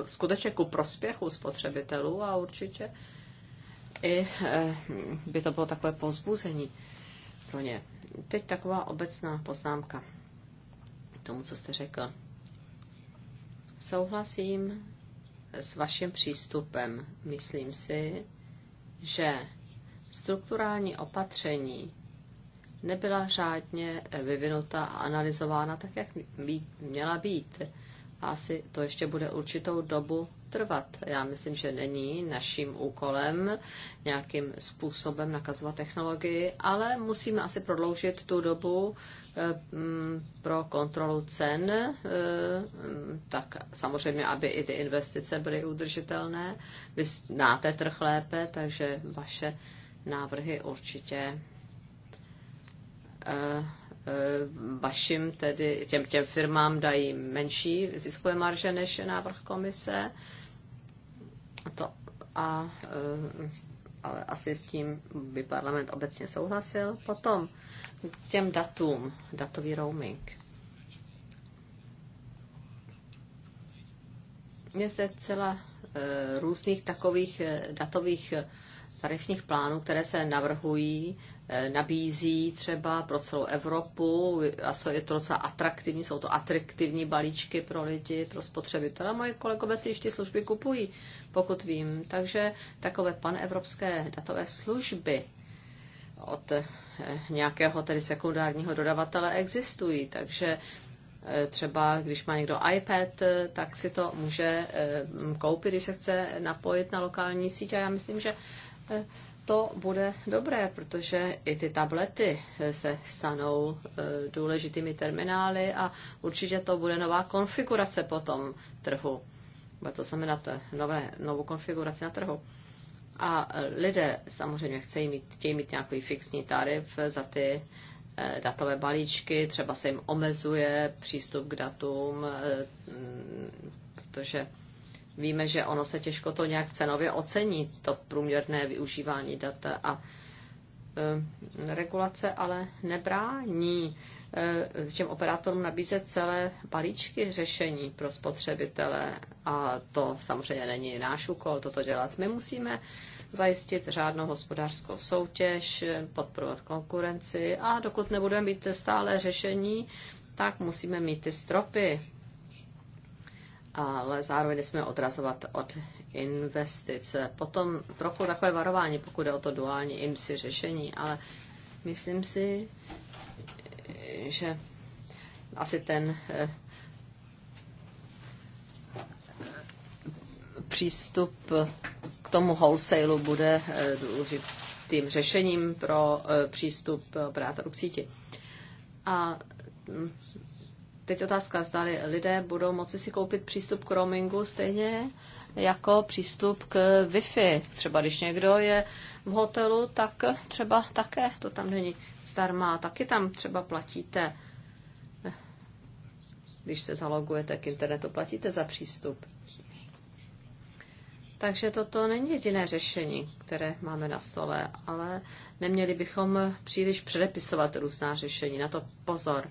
skutečně ku prospěchu spotřebitelů a určitě i eh, by to bylo takové povzbuzení pro ně. Teď taková obecná poznámka k tomu, co jste řekl. Souhlasím s vaším přístupem. Myslím si, že strukturální opatření nebyla řádně vyvinuta a analyzována tak, jak měla být. A asi to ještě bude určitou dobu trvat. Já myslím, že není naším úkolem nějakým způsobem nakazovat technologii, ale musíme asi prodloužit tu dobu, Eh, mm, pro kontrolu cen, eh, tak samozřejmě, aby i ty investice byly udržitelné. Vy znáte trh lépe, takže vaše návrhy určitě eh, vašim, tedy těm, těm firmám dají menší ziskové marže než návrh komise. A to, a ale asi s tím by parlament obecně souhlasil. Potom k těm datům, datový roaming. Je se celá eh, různých takových eh, datových eh, tarifních plánů, které se navrhují, eh, nabízí třeba pro celou Evropu a jsou, je to docela atraktivní, jsou to atraktivní balíčky pro lidi, pro spotřebitele. Moje kolegové si ještě služby kupují, pokud vím. Takže takové panevropské datové služby od eh, nějakého tedy sekundárního dodavatele existují, takže eh, třeba když má někdo iPad, tak si to může koupit, když se chce napojit na lokální síť a já myslím, že Eh, to bude dobré, protože i ty tablety eh, se stanou eh, důležitými terminály a určitě to bude nová konfigurace potom trhu. Bude to znamenat nové, novou konfiguraci na trhu. A lidé samozřejmě chtějí mít, chtějí mít nějaký fixní tarif za ty datové balíčky, třeba se jim omezuje přístup k datům, protože Víme, že ono se těžko to nějak cenově ocení, to průměrné využívání dat a e, regulace ale nebrání e, těm operátorům nabízet celé balíčky řešení pro spotřebitele a to samozřejmě není náš úkol toto dělat. My musíme zajistit řádnou hospodářskou soutěž, podporovat konkurenci a dokud nebudeme mít stále řešení, tak musíme mít ty stropy ale zároveň nesmíme odrazovat od investice. Potom trochu takové varování, pokud je o to duální IMSI řešení, ale myslím si, že asi ten eh, přístup k tomu wholesaleu bude eh, důležitým řešením pro eh, přístup operátorů k síti. A hm, teď otázka, zda lidé budou moci si koupit přístup k roamingu stejně jako přístup k Wi-Fi. Třeba když někdo je v hotelu, tak třeba také to tam není zdarma. Taky tam třeba platíte, když se zalogujete k internetu, platíte za přístup. Takže toto není jediné řešení, které máme na stole, ale neměli bychom příliš předepisovat různá řešení. Na to pozor.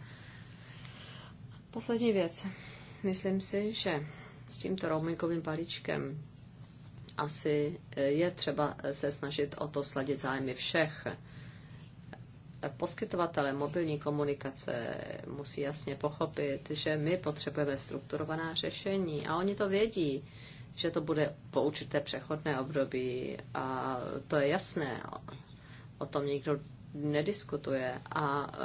Poslední věc. Myslím si, že s tímto roamingovým balíčkem asi e, je třeba se snažit o to sladit zájmy všech. Poskytovatele mobilní komunikace musí jasně pochopit, že my potřebujeme strukturovaná řešení a oni to vědí, že to bude po určité přechodné období a to je jasné. O tom nikdo nediskutuje. A e,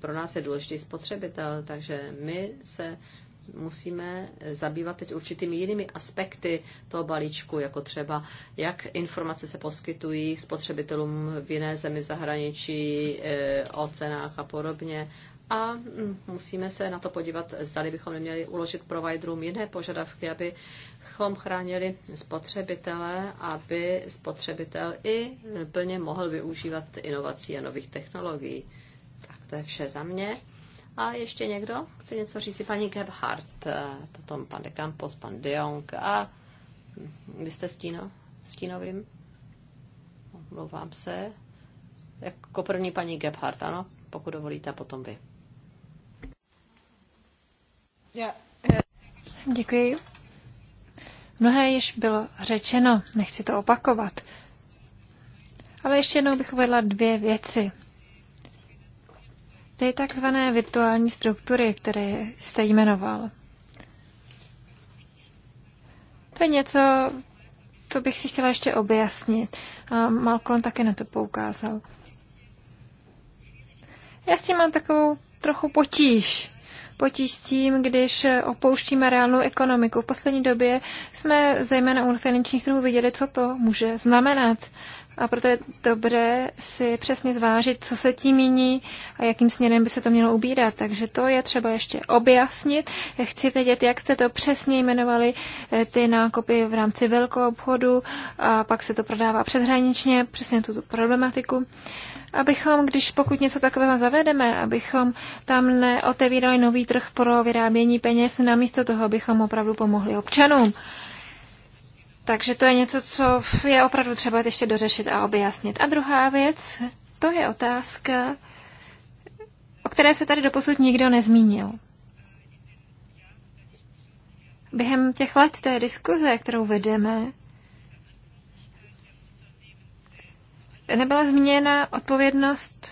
pro nás je důležitý spotřebitel, takže my se musíme zabývat teď určitými jinými aspekty toho balíčku, jako třeba, jak informace se poskytují spotřebitelům v jiné zemi v zahraničí, e, o cenách a podobně. A mm, musíme se na to podívat, zda bychom neměli uložit providerům jiné požadavky, aby abychom chránili spotřebitele, aby spotřebitel i plně mohl využívat inovací a nových technologií. Tak to je vše za mě. A ještě někdo chce něco říct? Paní Gebhardt, potom pan de Campos, pan de Jong a vy jste stíno, stínovým? Omlouvám se. Jako první paní Gebhardt, ano, pokud dovolíte, a potom vy. Yeah. Děkuji. Mnohé již bylo řečeno, nechci to opakovat. Ale ještě jednou bych uvedla dvě věci. Ty takzvané virtuální struktury, které jste jmenoval. To je něco, co bych si chtěla ještě objasnit. A Malcolm také na to poukázal. Já s tím mám takovou trochu potíž potíž s tím, když opouštíme reálnou ekonomiku. V poslední době jsme zejména u finančních trhů viděli, co to může znamenat. A proto je dobré si přesně zvážit, co se tím míní a jakým směrem by se to mělo ubírat. Takže to je třeba ještě objasnit. Chci vědět, jak jste to přesně jmenovali, eh, ty nákupy v rámci velkého obchodu a pak se to prodává předhraničně, přesně tuto problematiku abychom, když pokud něco takového zavedeme, abychom tam neotevírali nový trh pro vyrábění peněz, namísto toho, abychom opravdu pomohli občanům. Takže to je něco, co je opravdu třeba ještě dořešit a objasnit. A druhá věc, to je otázka, o které se tady doposud nikdo nezmínil. Během těch let té diskuze, kterou vedeme, nebyla změněna odpovědnost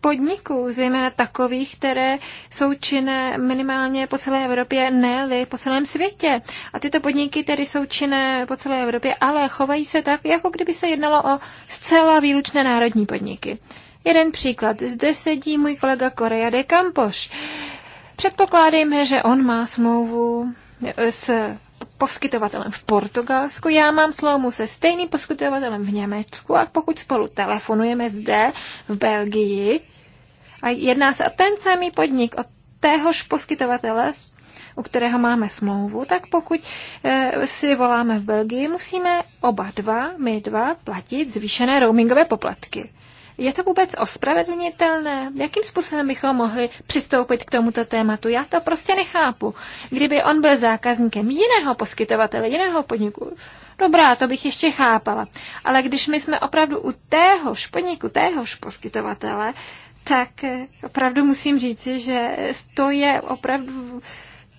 podniků, zejména takových, které jsou činné minimálně po celé Evropě, ne po celém světě. A tyto podniky tedy jsou činné po celé Evropě, ale chovají se tak, jako kdyby se jednalo o zcela výlučné národní podniky. Jeden příklad. Zde sedí můj kolega Korea de Campoš. Předpokládejme, že on má smlouvu s poskytovatelem v Portugalsku, já mám slomu se stejným poskytovatelem v Německu a pokud spolu telefonujeme zde v Belgii a jedná se o ten samý podnik, o téhož poskytovatele, u kterého máme smlouvu, tak pokud e, si voláme v Belgii, musíme oba dva, my dva, platit zvýšené roamingové poplatky. Je to vůbec ospravedlnitelné? Jakým způsobem bychom mohli přistoupit k tomuto tématu? Já to prostě nechápu. Kdyby on byl zákazníkem jiného poskytovatele, jiného podniku, dobrá, to bych ještě chápala. Ale když my jsme opravdu u téhož podniku, téhož poskytovatele, tak eh, opravdu musím říci, že to je opravdu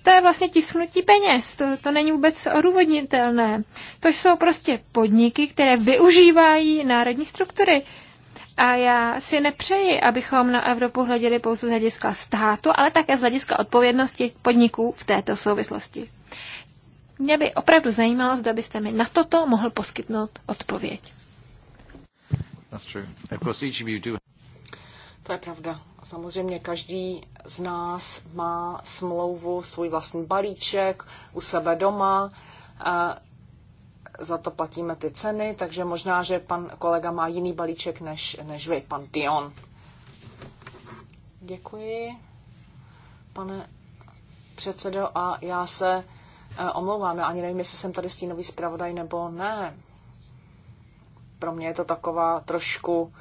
to je vlastně tisknutí peněz, to, to není vůbec odůvodnitelné. To jsou prostě podniky, které využívají národní struktury. A já si nepřeji, abychom na Evropu hleděli pouze z hlediska státu, ale také z hlediska odpovědnosti podniků v této souvislosti. Mě by opravdu zajímalo, zda byste mi na toto mohl poskytnout odpověď. To je pravda. Samozřejmě každý z nás má smlouvu, svůj vlastní balíček u sebe doma za to platíme ty ceny, takže možná, že pan kolega má jiný balíček než, než vy, pan Dion. Děkuji, pane předsedo, a já se eh, omlouvám, já ani nevím, jestli jsem tady stínový zpravodaj nebo ne. Pro mě je to taková trošku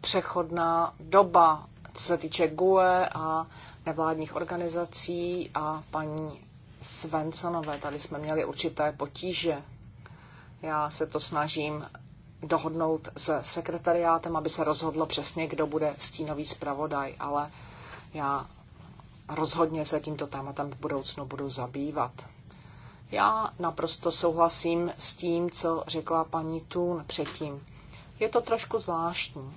přechodná doba, co se týče GUE a nevládních organizací a paní Svensonové. Tady jsme měli určité potíže. Já se to snažím dohodnout s sekretariátem, aby se rozhodlo přesně, kdo bude stínový zpravodaj, ale já rozhodně se tímto tématem v budoucnu budu zabývat. Já naprosto souhlasím s tím, co řekla paní Tun předtím. Je to trošku zvláštní.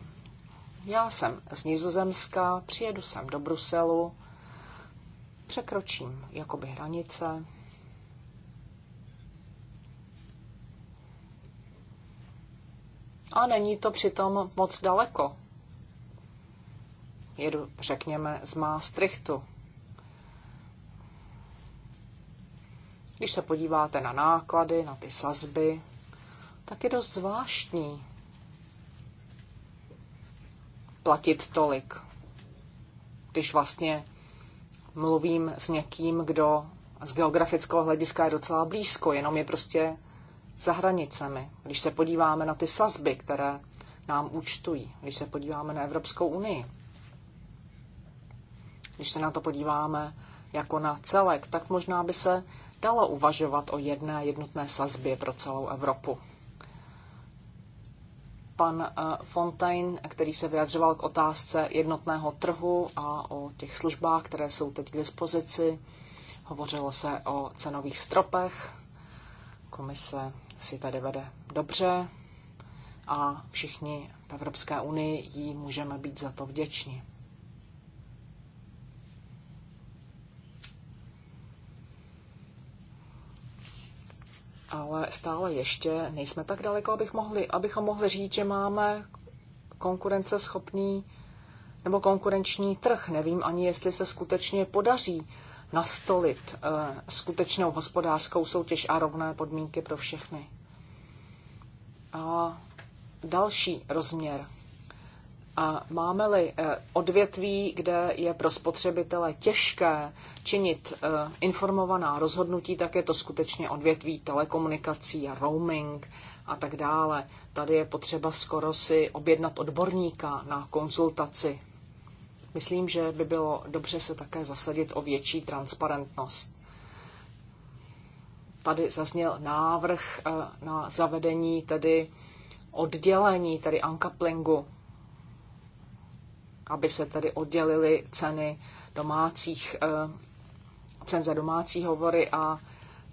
Já jsem z Nizozemska, přijedu sem do Bruselu, překročím jakoby hranice, A není to přitom moc daleko. Jedu, řekněme, z Maastrichtu. Když se podíváte na náklady, na ty sazby, tak je dost zvláštní platit tolik, když vlastně mluvím s někým, kdo z geografického hlediska je docela blízko, jenom je prostě za hranicemi, když se podíváme na ty sazby, které nám účtují, když se podíváme na Evropskou unii, když se na to podíváme jako na celek, tak možná by se dalo uvažovat o jedné jednotné sazbě pro celou Evropu. Pan eh, Fontaine, který se vyjadřoval k otázce jednotného trhu a o těch službách, které jsou teď k dispozici, hovořilo se o cenových stropech. Komise si tady vede dobře a všichni v Evropské unii jí můžeme být za to vděční. ale stále ještě nejsme tak daleko, abych mohli, abychom mohli říct, že máme konkurenceschopný nebo konkurenční trh. Nevím ani, jestli se skutečně podaří nastolit eh, skutečnou hospodářskou soutěž a rovné podmínky pro všechny. A další rozměr. A máme-li eh, odvětví, kde je pro spotřebitele těžké činit eh, informovaná rozhodnutí, tak je to skutečně odvětví telekomunikací a roaming a tak dále. Tady je potřeba skoro si objednat odborníka na konzultaci Myslím, že by bylo dobře se také zasadit o větší transparentnost. Tady zazněl návrh eh, na zavedení tedy oddělení, tedy uncouplingu, aby se tedy oddělily ceny domácích, eh, cen za domácí hovory a,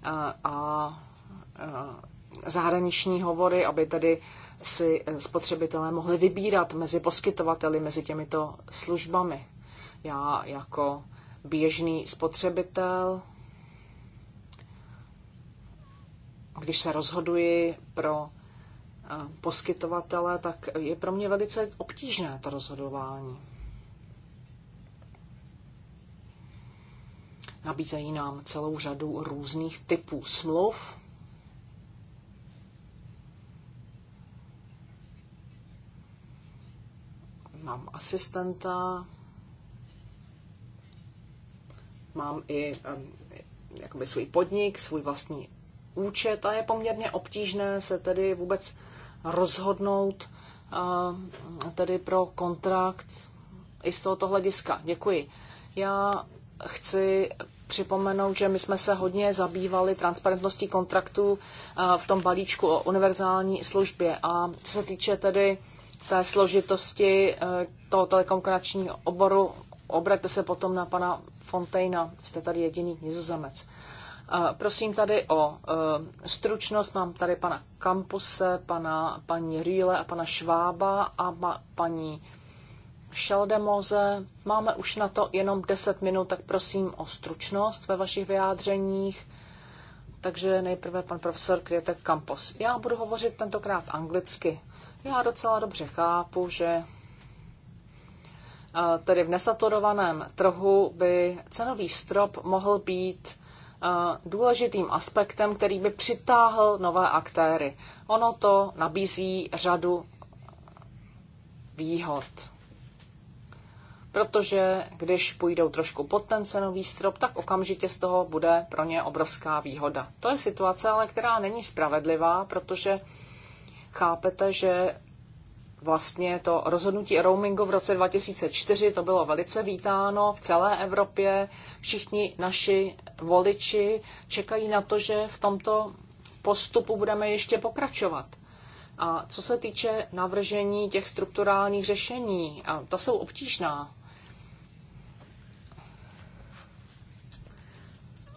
eh, a, a zahraniční hovory, aby tedy si eh, spotřebitelé mohli vybírat mezi poskytovateli, mezi těmito službami. Já jako běžný spotřebitel, když se rozhoduji pro eh, poskytovatele, tak je pro mě velice obtížné to rozhodování. Nabízejí nám celou řadu různých typů smluv, mám asistenta, mám i um, jakoby svůj podnik, svůj vlastní účet a je poměrně obtížné se tedy vůbec rozhodnout uh, tedy pro kontrakt i z tohoto hlediska. Děkuji. Já chci připomenout, že my jsme se hodně zabývali transparentností kontraktu eh, v tom balíčku o univerzální službě. A co se týče tedy té složitosti eh, toho telekomunikačního oboru. Obraťte se potom na pana Fontejna, jste tady jediný nizozemec. Eh, prosím tady o eh, stručnost. Mám tady pana Kampuse, pana, paní Rýle a pana Švába a ma, paní Šeldemoze. Máme už na to jenom 10 minut, tak prosím o stručnost ve vašich vyjádřeních. Takže nejprve pan profesor Květek Kampos. Já budu hovořit tentokrát anglicky. Já docela dobře chápu, že eh, tedy v nesaturovaném trhu by cenový strop mohl být eh, důležitým aspektem, který by přitáhl nové aktéry. Ono to nabízí řadu výhod. Protože když půjdou trošku pod ten cenový strop, tak okamžitě z toho bude pro ně obrovská výhoda. To je situace, ale která není spravedlivá, protože chápete, že vlastně to rozhodnutí roamingu v roce 2004, to bylo velice vítáno v celé Evropě. Všichni naši voliči čekají na to, že v tomto postupu budeme ještě pokračovat. A co se týče navržení těch strukturálních řešení, a ta jsou obtížná.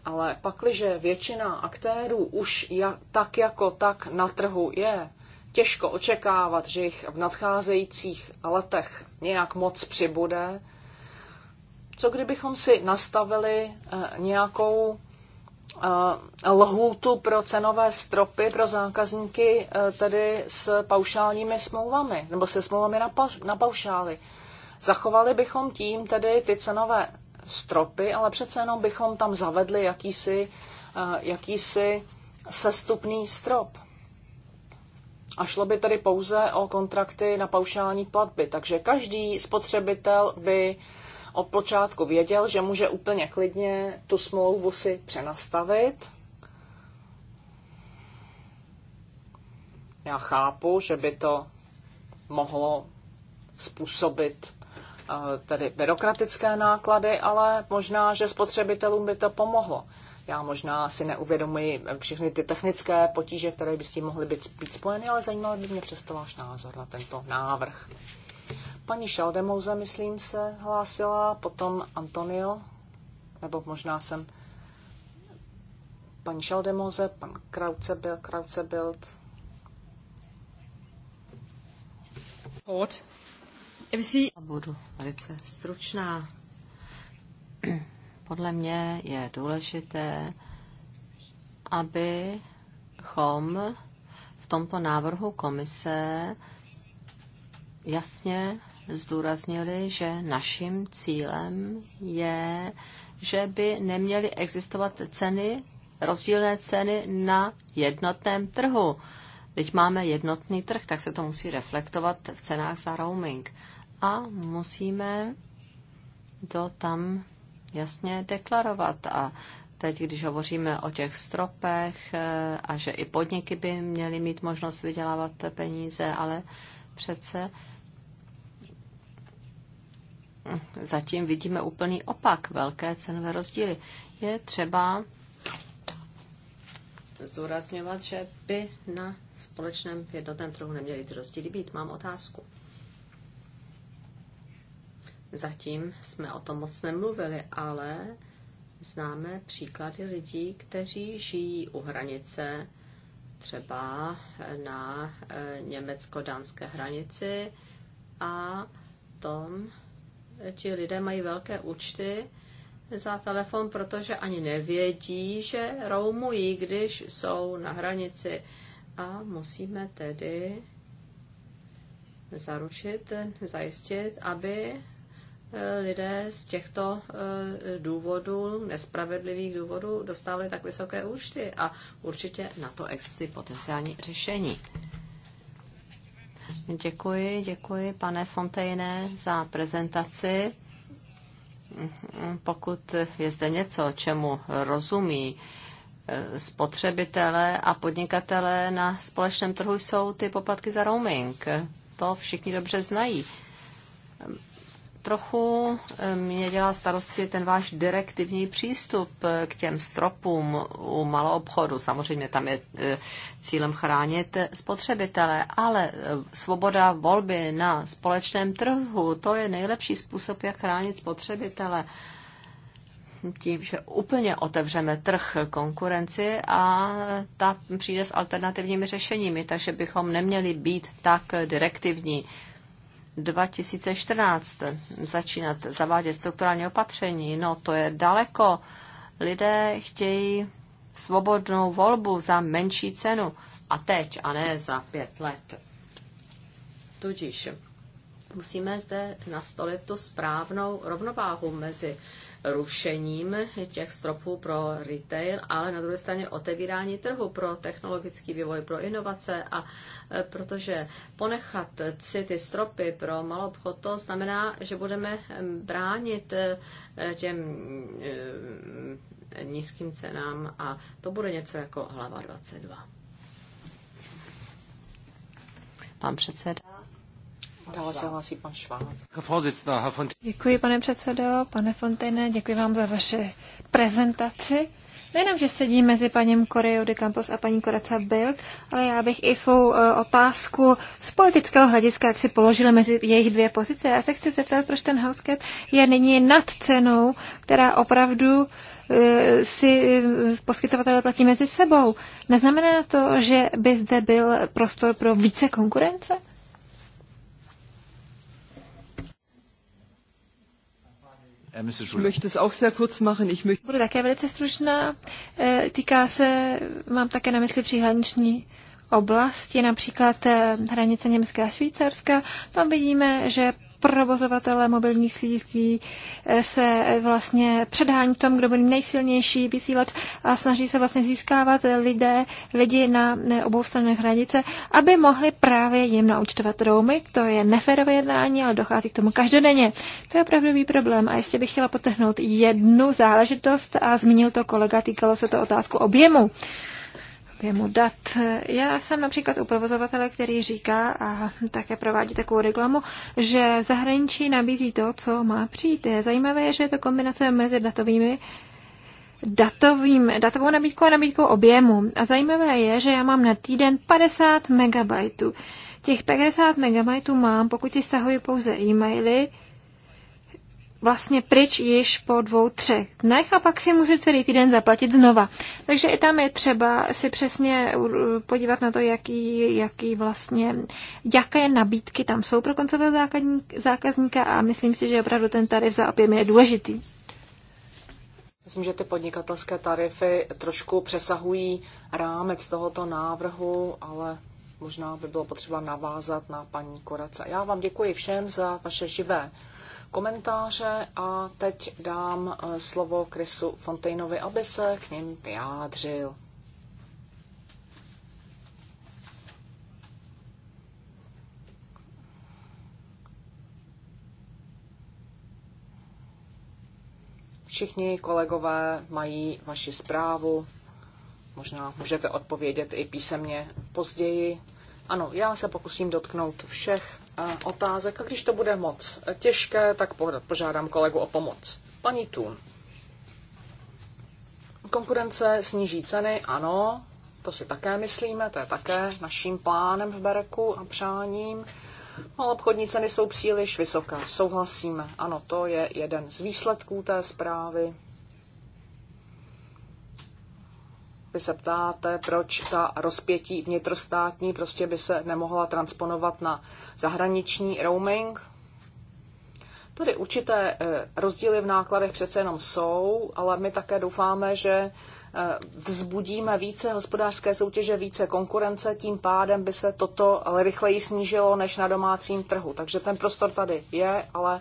Ale pakliže většina aktérů už jak, tak jako tak na trhu je, těžko očekávat, že jich v nadcházejících letech nějak moc přibude. Co kdybychom si nastavili eh, nějakou eh, lhůtu pro cenové stropy pro zákazníky eh, tedy s paušálními smlouvami nebo se smlouvami na, pa, na paušály. Zachovali bychom tím tedy ty cenové stropy, ale přece jenom bychom tam zavedli jakýsi, jakýsi sestupný strop. A šlo by tedy pouze o kontrakty na paušální platby. Takže každý spotřebitel by od počátku věděl, že může úplně klidně tu smlouvu si přenastavit. Já chápu, že by to mohlo způsobit eh, tedy byrokratické náklady, ale možná, že spotřebitelům by to pomohlo. Já možná si neuvědomuji všechny ty technické potíže, které by s tím mohly být, být spojeny, ale zajímalo by mě přesto váš názor na tento návrh. Paní Šaldemouze, myslím, se hlásila, potom Antonio, nebo možná jsem paní Šaldemouze, pan Krauce byl, Krauce byl. Budu velice stručná podle mě je důležité, abychom v tomto návrhu komise jasně zdůraznili, že naším cílem je, že by neměly existovat ceny, rozdílné ceny na jednotném trhu. Teď máme jednotný trh, tak se to musí reflektovat v cenách za roaming. A musíme to tam jasně deklarovat. A teď, když hovoříme o těch stropech eh, a že i podniky by měly mít možnost vydělávat peníze, ale přece zatím vidíme úplný opak, velké cenové rozdíly. Je třeba zdůrazňovat, že by na společném jednotném trhu neměly ty rozdíly být. Mám otázku. Zatím jsme o tom moc nemluvili, ale známe příklady lidí, kteří žijí u hranice, třeba na eh, německo-dánské hranici a tom ti lidé mají velké účty za telefon, protože ani nevědí, že roumují, když jsou na hranici. A musíme tedy zaručit, zajistit, aby Eh, lidé z těchto eh, důvodů, nespravedlivých důvodů, dostávali tak vysoké účty a určitě na to existují potenciální řešení. Děkuji, děkuji, pane Fontejne, za prezentaci. Pokud je zde něco, čemu rozumí eh, spotřebitelé a podnikatelé na společném trhu, jsou ty poplatky za roaming. To všichni dobře znají trochu eh, mě dělá starosti ten váš direktivní přístup eh, k těm stropům u maloobchodu. Samozřejmě tam je eh, cílem chránit spotřebitele, ale svoboda volby na společném trhu, to je nejlepší způsob, jak chránit spotřebitele tím, že úplně otevřeme trh konkurenci a ta přijde s alternativními řešeními, takže bychom neměli být tak direktivní 2014 začínat zavádět strukturální opatření. No to je daleko. Lidé chtějí svobodnou volbu za menší cenu. A teď, a ne za pět let. Tudíž musíme zde nastolit tu správnou rovnováhu mezi rušením těch stropů pro retail, ale na druhé straně otevírání trhu pro technologický vývoj, pro inovace a e, protože ponechat si ty stropy pro malou obchod, to znamená, že budeme bránit e, těm e, nízkým cenám a to bude něco jako hlava 22. Pán předseda pan Děkuji, pane předsedo, pane Fontaine, děkuji vám za vaše prezentaci. Nejenom, že sedím mezi paním Koreou de Campos a paní Koraca Bild, ale já bych i svou e, otázku z politického hlediska, jak si položila mezi jejich dvě pozice. Já se chci zeptat, proč ten Housket je nyní nad cenou, která opravdu e, si e, poskytovatelé platí mezi sebou. Neznamená to, že by zde byl prostor pro více konkurence? Eh, ich möchte es auch sehr kurz machen. Ich möchte... Budu také velice stručná. Eh, týká se, mám také na mysli příhraniční oblasti, například eh, hranice Německa a Švýcarska. Tam vidíme, že provozovatele mobilních sítí eh, se vlastně předhání tom, kdo byl nejsilnější vysílač a snaží se vlastně získávat lidé, lidi na obou stranách hranice, aby mohli právě jim naučtovat roamy. To je neférové jednání, ale dochází k tomu každodenně. To je opravdový problém. A ještě bych chtěla potrhnout jednu záležitost a zmínil to kolega, týkalo se to otázku objemu objemu dat. Já jsem například u provozovatele, který říká a také provádí takovou reklamu, že zahraničí nabízí to, co má přijít. Zajímavé je, že je to kombinace mezi datovými datovým, datovou nabídkou a nabídkou objemu. A zajímavé je, že já mám na týden 50 MB. Těch 50 MB mám, pokud si stahuji pouze e-maily, vlastně pryč již po dvou, třech dnech a pak si může celý týden zaplatit znova. Takže i tam je třeba si přesně uh, podívat na to, jaký, jaký vlastně, jaké nabídky tam jsou pro koncového zákazníka a myslím si, že opravdu ten tarif za objem je důležitý. Myslím, že ty podnikatelské tarify trošku přesahují rámec tohoto návrhu, ale možná by bylo potřeba navázat na paní Korace. Já vám děkuji všem za vaše živé komentáře a teď dám eh, slovo Krisu Fontainovi, aby se k ním vyjádřil. Všichni kolegové mají vaši zprávu. Možná můžete odpovědět i písemně později. Ano, já se pokusím dotknout všech otázek a když to bude moc těžké, tak požádám kolegu o pomoc. Paní Tun. Konkurence sníží ceny, ano, to si také myslíme, to je také naším plánem v Bereku a přáním. Obchodní ceny jsou příliš vysoké, souhlasíme. Ano, to je jeden z výsledků té zprávy. vy se ptáte, proč ta rozpětí vnitrostátní prostě by se nemohla transponovat na zahraniční roaming. Tady určité eh, rozdíly v nákladech přece jenom jsou, ale my také doufáme, že eh, vzbudíme více hospodářské soutěže, více konkurence, tím pádem by se toto rychleji snížilo než na domácím trhu. Takže ten prostor tady je, ale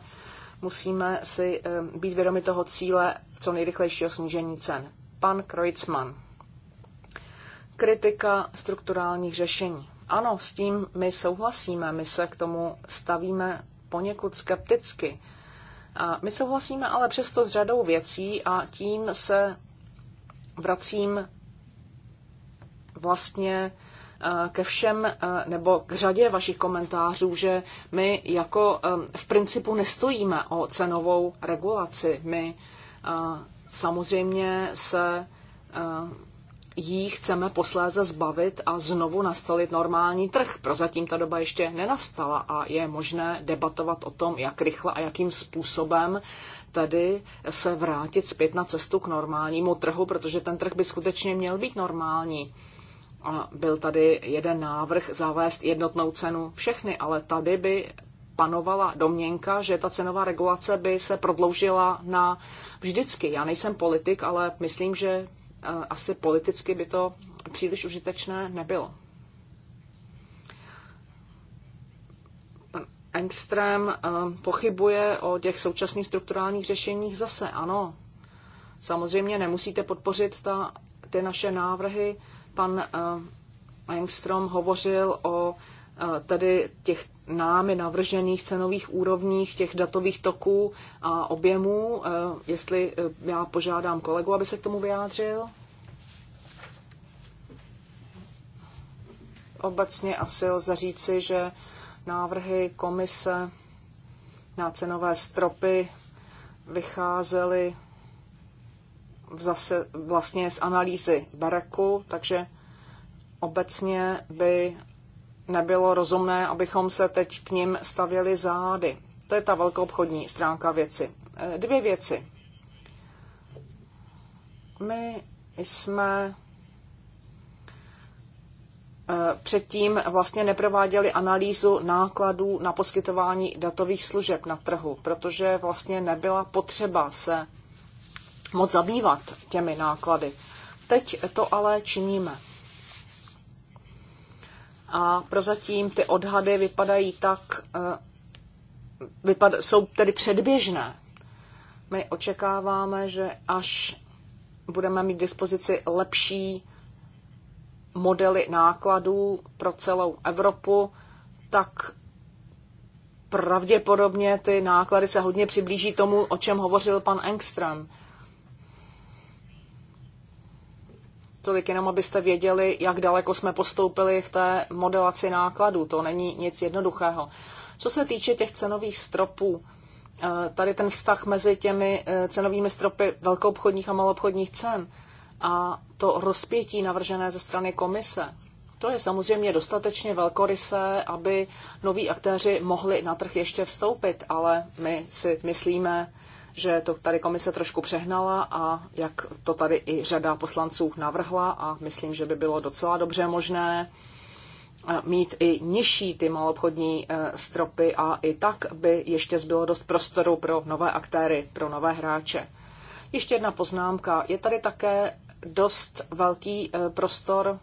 musíme si eh, být vědomi toho cíle co nejrychlejšího snížení cen. Pan Kreutzmann. Kritika strukturálních řešení. Ano, s tím my souhlasíme, my se k tomu stavíme poněkud skepticky. My souhlasíme ale přesto s řadou věcí a tím se vracím vlastně eh, ke všem eh, nebo k řadě vašich komentářů, že my jako eh, v principu nestojíme o cenovou regulaci. My samozřejmě se jí chceme posléze zbavit a znovu nastolit normální trh. Prozatím ta doba ještě nenastala a je možné debatovat o tom, jak rychle a jakým způsobem tedy se vrátit zpět na cestu k normálnímu trhu, protože ten trh by skutečně měl být normální. A byl tady jeden návrh zavést jednotnou cenu všechny, ale tady by panovala domněnka, že ta cenová regulace by se prodloužila na vždycky. Já nejsem politik, ale myslím, že asi politicky by to příliš užitečné nebylo. Pan Engström eh, pochybuje o těch současných strukturálních řešeních zase, ano. Samozřejmě nemusíte podpořit ta, ty naše návrhy. Pan eh, Engström hovořil o tedy těch námi navržených cenových úrovních, těch datových toků a objemů. Eh, jestli eh, já požádám kolegu, aby se k tomu vyjádřil. Obecně asi lze říci, že návrhy komise na cenové stropy vycházely zase vlastně z analýzy Baraku, takže obecně by nebylo rozumné, abychom se teď k ním stavěli zády. To je ta velkoobchodní stránka věci. Eh, dvě věci. My jsme eh, předtím vlastně neprováděli analýzu nákladů na poskytování datových služeb na trhu, protože vlastně nebyla potřeba se moc zabývat těmi náklady. Teď to ale činíme. A prozatím ty odhady vypadají tak, eh, vypad, jsou tedy předběžné. My očekáváme, že až budeme mít dispozici lepší modely nákladů pro celou Evropu, tak pravděpodobně ty náklady se hodně přiblíží tomu, o čem hovořil pan Engström. tolik jenom, abyste věděli, jak daleko jsme postoupili v té modelaci nákladů. To není nic jednoduchého. Co se týče těch cenových stropů, eh, tady ten vztah mezi těmi eh, cenovými stropy velkoobchodních a maloobchodních cen a to rozpětí navržené ze strany komise, to je samozřejmě dostatečně velkorysé, aby noví aktéři mohli na trh ještě vstoupit, ale my si myslíme, že to tady komise trošku přehnala a jak to tady i řada poslanců navrhla a myslím, že by bylo docela dobře možné eh, mít i nižší ty malobchodní eh, stropy a i tak by ještě zbylo dost prostoru pro nové aktéry, pro nové hráče. Ještě jedna poznámka. Je tady také dost velký eh, prostor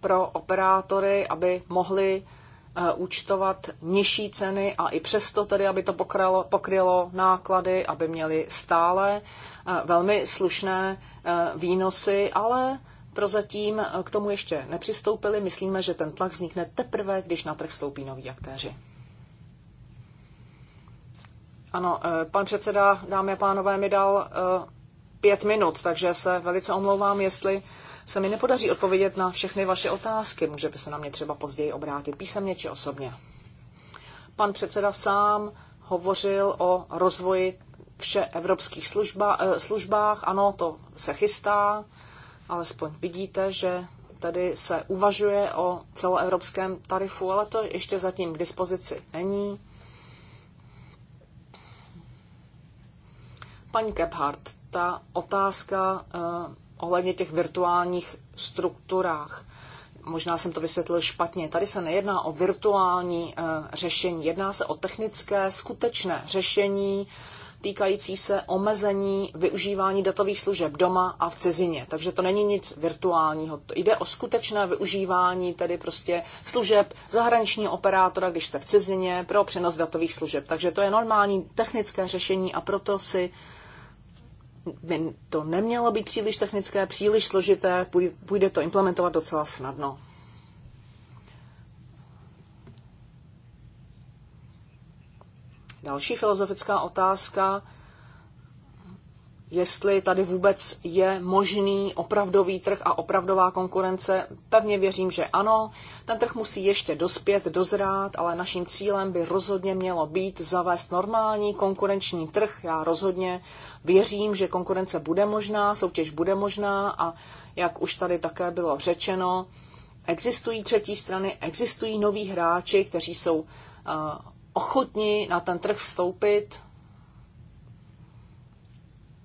pro operátory, aby mohli Eh, účtovat nižší ceny a i přesto tedy, aby to pokrylo, pokrylo náklady, aby měli stále eh, velmi slušné eh, výnosy, ale prozatím k tomu ještě nepřistoupili. Myslíme, že ten tlak vznikne teprve, když na trh vstoupí noví aktéři. Ano, pan předseda, dámy a pánové, mi dal pět minut, takže se velice omlouvám, jestli se mi nepodaří odpovědět na všechny vaše otázky. Můžete se na mě třeba později obrátit písemně či osobně. Pan předseda sám hovořil o rozvoji evropských služba, eh, službách. Ano, to se chystá, alespoň vidíte, že tady se uvažuje o celoevropském tarifu, ale to ještě zatím k dispozici není. Paní Gebhardt, ta otázka eh, ohledně těch virtuálních strukturách. Možná jsem to vysvětlil špatně. Tady se nejedná o virtuální eh, řešení, jedná se o technické, skutečné řešení týkající se omezení využívání datových služeb doma a v cizině. Takže to není nic virtuálního. To jde o skutečné využívání tedy prostě služeb zahraničního operátora, když jste v cizině, pro přenos datových služeb. Takže to je normální technické řešení a proto si by to nemělo být příliš technické, příliš složité, půjde to implementovat docela snadno. Další filozofická otázka jestli tady vůbec je možný opravdový trh a opravdová konkurence. Pevně věřím, že ano. Ten trh musí ještě dospět, dozrát, ale naším cílem by rozhodně mělo být zavést normální konkurenční trh. Já rozhodně věřím, že konkurence bude možná, soutěž bude možná a jak už tady také bylo řečeno, existují třetí strany, existují noví hráči, kteří jsou eh, ochotni na ten trh vstoupit,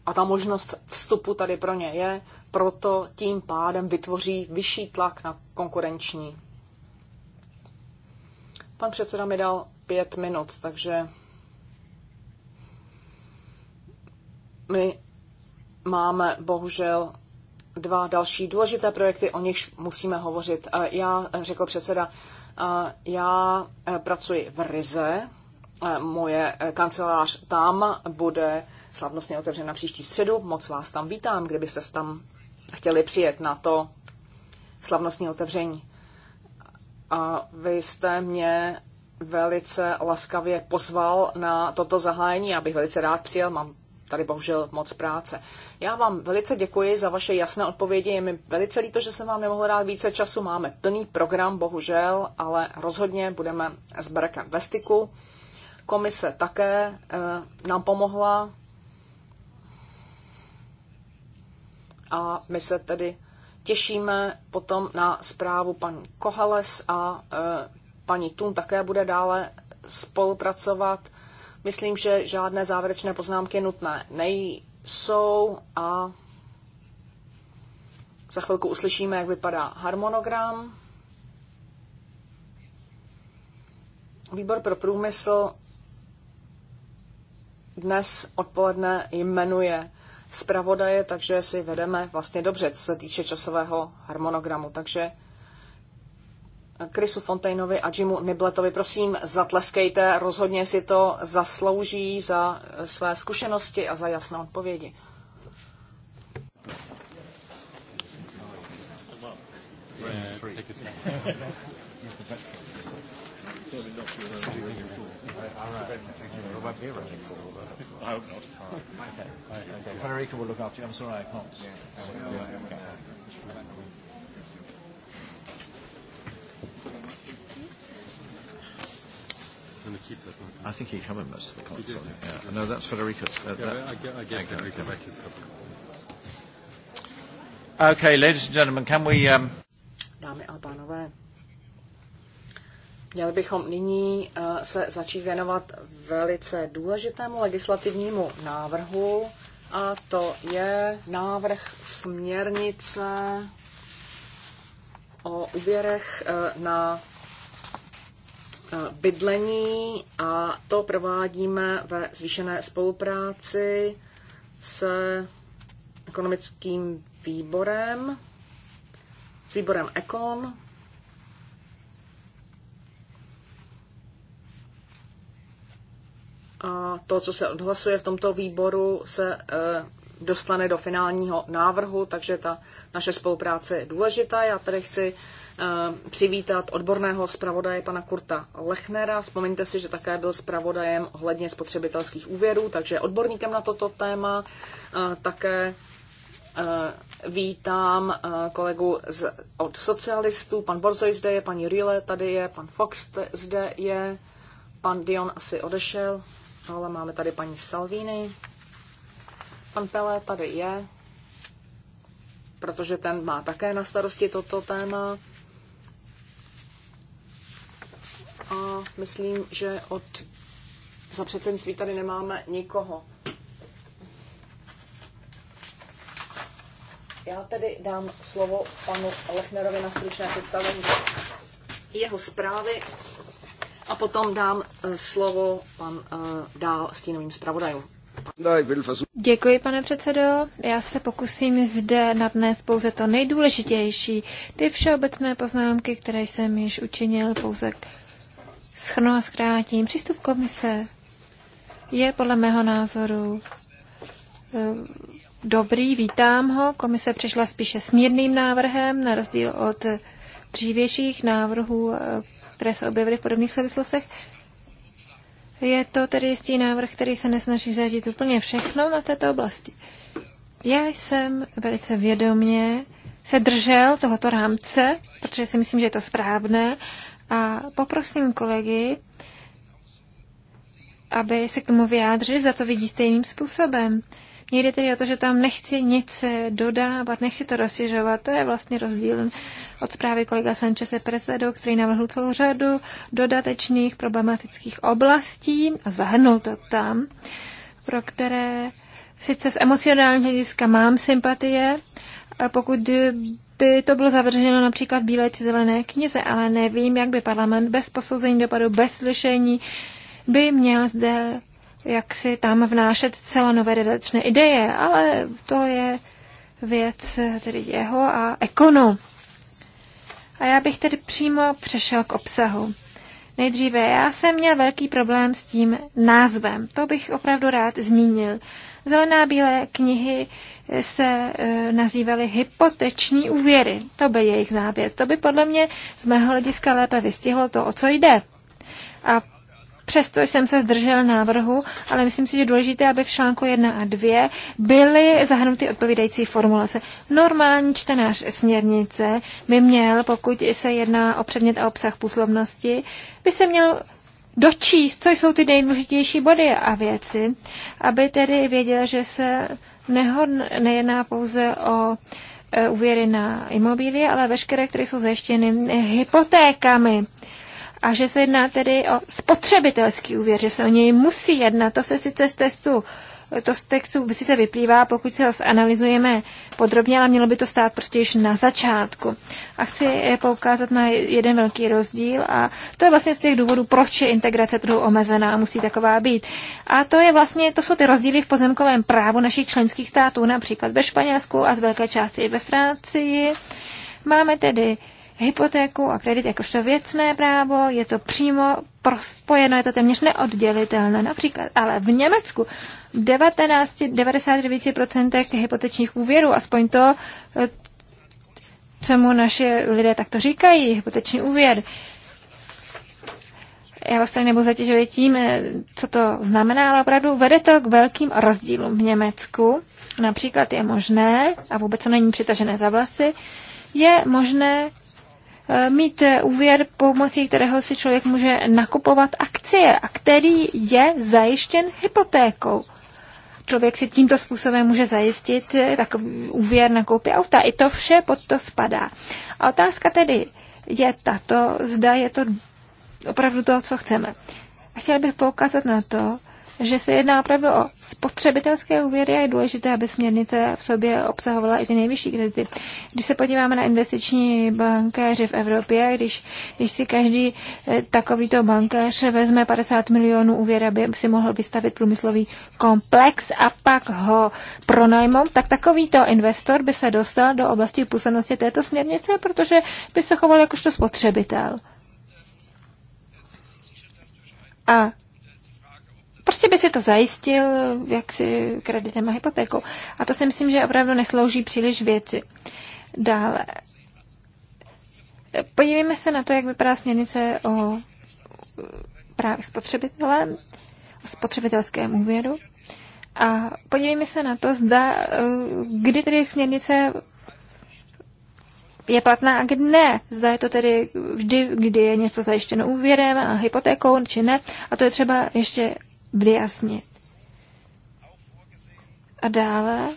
a ta možnost vstupu tady pro ně je, proto tím pádem vytvoří vyšší tlak na konkurenční. Pan předseda mi dal pět minut, takže my máme bohužel dva další důležité projekty, o nichž musíme hovořit. Já, řekl předseda, já e, pracuji v Rize, e, moje e, kancelář tam bude slavnostně otevřena příští středu. Moc vás tam vítám, kdybyste tam chtěli přijet na to slavnostní otevření. A vy jste mě velice laskavě pozval na toto zahájení. abych velice rád přijel, mám tady bohužel moc práce. Já vám velice děkuji za vaše jasné odpovědi. Je mi velice líto, že jsem vám nemohl dát více času. Máme plný program, bohužel, ale rozhodně budeme s Berekem ve styku. Komise také e, nám pomohla a my se tedy těšíme potom na zprávu paní Kohales a e, paní Tun také bude dále spolupracovat. Myslím, že žádné závěrečné poznámky nutné nejsou a za chvilku uslyšíme, jak vypadá harmonogram. Výbor pro průmysl dnes odpoledne jmenuje zpravodaje, takže si vedeme vlastně dobře, co se týče časového harmonogramu. Takže Krisu Fontainovi a Jimu Nibletovi, prosím, zatleskejte, rozhodně si to zaslouží za eh, své zkušenosti a za jasné odpovědi. Yeah, I hope not. Okay. okay. Federica will look after you. I'm sorry, I can't. Yeah. Yeah. Okay. I think he covered most of the points. On Yeah. No, that's Federica's. Uh, yeah, that, I get, I get Federica back his Okay, ladies and gentlemen, can we... Um... Dámy a pánové, Měli bychom nyní eh, se začít věnovat velice důležitému legislativnímu návrhu, a to je návrh směrnice o úvěrech eh, na eh, bydlení a to provádíme ve zvýšené spolupráci s ekonomickým výborem, s výborem Econ a to, co se odhlasuje v tomto výboru, se eh, dostane do finálního návrhu, takže ta naše spolupráce je důležitá. Já tady chci eh, přivítat odborného zpravodaje pana Kurta Lechnera. Vzpomeňte si, že také byl zpravodajem ohledně spotřebitelských úvěrů, takže odborníkem na toto téma. Eh, také vítám kolegu z, od socialistů. Pan Borzoj zde je, paní Rile tady je, pan Fox zde je, pan Dion asi odešel ale máme tady paní Salvini. Pan Pele tady je, protože ten má také na starosti toto téma. A myslím, že od za předsednictví tady nemáme nikoho. Já tedy dám slovo panu Lechnerovi na stručné představení jeho zprávy a potom dám eh, slovo pan eh, dál stínovým zpravodajům. Děkuji, pane předsedo. Já se pokusím zde nadnést pouze to nejdůležitější. Ty všeobecné poznámky, které jsem již učinil, pouze schrnu a zkrátím. Přístup komise je podle mého názoru eh, dobrý, vítám ho. Komise přišla spíše s mírným návrhem, na rozdíl od dřívějších návrhů které se objevily v podobných souvislostech. Je to tedy jistý návrh, který se nesnaží řadit úplně všechno na této oblasti. Já jsem velice vědomě se držel tohoto rámce, protože si myslím, že je to správné a poprosím kolegy, aby se k tomu vyjádřili, za to vidí stejným způsobem. Mně jde tedy o to, že tam nechci nic dodávat, nechci to rozšiřovat. To je vlastně rozdíl od zprávy kolega Sančese Presedo, který navrhl celou řadu dodatečných problematických oblastí a zahrnul to tam, pro které sice z emocionálního hlediska mám sympatie, a pokud by to bylo zavrženo například v bílé či zelené knize, ale nevím, jak by parlament bez posouzení dopadu, bez slyšení by měl zde jak si tam vnášet celé nové dodatečné ideje, ale to je věc eh, tedy jeho a ekonu. A já bych tedy přímo přešel k obsahu. Nejdříve, já jsem měl velký problém s tím názvem. To bych opravdu rád zmínil. Zelená bílé knihy eh, se e, nazývaly hypoteční úvěry. To byl jejich závěr. To by podle mě z mého hlediska lépe vystihlo to, o co jde. A Přesto jsem se zdržel návrhu, ale myslím si, že důležité, aby v článku 1 a 2 byly zahrnuty odpovídající formulace. Normální čtenář směrnice by měl, pokud se jedná o předmět a obsah působnosti, by se měl dočíst, co jsou ty nejdůležitější body a věci, aby tedy věděl, že se nehod, nejedná pouze o e, úvěry na imobilie, ale veškeré, které jsou zajištěny hypotékami a že se jedná tedy o spotřebitelský úvěr, že se o něj musí jednat. To se sice z testu to z textu sice vyplývá, pokud se ho zanalizujeme podrobně, ale mělo by to stát prostě již na začátku. A chci poukázat na jeden velký rozdíl a to je vlastně z těch důvodů, proč je integrace trhu omezená a musí taková být. A to je vlastně, to jsou ty rozdíly v pozemkovém právu našich členských států, například ve Španělsku a z velké části i ve Francii. Máme tedy hypotéku a kredit jakožto věcné právo, je to přímo prospojeno, je to téměř neoddělitelné. Například, ale v Německu v 19-99% hypotečních úvěrů, aspoň to, mu naši lidé takto říkají, hypoteční úvěr, já vás tady nebudu zatěžovat tím, eh, co to znamená, ale opravdu vede to k velkým rozdílům v Německu. Například je možné, a vůbec to není přitažené za vlasy, je možné Eh, mít eh, úvěr, pomocí kterého si člověk může nakupovat akcie a který je zajištěn hypotékou. Člověk si tímto způsobem může zajistit eh, takový úvěr na koupě auta. I to vše pod to spadá. A otázka tedy je tato, zda je to opravdu to, co chceme. A chtěl bych poukázat na to, že se jedná opravdu o spotřebitelské úvěry a je důležité, aby směrnice v sobě obsahovala i ty nejvyšší kredity. Když se podíváme na investiční bankéři v Evropě, když, když si každý eh, takovýto bankéř vezme 50 milionů úvěr, aby si mohl vystavit průmyslový komplex a pak ho pronajmou, tak takovýto investor by se dostal do oblasti působnosti této směrnice, protože by se choval jakožto spotřebitel. A Prostě by si to zajistil jak si kreditem a hypotékou. A to si myslím, že opravdu neslouží příliš věci. Dále. Podívejme se na to, jak vypadá směrnice o eh, právě spotřebitele, o spotřebitelském úvěru. A podívejme se na to, zda, eh, kdy tedy směrnice je platná a kdy ne. Zda je to tedy vždy, kdy je něco zajištěno úvěrem a hypotékou, či ne. A to je třeba ještě vyjasnit. A dále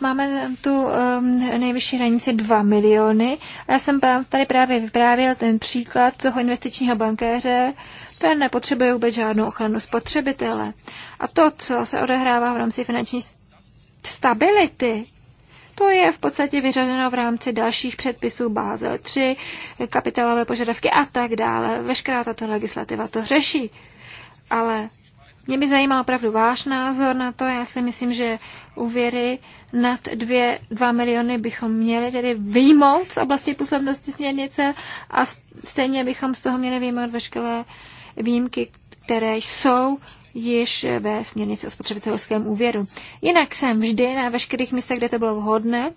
máme tu um, nejvyšší hranici 2 miliony. A já jsem tady právě vyprávěl ten příklad toho investičního bankéře. Ten nepotřebuje vůbec žádnou ochranu spotřebitele. A to, co se odehrává v rámci finanční stability, to je v podstatě vyřazeno v rámci dalších předpisů Bázel 3, kapitálové požadavky a tak dále. Veškerá tato legislativa to řeší. Ale mě by zajímal opravdu váš názor na to. Já si myslím, že úvěry nad 2, 2 miliony bychom měli tedy výjmout z oblasti působnosti směrnice a stejně bychom z toho měli výjmout veškeré výjimky, které jsou již ve směrnici o spotřebitelském úvěru. Jinak jsem vždy na veškerých místech, kde to bylo vhodné,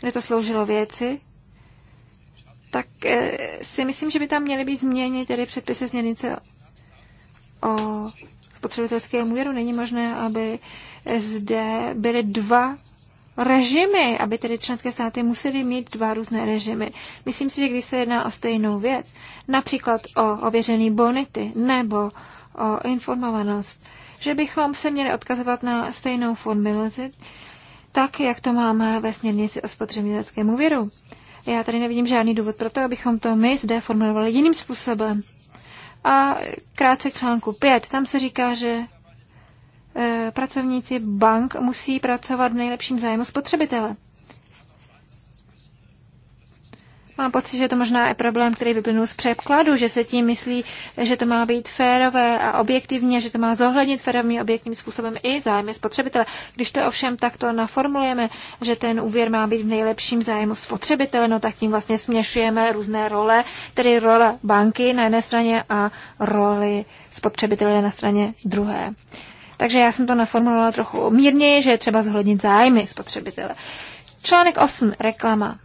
kde to sloužilo věci, tak eh, si myslím, že by tam měly být změny tedy předpisy směrnice o spotřebitelském úvěru není možné, aby zde byly dva režimy, aby tedy členské státy musely mít dva různé režimy. Myslím si, že když se jedná o stejnou věc, například o ověřený bonity nebo o informovanost, že bychom se měli odkazovat na stejnou formulaci, tak, jak to máme ve směrnici o spotřebitelském úvěru. Já tady nevidím žádný důvod pro to, abychom to my zde formulovali jiným způsobem. A krátce k článku 5. Tam se říká, že e, pracovníci bank musí pracovat v nejlepším zájmu spotřebitele. Mám pocit, že je to možná i problém, který vyplynul z překladu, že se tím myslí, že to má být férové a objektivně, že to má zohlednit férovým objektivním způsobem i zájmy spotřebitele. Když to ovšem takto naformulujeme, že ten úvěr má být v nejlepším zájmu spotřebitele, no tak tím vlastně směšujeme různé role, tedy role banky na jedné straně a roli spotřebitele na straně druhé. Takže já jsem to naformulovala trochu mírněji, že je třeba zohlednit zájmy spotřebitele. Článek 8. Reklama.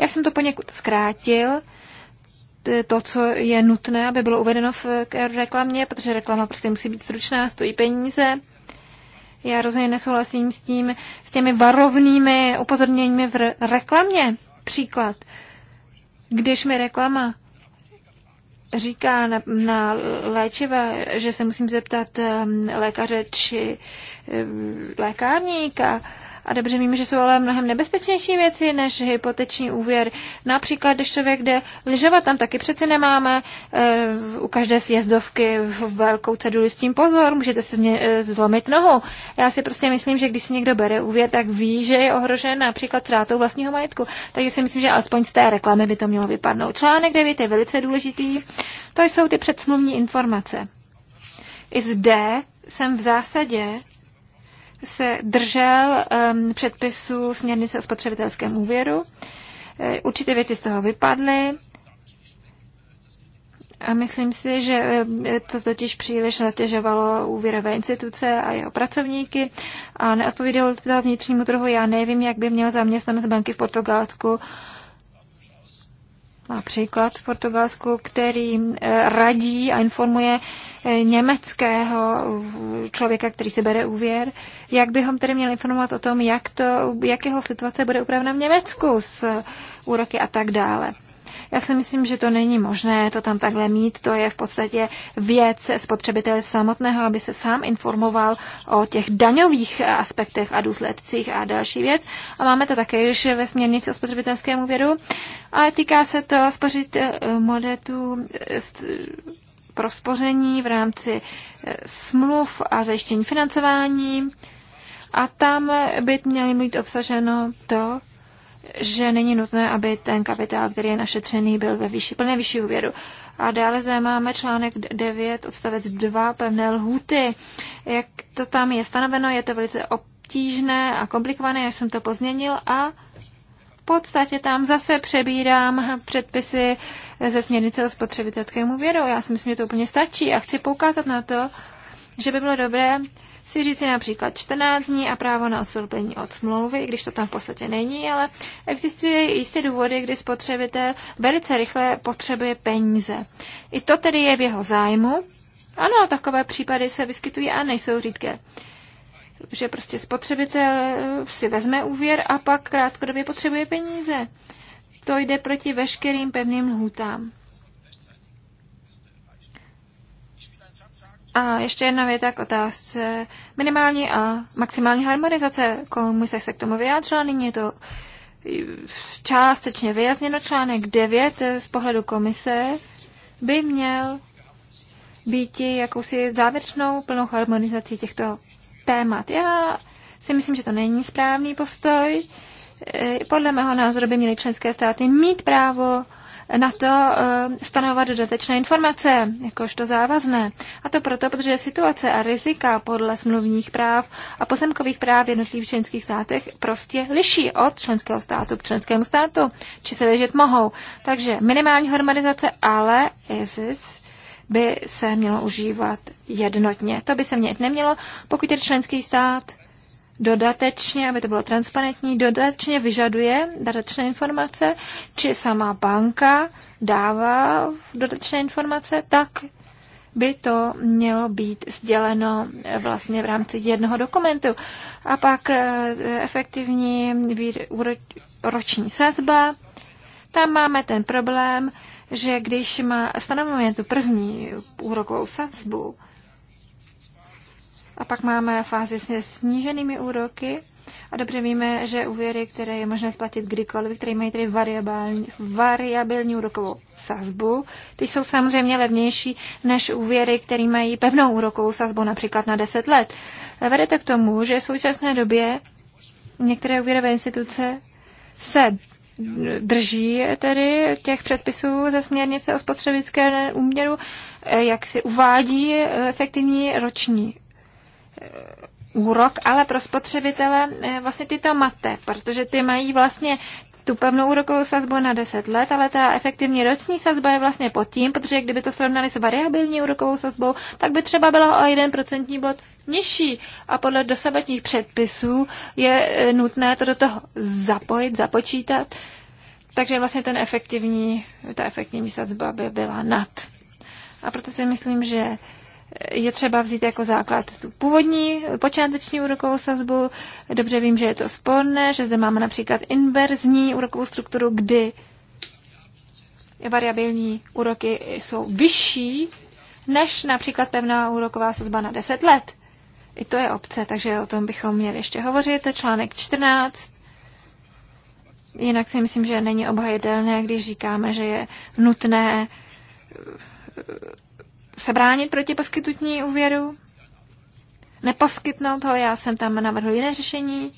Já jsem to poněkud zkrátil, to, co je nutné, aby bylo uvedeno v reklamě, protože reklama prostě musí být stručná, stojí peníze. Já rozhodně nesouhlasím s tím, s těmi varovnými upozorněními v reklamě. Příklad. Když mi reklama říká na, na léčiva, že se musím zeptat um, lékaře či um, lékárníka, a dobře víme, že jsou ale mnohem nebezpečnější věci než hypoteční úvěr. Například, když člověk jde lyžovat, tam taky přece nemáme e, u každé sjezdovky v velkou ceduli s tím pozor, můžete si mě, e, zlomit nohu. Já si prostě myslím, že když si někdo bere úvěr, tak ví, že je ohrožen například ztrátou vlastního majetku. Takže si myslím, že alespoň z té reklamy by to mělo vypadnout. Článek 9 je velice důležitý. To jsou ty předsmluvní informace. I zde jsem v zásadě se držel um, předpisu směrnice o spotřebitelském úvěru. E, určité věci z toho vypadly. A myslím si, že e, to totiž příliš zatěžovalo úvěrové instituce a jeho pracovníky a neodpovídalo vnitřnímu trhu. Já nevím, jak by měl zaměstnanost banky v Portugalsku má příklad v Portugalsku, který eh, radí a informuje eh, německého člověka, který si bere úvěr, jak bychom tedy měli informovat o tom, jak, to, jak jeho situace bude upravena v Německu s eh, úroky a tak dále. Já si myslím, že to není možné to tam takhle mít. To je v podstatě věc spotřebitele samotného, aby se sám informoval o těch daňových aspektech a důsledcích a další věc. A máme to také již ve směrnici o spotřebitelskému vědu, ale týká se to spořit eh, modetu eh, pro spoření v rámci eh, smluv a zajištění financování. A tam by měly mít obsaženo to, že není nutné, aby ten kapitál, který je našetřený, byl ve výši, plné vyšší úvěru. A dále zde máme článek 9, odstavec 2, pevné lhuty. Jak to tam je stanoveno, je to velice obtížné a komplikované, jak jsem to pozměnil a v podstatě tam zase přebírám předpisy ze směrnice o spotřebitelském úvěru. Já si myslím, že to úplně stačí a chci poukázat na to, že by bylo dobré si říci například 14 dní a právo na odstoupení od smlouvy, i když to tam v podstatě není, ale existuje jisté důvody, kdy spotřebitel velice rychle potřebuje peníze. I to tedy je v jeho zájmu. Ano, takové případy se vyskytují a nejsou řídké že prostě spotřebitel si vezme úvěr a pak krátkodobě potřebuje peníze. To jde proti veškerým pevným lhůtám. A ještě jedna věta k otázce minimální a maximální harmonizace. Komise se k tomu vyjádřila, nyní je to částečně vyjasněno článek 9 z pohledu komise by měl být jakousi závěrečnou plnou harmonizací těchto témat. Já si myslím, že to není správný postoj. E, podle mého názoru by měly členské státy mít právo na to eh, stanovat dodatečné informace, jakožto závazné. A to proto, protože situace a rizika podle smluvních práv a pozemkových práv v jednotlivých členských státech prostě liší od členského státu k členskému státu, či se ležet mohou. Takže minimální harmonizace, ale ISIS by se mělo užívat jednotně. To by se mět nemělo, pokud je členský stát dodatečně, aby to bylo transparentní, dodatečně vyžaduje dodatečné informace, či sama banka dává dodatečné informace, tak by to mělo být sděleno vlastně v rámci jednoho dokumentu. A pak eh, efektivní roční sazba. Tam máme ten problém, že když má, stanovujeme tu první úrokovou sazbu, a pak máme fázi se sníženými úroky. A dobře víme, že úvěry, které je možné splatit kdykoliv, které mají tedy variabilní, variabilní úrokovou sazbu, ty jsou samozřejmě levnější než úvěry, které mají pevnou úrokovou sazbu, například na 10 let. Vede to k tomu, že v současné době některé úvěrové instituce se drží tedy těch předpisů ze směrnice o spotřebickém úměru, jak si uvádí efektivní roční úrok, ale pro spotřebitele eh, vlastně tyto mate, protože ty mají vlastně tu pevnou úrokovou sazbu na 10 let, ale ta efektivní roční sazba je vlastně pod tím, protože kdyby to srovnali s variabilní úrokovou sazbou, tak by třeba byla o 1% bod nižší. A podle dosavadních předpisů je eh, nutné to do toho zapojit, započítat. Takže vlastně ten efektivní, ta efektivní sazba by byla nad. A proto si myslím, že je třeba vzít jako základ tu původní počáteční úrokovou sazbu. Dobře vím, že je to sporné, že zde máme například inverzní úrokovou strukturu, kdy variabilní úroky jsou vyšší než například pevná úroková sazba na 10 let. I to je obce, takže o tom bychom měli ještě hovořit. Článek 14. Jinak si myslím, že není obhajitelné, když říkáme, že je nutné se bránit proti poskytnutí úvěru, neposkytnout ho, já jsem tam navrhl jiné řešení,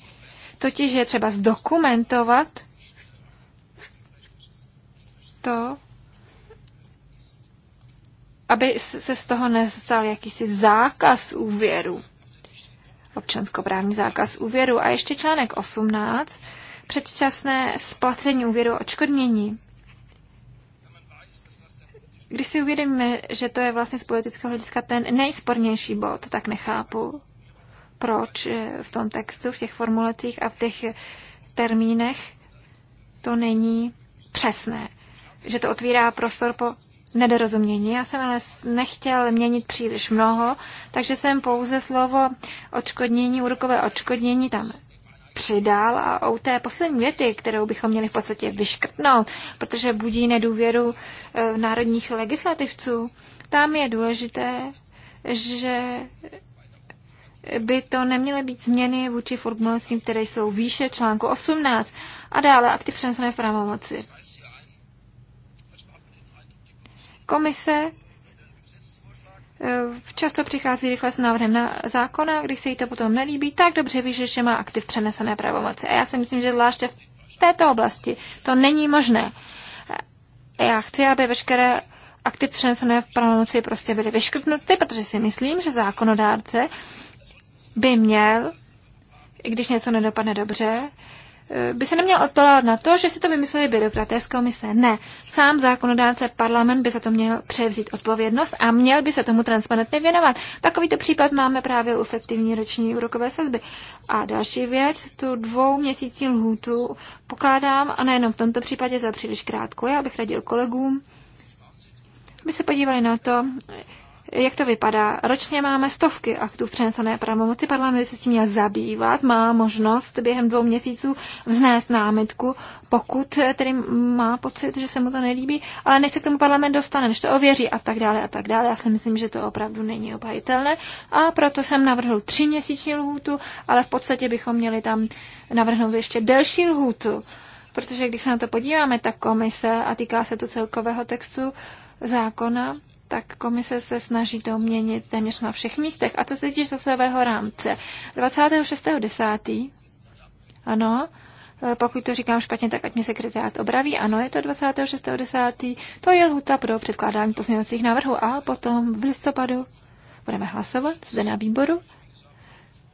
totiž je třeba zdokumentovat to, aby se z toho nestal jakýsi zákaz úvěru, občanskoprávní zákaz úvěru. A ještě článek 18, předčasné splacení úvěru odškodnění. Když si uvědomíme, že to je vlastně z politického hlediska ten nejspornější bod, tak nechápu, proč eh, v tom textu, v těch formulacích a v těch termínech to není přesné. Že to otvírá prostor po nedorozumění. Já jsem ale nechtěl měnit příliš mnoho, takže jsem pouze slovo odškodnění, úrokové odškodnění tam přidal a u té poslední věty, kterou bychom měli v podstatě vyškrtnout, protože budí nedůvěru eh, národních legislativců, tam je důležité, že by to neměly být změny vůči formulacím, které jsou výše článku 18 a dále akty přenesené pravomoci. Komise Eh, často přichází rychle s návrhem na zákona, když se jí to potom nelíbí, tak dobře víš, že má aktiv přenesené pravomoci. A já si myslím, že zvláště v této oblasti to není možné. Eh, já chci, aby veškeré aktiv přenesené pravomoci prostě byly vyškrtnuty, protože si myslím, že zákonodárce by měl, i když něco nedopadne dobře, Eh, by se neměl odpovědět na to, že si to vymysleli byrokraté z komise. Ne. Sám zákonodárce parlament by za to měl převzít odpovědnost a měl by se tomu transparentně věnovat. Takovýto případ máme právě u efektivní roční úrokové sazby. A další věc, tu dvou měsíční lhůtu pokládám a nejenom v tomto případě za příliš krátkou. Já bych radil kolegům, aby se podívali na to, jak to vypadá. Ročně máme stovky aktů přenesené pravomoci, parlament se tím měl zabývat, má možnost během dvou měsíců vznést námitku, pokud tedy má pocit, že se mu to nelíbí, ale než se k tomu parlament dostane, než to ověří a tak dále a tak dále. Já si myslím, že to opravdu není obhajitelné a proto jsem navrhl tři měsíční lhůtu, ale v podstatě bychom měli tam navrhnout ještě delší lhůtu, protože když se na to podíváme, tak komise a týká se to celkového textu zákona, tak komise se snaží to měnit téměř na všech místech. A co se týče časového rámce, 26.10. Ano, e, pokud to říkám špatně, tak ať mě sekretariát obraví. Ano, je to 26.10. To je lhuta pro předkládání pozměňovacích návrhů a potom v listopadu budeme hlasovat zde na výboru.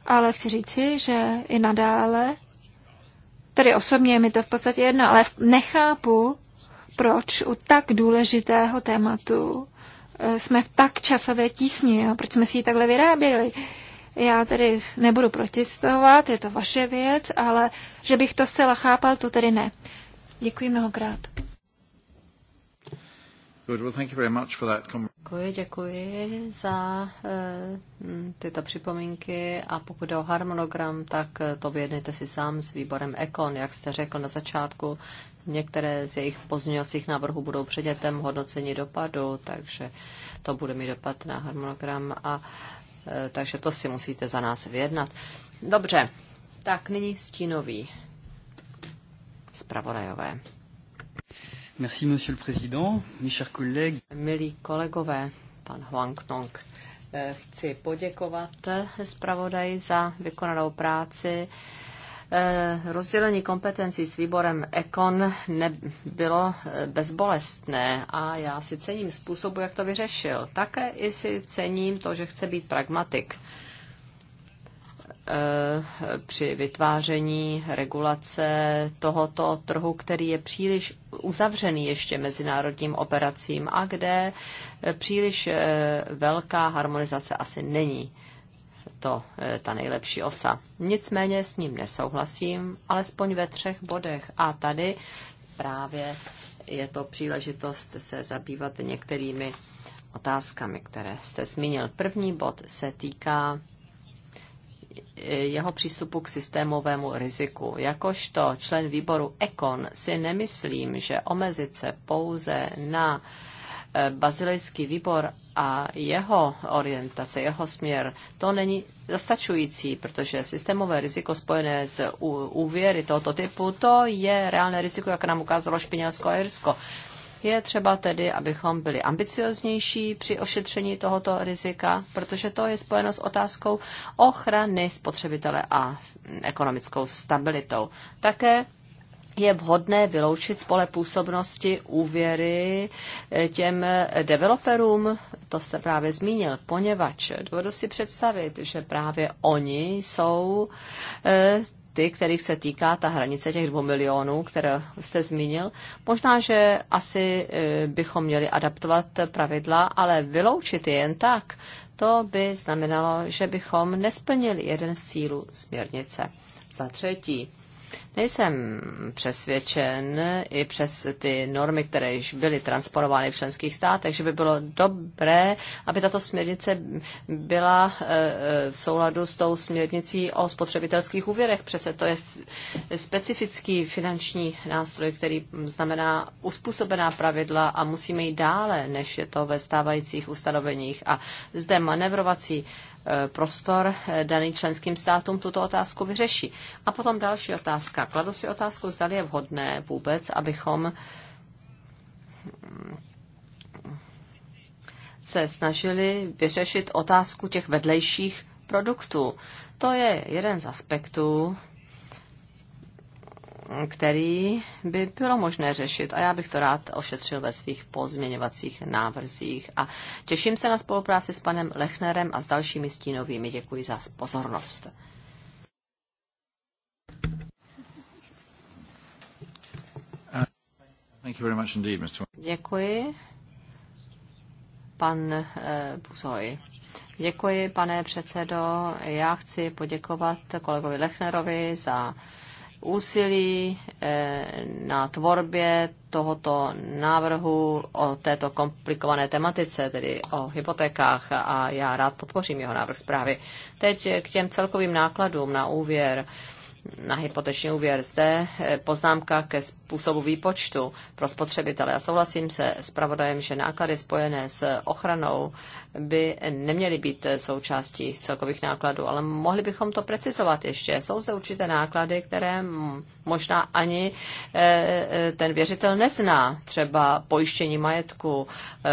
Ale chci říci, že i nadále, tedy osobně mi to v podstatě jedno, ale nechápu, proč u tak důležitého tématu jsme v tak časové tísni, jo? proč jsme si ji takhle vyráběli. Já tedy nebudu protestovat, je to vaše věc, ale že bych to zcela chápal, to tedy ne. Děkuji mnohokrát. Děkuji, děkuji za uh, tyto připomínky a pokud jde o harmonogram, tak eh, to vyjednejte si sám s výborem Ekon, jak jste řekl na začátku. Některé z jejich pozměňovacích návrhů budou předmětem hodnocení dopadu, takže to bude mít dopad na harmonogram a e, takže to si musíte za nás vyjednat. Dobře, tak nyní stínový zpravodajové. Merci, monsieur le président, mes chers collègues. Milí kolegové, pan Huang Nong, e, chci poděkovat zpravodaji za vykonanou práci Eh, rozdělení kompetencí s výborem Ekon nebylo eh, bezbolestné a já si cením způsobu, jak to vyřešil. Také i si cením to, že chce být pragmatik eh, při vytváření regulace tohoto trhu, který je příliš uzavřený ještě mezinárodním operacím a kde příliš velká harmonizace asi není to e, ta nejlepší osa. Nicméně s ním nesouhlasím, alespoň ve třech bodech. A tady právě je to příležitost se zabývat některými otázkami, které jste zmínil. První bod se týká e, jeho přístupu k systémovému riziku. Jakožto člen výboru ECON si nemyslím, že omezit se pouze na uh, bazilejský výbor a jeho orientace, jeho směr, to není dostačující, protože systémové riziko spojené s úvěry tohoto typu, to je reálné riziko, jak nám ukázalo Španělsko a Irsko. Je třeba tedy, abychom byli ambicioznější při ošetření tohoto rizika, protože to je spojeno s otázkou ochrany spotřebitele a ekonomickou stabilitou. Také je vhodné vyloučit z pole působnosti úvěry eh, těm eh, developerům, to jste právě zmínil, poněvadž dovedu si představit, že právě oni jsou eh, ty, kterých se týká ta hranice těch dvou milionů, které jste zmínil. Možná, že asi bychom měli adaptovat pravidla, ale vyloučit je jen tak, to by znamenalo, že bychom nesplnili jeden z cílů směrnice. Za třetí, Nejsem přesvědčen i přes ty normy, které již byly transponovány v členských státech, že by bylo dobré, aby tato směrnice byla eh, eh, v souladu s tou směrnicí o spotřebitelských úvěrech. Přece to je specifický finanční nástroj, který znamená uspůsobená pravidla a musíme jít dále, než je to ve stávajících ustanoveních. A zde manevrovací Eh, prostor eh, daný členským státům tuto otázku vyřeší. A potom další otázka. Kladu si otázku, zda je vhodné vůbec, abychom mm, se snažili vyřešit otázku těch vedlejších produktů. To je jeden z aspektů který by bylo možné řešit a já bych to rád ošetřil ve svých pozměňovacích návrzích. A těším se na spolupráci s panem Lechnerem a s dalšími stínovými. Děkuji za pozornost. Děkuji. Pan eh, Buzoj. Děkuji, pane předsedo. Já chci poděkovat kolegovi Lechnerovi za úsilí eh, na tvorbě tohoto návrhu o této komplikované tematice, tedy o hypotékách a já rád podpořím jeho návrh zprávy. Teď k těm celkovým nákladům na úvěr na hypoteční úvěr. Zde eh, poznámka ke způsobu výpočtu pro spotřebitele. Já souhlasím se s pravodajem, že náklady spojené s ochranou by neměly být součástí celkových nákladů, ale mohli bychom to precizovat ještě. Jsou zde určité náklady, které možná ani e, e, ten věřitel nezná, třeba pojištění majetku,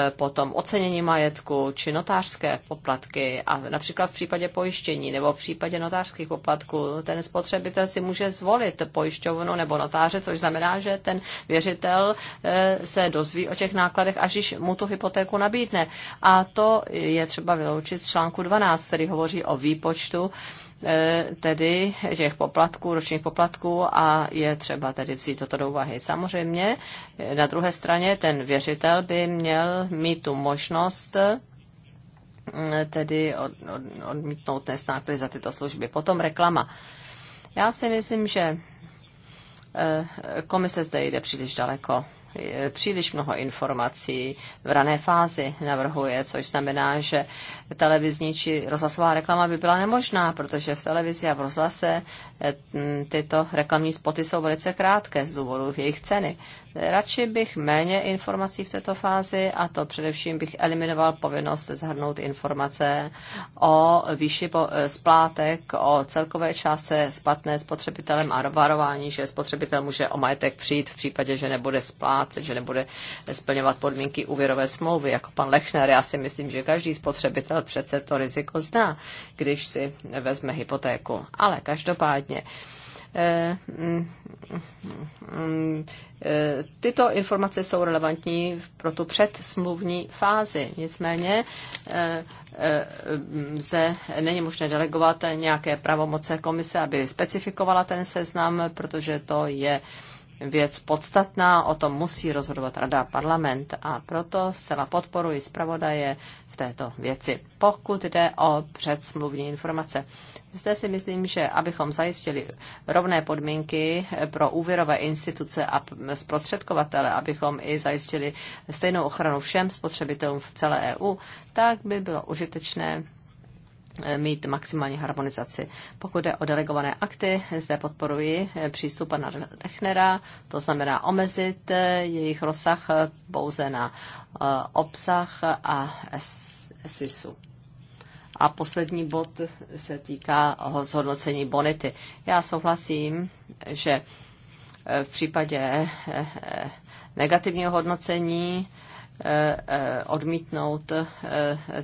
e, potom ocenění majetku či notářské poplatky a například v případě pojištění nebo v případě notářských poplatků ten spotřebitel si může zvolit pojišťovnu nebo notáře, což znamená, že ten věřitel se dozví o těch nákladech, až již mu tu hypotéku nabídne. A to je třeba vyloučit z článku 12, který hovoří o výpočtu eh, tedy těch poplatků, ročních poplatků a je třeba tedy vzít toto do úvahy. Samozřejmě na druhé straně ten věřitel by měl mít tu možnost eh, tedy od, od, odmítnout nést náklady za tyto služby. Potom reklama. Já si myslím, že eh, komise zde jde příliš daleko příliš mnoho informací v rané fázi navrhuje, což znamená, že televizní či rozhlasová reklama by byla nemožná, protože v televizi a v rozhlase tyto reklamní spoty jsou velice krátké z důvodu jejich ceny. Radši bych méně informací v této fázi a to především bych eliminoval povinnost zahrnout informace o výši e, splátek, o celkové částce splatné spotřebitelem a varování, že spotřebitel může o majetek přijít v případě, že nebude splácet, že nebude splňovat podmínky úvěrové smlouvy. Jako pan Lechner, já si myslím, že každý spotřebitel přece to riziko zná, když si vezme hypotéku. Ale každopádně hodně. Eh, mm, mm, mm, eh, tyto informace jsou relevantní pro tu předsmluvní fázi. Nicméně eh, zde není možné delegovat nějaké pravomoce komise, aby specifikovala ten seznam, protože to je věc podstatná, o tom musí rozhodovat Rada a parlament a proto zcela podporuji zpravodaje v této věci. Pokud jde o předsmluvní informace, zde si myslím, že abychom zajistili rovné podmínky pro úvěrové instituce a zprostředkovatele, abychom i zajistili stejnou ochranu všem spotřebitelům v celé EU, tak by bylo užitečné Eh, mít maximální harmonizaci. Pokud jde o delegované akty, zde podporuji eh, přístup pana Rechnera, to znamená omezit eh, jejich rozsah pouze na obsah a SISu. A poslední bod se týká zhodnocení bonity. Já souhlasím, že v případě negativního hodnocení Eh, eh, odmítnout, eh,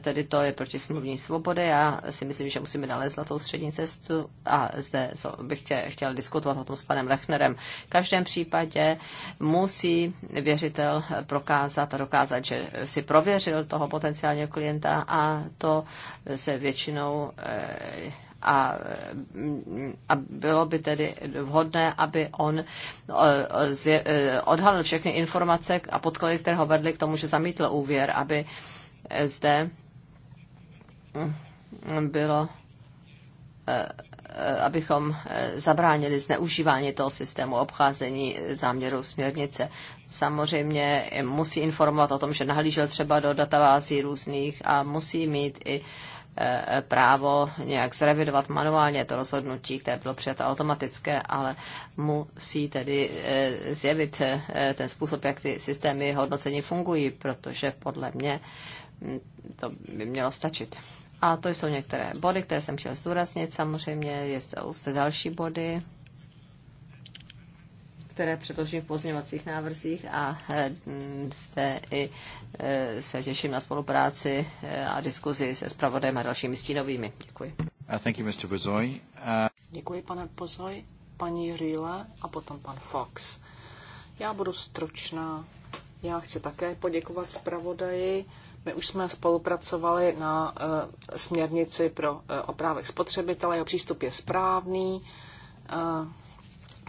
tedy to je proti smluvní svobody. Já si myslím, že musíme nalézt zlatou střední cestu a zde bych chtěl, chtěl diskutovat o tom s panem Lechnerem. V každém případě musí věřitel prokázat a dokázat, že si prověřil toho potenciálního klienta a to se většinou a, a bylo by tedy vhodné, aby on e, odhalil všechny informace a podklady, které ho vedly k tomu, že zamítl úvěr, aby e, zde mm, bylo e, abychom zabránili zneužívání toho systému obcházení záměru směrnice. Samozřejmě musí informovat o tom, že nahlížel třeba do databází různých a musí mít i uh, Eh, právo nějak zrevidovat manuálně to rozhodnutí, které bylo přijato automatické, ale musí tedy eh, zjevit eh, ten způsob, jak ty systémy hodnocení fungují, protože podle mě hm, to by mělo stačit. A to jsou některé body, které jsem chtěl zdůraznit. Samozřejmě jsou zde další body, které předložím v pozněvacích návrzích a jste eh, i eh, se těším na spolupráci eh, a diskuzi se zpravodajem a dalšími stínovými. Děkuji. Uh, thank you, Mr. Bozoj. Uh... Děkuji, pane Pozoj, paní Rýle a potom pan Fox. Já budu stručná. Já chci také poděkovat zpravodaji. My už jsme spolupracovali na uh, směrnici pro uh, oprávek spotřebitele. Jeho přístup je správný. Uh,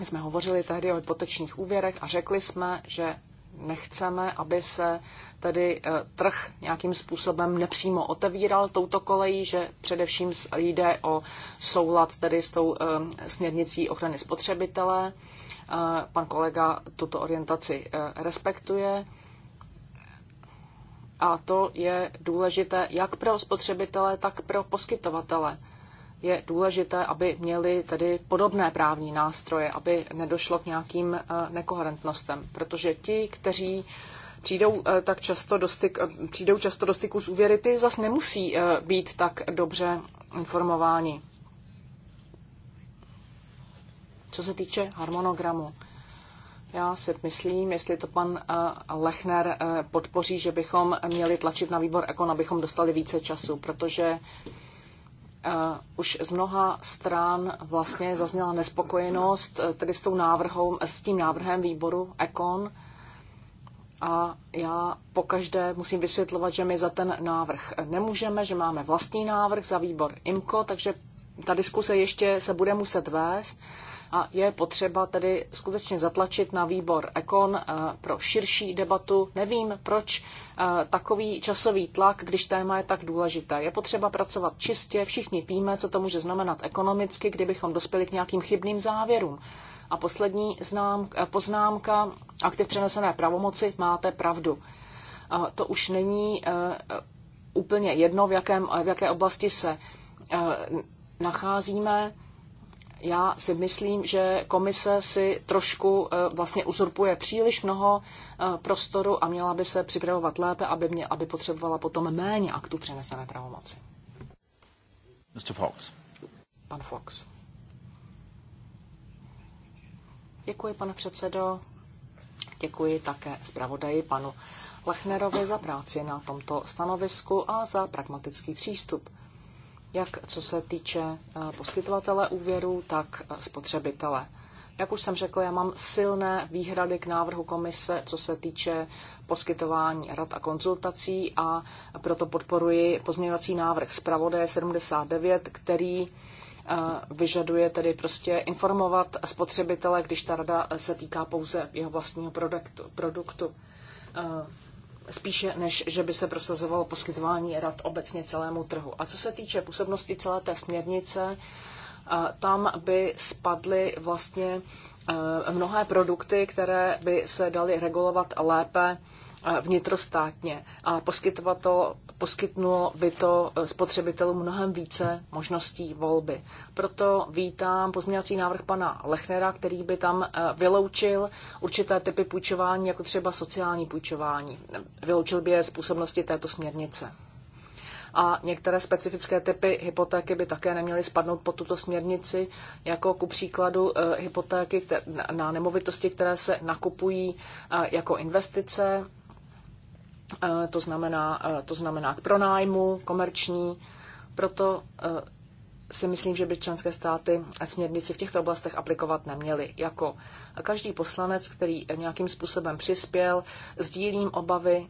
jsme hovořili tehdy o hypotečních úvěrech a řekli jsme, že nechceme, aby se tedy e, trh nějakým způsobem nepřímo otevíral touto kolejí, že především jde o soulad tedy s tou e, směrnicí ochrany spotřebitele. E, pan kolega tuto orientaci respektuje. A to je důležité jak pro spotřebitele, tak pro poskytovatele je důležité, aby měli tedy podobné právní nástroje, aby nedošlo k nějakým eh, nekoherentnostem, protože ti, kteří přijdou eh, tak často do, styk, eh, přijdou často do styku s úvěry, ty zase nemusí být tak dobře informováni. Co se týče harmonogramu, já si myslím, jestli to pan Lechner podpoří, že bychom měli tlačit na výbor Ekon, abychom dostali více času, protože Eh, už z mnoha stran vlastně zazněla nespokojenost eh, tedy s, tou návrhou, eh, s tím návrhem výboru ECON a já pokaždé musím vysvětlovat, že my za ten návrh nemůžeme, že máme vlastní návrh za výbor IMCO, takže ta diskuse ještě se bude muset vést a je potřeba tedy skutečně zatlačit na výbor Ekon eh, pro širší debatu. Nevím, proč eh, takový časový tlak, když téma je tak důležité. Je potřeba pracovat čistě, všichni víme, co to může znamenat ekonomicky, kdybychom dospěli k nějakým chybným závěrům. A poslední znám, eh, poznámka, aktiv přenesené pravomoci, máte pravdu. To už není úplně jedno, v, jakém, v jaké oblasti se nacházíme já si myslím, že komise si trošku eh, vlastně uzurpuje příliš mnoho eh, prostoru a měla by se připravovat lépe, aby, mě, aby potřebovala potom méně aktů přenesené pravomoci. Mr. Fox. Pan Fox. Děkuji, pane předsedo. Děkuji také zpravodaji panu Lechnerovi za práci na tomto stanovisku a za pragmatický přístup jak co se týče eh, poskytovatele úvěru, tak eh, spotřebitele. Jak už jsem řekl, já mám silné výhrady k návrhu komise, co se týče poskytování rad a konzultací a proto podporuji pozměňovací návrh zpravodaje 79, který eh, vyžaduje tedy prostě informovat spotřebitele, když ta rada se týká pouze jeho vlastního produktu spíše než že by se prosazovalo poskytování rad obecně celému trhu. A co se týče působnosti celé té směrnice, eh, tam by spadly vlastně eh, mnohé produkty, které by se daly regulovat lépe eh, vnitrostátně. A poskytovatel, poskytnulo by to eh, spotřebitelům mnohem více možností volby. Proto vítám pozměňovací návrh pana Lechnera, který by tam eh, vyloučil určité typy půjčování, jako třeba sociální půjčování. Vyloučil by je z působnosti této směrnice. A některé specifické typy hypotéky by také neměly spadnout pod tuto směrnici, jako ku příkladu eh, hypotéky na nemovitosti, které se nakupují jako investice, Eh, to znamená, eh, to znamená k pronájmu, komerční. Proto eh, si myslím, že by členské státy směrnici v těchto oblastech aplikovat neměly. Jako každý poslanec, který nějakým způsobem přispěl, sdílím obavy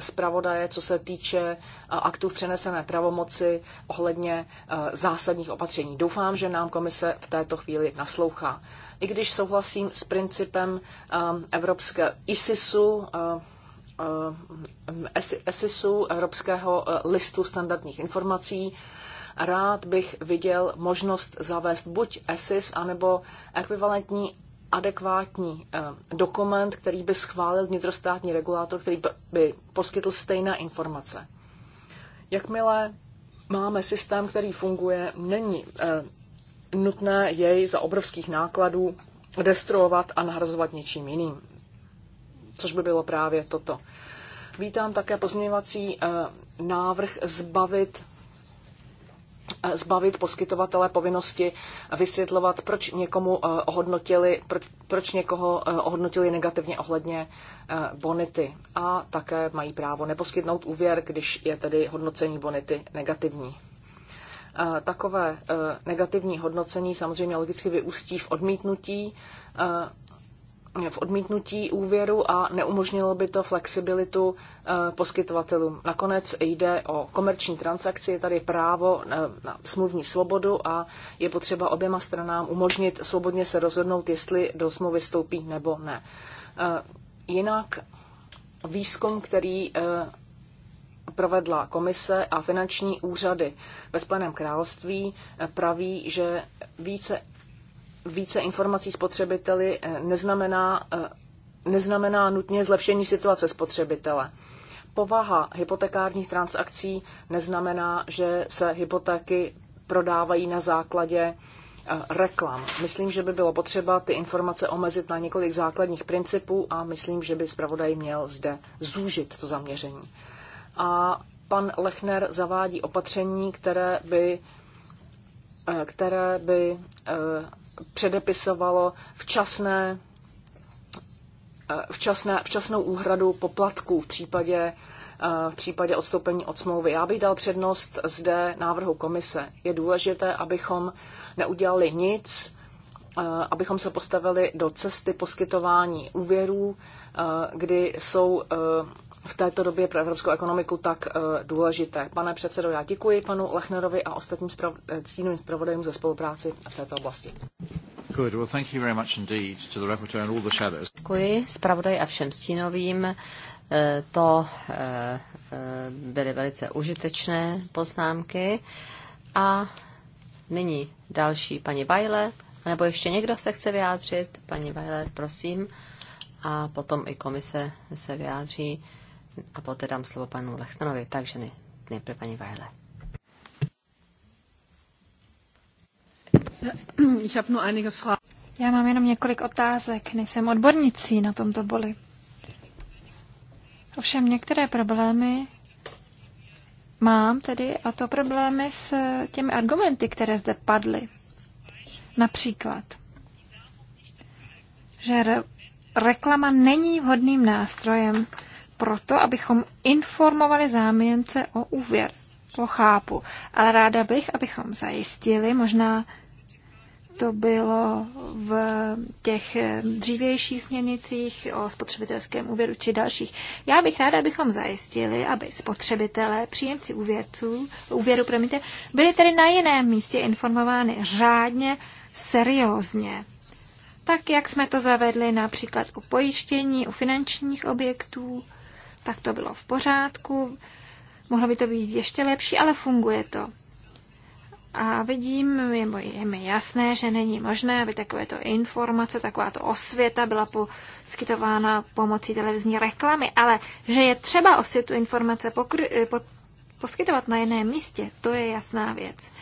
zpravodaje, co se týče aktů v přenesené pravomoci ohledně zásadních opatření. Doufám, že nám komise v této chvíli naslouchá. I když souhlasím s principem evropské ISISu, ESISu, eh, Evropského eh, listu standardních informací. Rád bych viděl možnost zavést buď ESIS, anebo ekvivalentní adekvátní eh, dokument, který by schválil vnitrostátní regulátor, který by poskytl stejné informace. Jakmile máme systém, který funguje, není nutné jej za obrovských nákladů destruovat a nahrazovat něčím jiným což by bylo právě toto. Vítám také pozměňovací eh, návrh zbavit eh, zbavit poskytovatele povinnosti vysvětlovat, proč někomu eh, ohodnotili, proč, proč někoho ohodnotili negativně ohledně bonity. A také mají právo neposkytnout úvěr, když je tedy hodnocení bonity negativní. Takové negativní hodnocení samozřejmě logicky vyústí v odmítnutí v odmítnutí úvěru a neumožnilo by to flexibilitu eh, poskytovatelům. Nakonec jde o komerční transakci, je tady právo eh, na smluvní svobodu a je potřeba oběma stranám umožnit svobodně se rozhodnout, jestli do smlouvy vstoupí nebo ne. Eh, jinak výzkum, který provedla komise a finanční úřady ve Spojeném království, praví, že více více informací spotřebiteli eh, neznamená, eh, neznamená nutně zlepšení situace spotřebitele. Povaha hypotekárních transakcí neznamená, že se hypotéky prodávají na základě eh, reklam. Myslím, že by bylo potřeba ty informace omezit na několik základních principů a myslím, že by zpravodaj měl zde zúžit to zaměření. A pan Lechner zavádí opatření, které by, které by předepisovalo včasné, eh, včasné, včasnou úhradu poplatků v případě, eh, v případě odstoupení od smlouvy. Já bych dal přednost zde návrhu komise. Je důležité, abychom neudělali nic, eh, abychom se postavili do cesty poskytování úvěrů, kdy jsou v této době pro evropskou ekonomiku tak eh, důležité. Pane předsedo, já děkuji panu Lechnerovi a ostatním sprav, stínovým eh, zpravodajům za spolupráci v této oblasti. Děkuji zpravodaj a všem stínovým. Eh, to byly velice užitečné poznámky. A nyní další paní Bajle, nebo ještě někdo se chce vyjádřit? Paní Bajle, prosím a potom i komise se vyjádří a poté dám slovo panu Lechtanovi, takže ne, nejprve paní Vajle. Já mám jenom několik otázek, nejsem odbornicí na tomto boli. Ovšem některé problémy mám tedy, a to problémy s těmi argumenty, které zde padly. Například, že re- reklama není vhodným nástrojem proto, abychom informovali zájemce o úvěr. To chápu. Ale ráda bych, abychom zajistili, možná to bylo v těch dřívějších směrnicích o spotřebitelském úvěru či dalších. Já bych ráda, abychom zajistili, aby spotřebitelé, příjemci úvěrců, úvěru, promiňte, byli tedy na jiném místě informovány řádně, seriózně. Tak, jak jsme to zavedli například u pojištění, u finančních objektů, tak to bylo v pořádku, mohlo by to být ještě lepší, ale funguje to. A vidím, je, je mi jasné, že není možné, aby takovéto informace, takováto osvěta byla poskytována pomocí televizní reklamy, ale že je třeba osvětu informace pokr- eh, po, poskytovat na jiném místě, to je jasná věc.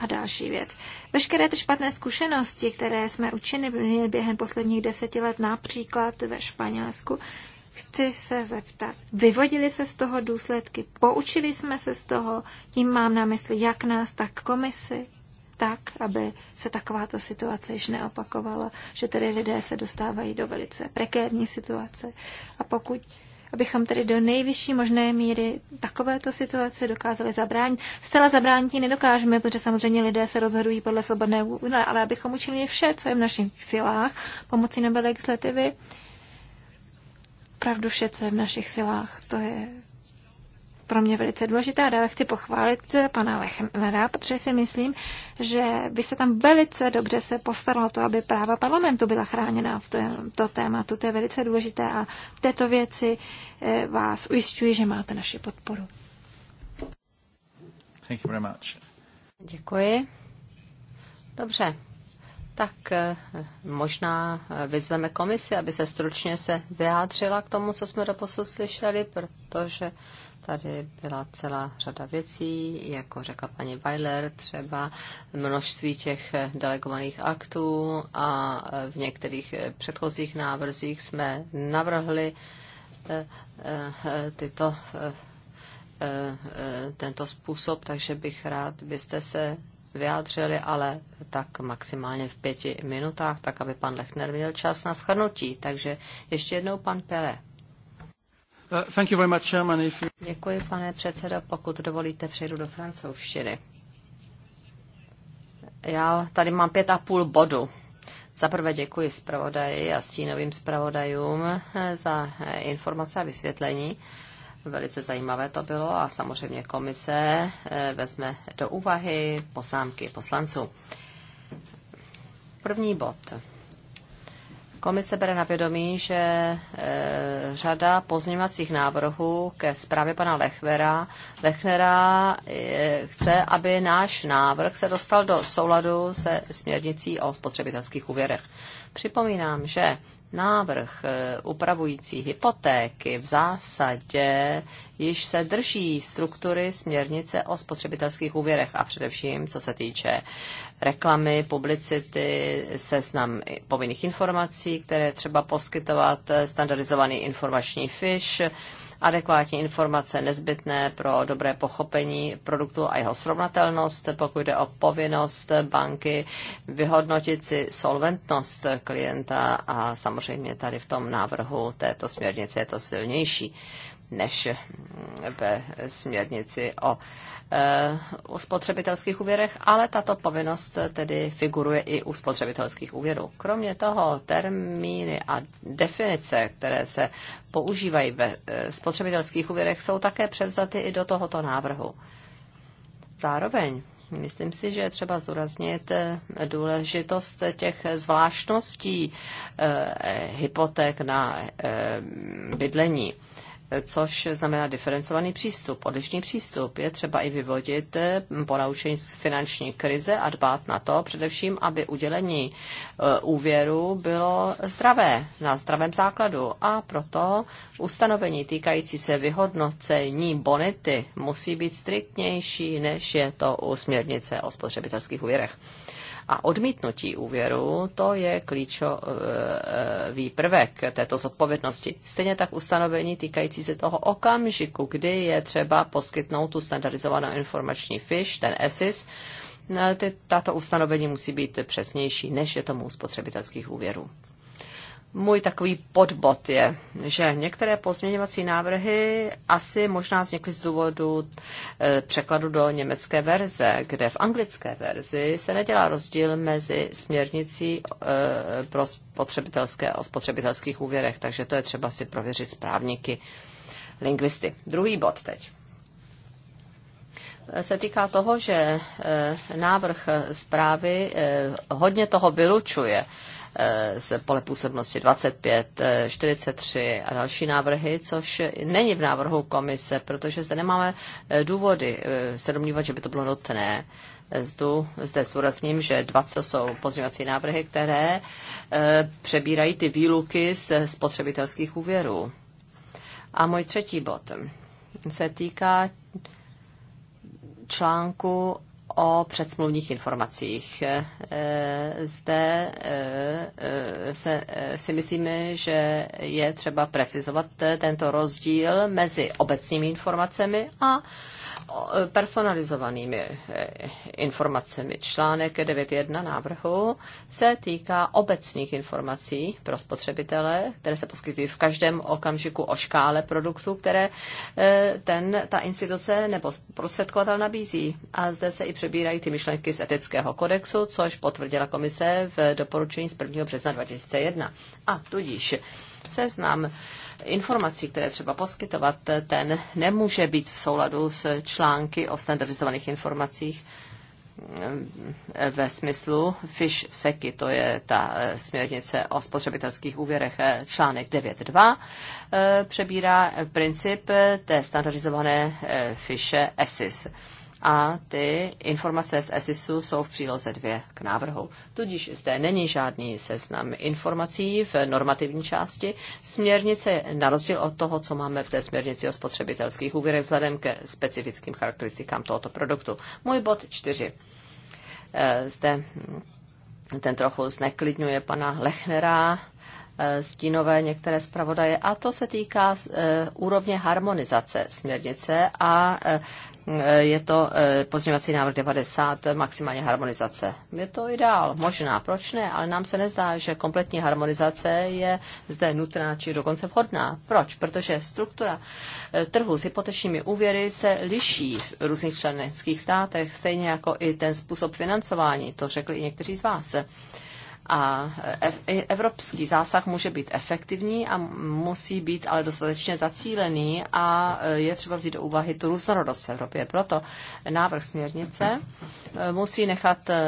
A další věc. Veškeré ty špatné zkušenosti, které jsme učinili během posledních deseti let, například ve Španělsku, chci se zeptat. Vyvodili se z toho důsledky? Poučili jsme se z toho? Tím mám na mysli jak nás, tak komisi? Tak, aby se takováto situace již neopakovala, že tedy lidé se dostávají do velice prekérní situace. A pokud abychom tedy do nejvyšší možné míry takovéto situace dokázali zabránit. Zcela zabránit nedokážeme, protože samozřejmě lidé se rozhodují podle svobodné vůle, ale abychom učinili vše, co je v našich silách pomocí nové legislativy, opravdu vše, co je v našich silách. To je pro mě velice důležité. A dále chci pochválit pana Lechnera, protože si myslím, že by se tam velice dobře se postaralo to, aby práva parlamentu byla chráněna v tomto tématu. To je velice důležité a v této věci eh, vás ujišťuji, že máte naši podporu. Thank you very much. Děkuji. Dobře, tak eh, možná eh, vyzveme komisi, aby se stručně se vyjádřila k tomu, co jsme doposud slyšeli, protože tady byla celá řada věcí, jako řekla paní Weiler, třeba množství těch eh, delegovaných aktů a v některých předchozích návrzích jsme navrhli tyto tento způsob, takže bych rád, byste se vyjádřili, ale tak maximálně v pěti minutách, tak aby pan Lechner měl čas na schrnutí. Takže ještě jednou pan Pele. Uh, thank you very much, Děkuji, pane předsedo. Pokud dovolíte, přejdu do francouzštiny. Já tady mám pět a půl bodu. Za prvé děkuji zpravodaji a stínovým zpravodajům eh, za eh, informace a vysvětlení. Velice zajímavé to bylo a samozřejmě komise eh, vezme do úvahy poznámky poslanců. První bod. Komise bere na vědomí, že e, řada pozměňovacích návrhů ke zprávě pana Lechvera, Lechnera e, chce, aby náš návrh se dostal do souladu se směrnicí o spotřebitelských úvěrech. Připomínám, že návrh eh, upravující hypotéky v zásadě již se drží struktury směrnice o spotřebitelských úvěrech a především, co se týče reklamy, publicity, seznam povinných informací, které třeba poskytovat, eh, standardizovaný informační fish, adekvátní informace nezbytné pro dobré pochopení produktu a jeho srovnatelnost, pokud jde o povinnost banky vyhodnotit si solventnost klienta a samozřejmě tady v tom návrhu této směrnice je to silnější než ve směrnici o Eh, o spotřebitelských úvěrech, ale tato povinnost tedy figuruje i u spotřebitelských úvěrů. Kromě toho termíny a definice, které se používají ve eh, spotřebitelských úvěrech, jsou také převzaty i do tohoto návrhu. Zároveň Myslím si, že je třeba zdůraznit eh, důležitost těch zvláštností hypoték na bydlení což znamená diferencovaný přístup, odlišný přístup. Je třeba i vyvodit eh, ponaučení z finanční krize a dbát na to, především, aby udělení eh, úvěru bylo zdravé, na zdravém základu. A proto ustanovení týkající se vyhodnocení bonity musí být striktnější, než je to u směrnice o spotřebitelských úvěrech a odmítnutí úvěru, to je klíčový prvek této zodpovědnosti. Stejně tak ustanovení týkající se toho okamžiku, kdy je třeba poskytnout tu standardizovanou informační fiš, ten ESIS, tato ustanovení musí být přesnější, než je tomu u spotřebitelských úvěrů. Můj takový podbod je, že některé pozměňovací návrhy asi možná vznikly z důvodu e, překladu do německé verze, kde v anglické verzi se nedělá rozdíl mezi směrnicí e, pro spotřebitelské o spotřebitelských úvěrech, takže to je třeba si prověřit správníky lingvisty. Druhý bod teď e, se týká toho, že návrh zprávy hodně toho vylučuje Eh, z pole působnosti 25, 43 eh, a další návrhy, což není v návrhu komise, protože zde nemáme eh, důvody se domnívat, že by to bylo nutné. Zdu, zde zdůrazním, že 20 jsou pozměňovací návrhy, které přebírají ty výluky z spotřebitelských úvěrů. A můj třetí bod se týká článku o předsmluvních informacích. E, e, zde e, se, si myslíme, že je třeba precizovat tento rozdíl mezi obecnými informacemi a personalizovanými eh, informacemi. Článek 9.1 návrhu se týká obecných informací pro spotřebitele, které se poskytují v každém okamžiku o škále produktů, které eh, ten, ta instituce nebo prostředkovatel nabízí. A zde se i přebírají ty myšlenky z etického kodexu, což potvrdila komise v doporučení z 1. března 2001. A tudíž seznam informací, které třeba poskytovat, ten nemůže být v souladu s články o standardizovaných informacích mm, ve smyslu FISH SECI, to je ta e, směrnice o spotřebitelských úvěrech, e, článek 9.2, e, přebírá princip té standardizované FISH ESIS a ty informace z ESISu jsou v příloze dvě k návrhu. Tudíž zde není žádný seznam informací v normativní části. Směrnice, na rozdíl od toho, co máme v té směrnici o spotřebitelských úvěrech, vzhledem ke specifickým charakteristikám tohoto produktu. Můj bod čtyři. Eh, zde hm, ten trochu zneklidňuje pana Lechnera, eh, stínové některé zpravodaje a to se týká eh, úrovně harmonizace směrnice a je to eh, pozměňovací návrh 90, maximálně harmonizace. Je to ideál, možná, proč ne, ale nám se nezdá, že kompletní harmonizace je zde nutná či dokonce vhodná. Proč? Protože struktura eh, trhu s hypotečními úvěry se liší v různých členských státech, stejně jako i ten způsob financování, to řekli i někteří z vás. A evropský zásah může být efektivní a musí být ale dostatečně zacílený a e, je třeba vzít do úvahy tu různorodost v Evropě. Proto návrh směrnice e, musí nechat e,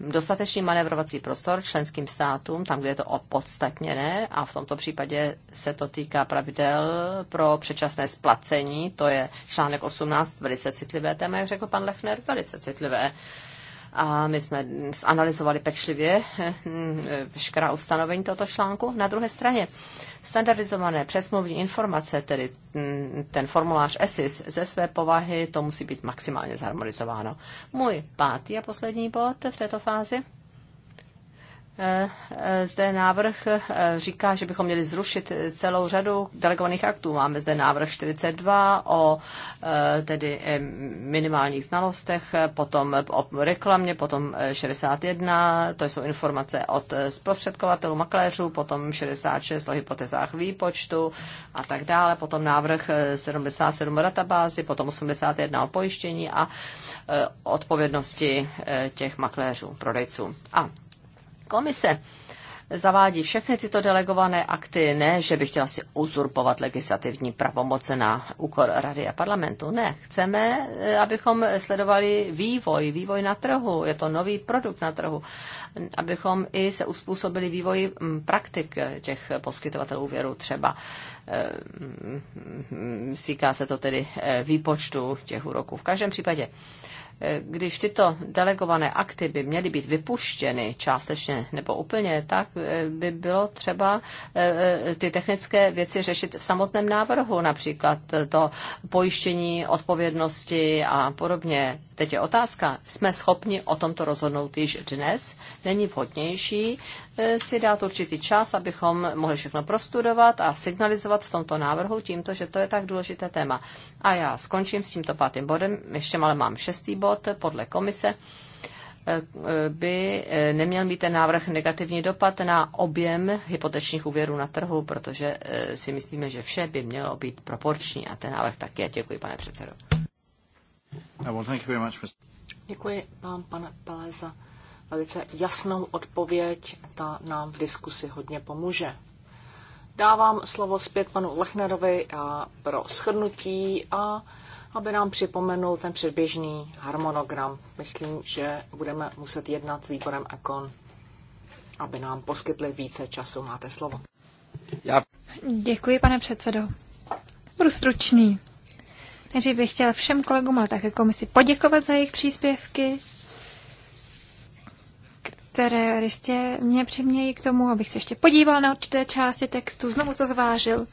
dostatečný manevrovací prostor členským státům, tam, kde je to opodstatněné a v tomto případě se to týká pravidel pro předčasné splacení, to je článek 18, velice citlivé téma, jak řekl pan Lechner, velice citlivé a my jsme zanalizovali pečlivě hm, veškerá ustanovení tohoto článku. Na druhé straně standardizované přesmluvní informace, tedy hm, ten formulář ESIS ze své povahy, to musí být maximálně zharmonizováno. Můj pátý a poslední bod v této fázi zde návrh eh, říká, že bychom měli zrušit celou řadu delegovaných aktů. Máme zde návrh 42 o eh, tedy minimálních znalostech, potom o reklamě, potom 61, eh, to jsou informace od zprostředkovatelů, makléřů, potom 66 o hypotézách výpočtu a tak dále, potom návrh 77 o databázi, potom 81 o pojištění a odpovědnosti těch makléřů, prodejců. A Komise zavádí všechny tyto delegované akty, ne, že by chtěla si uzurpovat legislativní pravomoce na úkor Rady a parlamentu. Ne, chceme, eh, abychom sledovali vývoj, vývoj na trhu, je to nový produkt na trhu, abychom i se uspůsobili vývoji mm, praktik eh, těch poskytovatelů úvěru třeba. Eh, mm, mm, týká se to tedy výpočtu těch úroků. V každém případě když tyto delegované akty by měly být vypuštěny částečně nebo úplně, tak eh, by bylo třeba eh, eh, ty technické věci řešit v samotném návrhu, například to pojištění odpovědnosti a podobně. Teď je otázka, jsme schopni o tomto rozhodnout již dnes? Není vhodnější eh, si dát určitý čas, abychom mohli všechno prostudovat a signalizovat v tomto návrhu tímto, že to je tak důležité téma. A já skončím s tímto pátým bodem, ještě ale mám šestý bod podle komise eh, eh, by neměl mít ten návrh negativní dopad na objem hypotečních úvěrů na trhu, protože si myslíme, že vše by mělo být proporční a ten návrh tak je. Děkuji, pane předsedo. Uh, Děkuji vám, pane Pele, za velice jasnou odpověď. Ta nám v diskusi hodně pomůže. Dávám slovo zpět panu Lechnerovi a uh, pro shrnutí a aby nám připomenul ten předběžný harmonogram. Myslím, že budeme muset jednat s výborem Ekon, aby nám poskytli více času. Máte slovo. Já... Děkuji, pane předsedo. Budu stručný. Nejdřív bych chtěl všem kolegům, ale také komisi poděkovat za jejich příspěvky, které jistě mě přimějí k tomu, abych se ještě podíval na určité části textu, znovu to zvážil.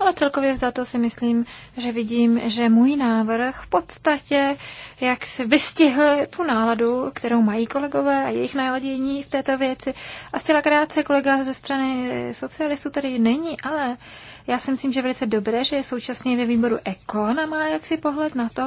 Ale celkově za to si myslím, že vidím, že můj návrh v podstatě, jak se vystihl tu náladu, kterou mají kolegové a jejich náladění v této věci. A zcela krátce kolega ze strany socialistů tady není, ale uh, já si myslím, že je velice dobré, že je současně ve výboru Ekon a má jaksi pohled na to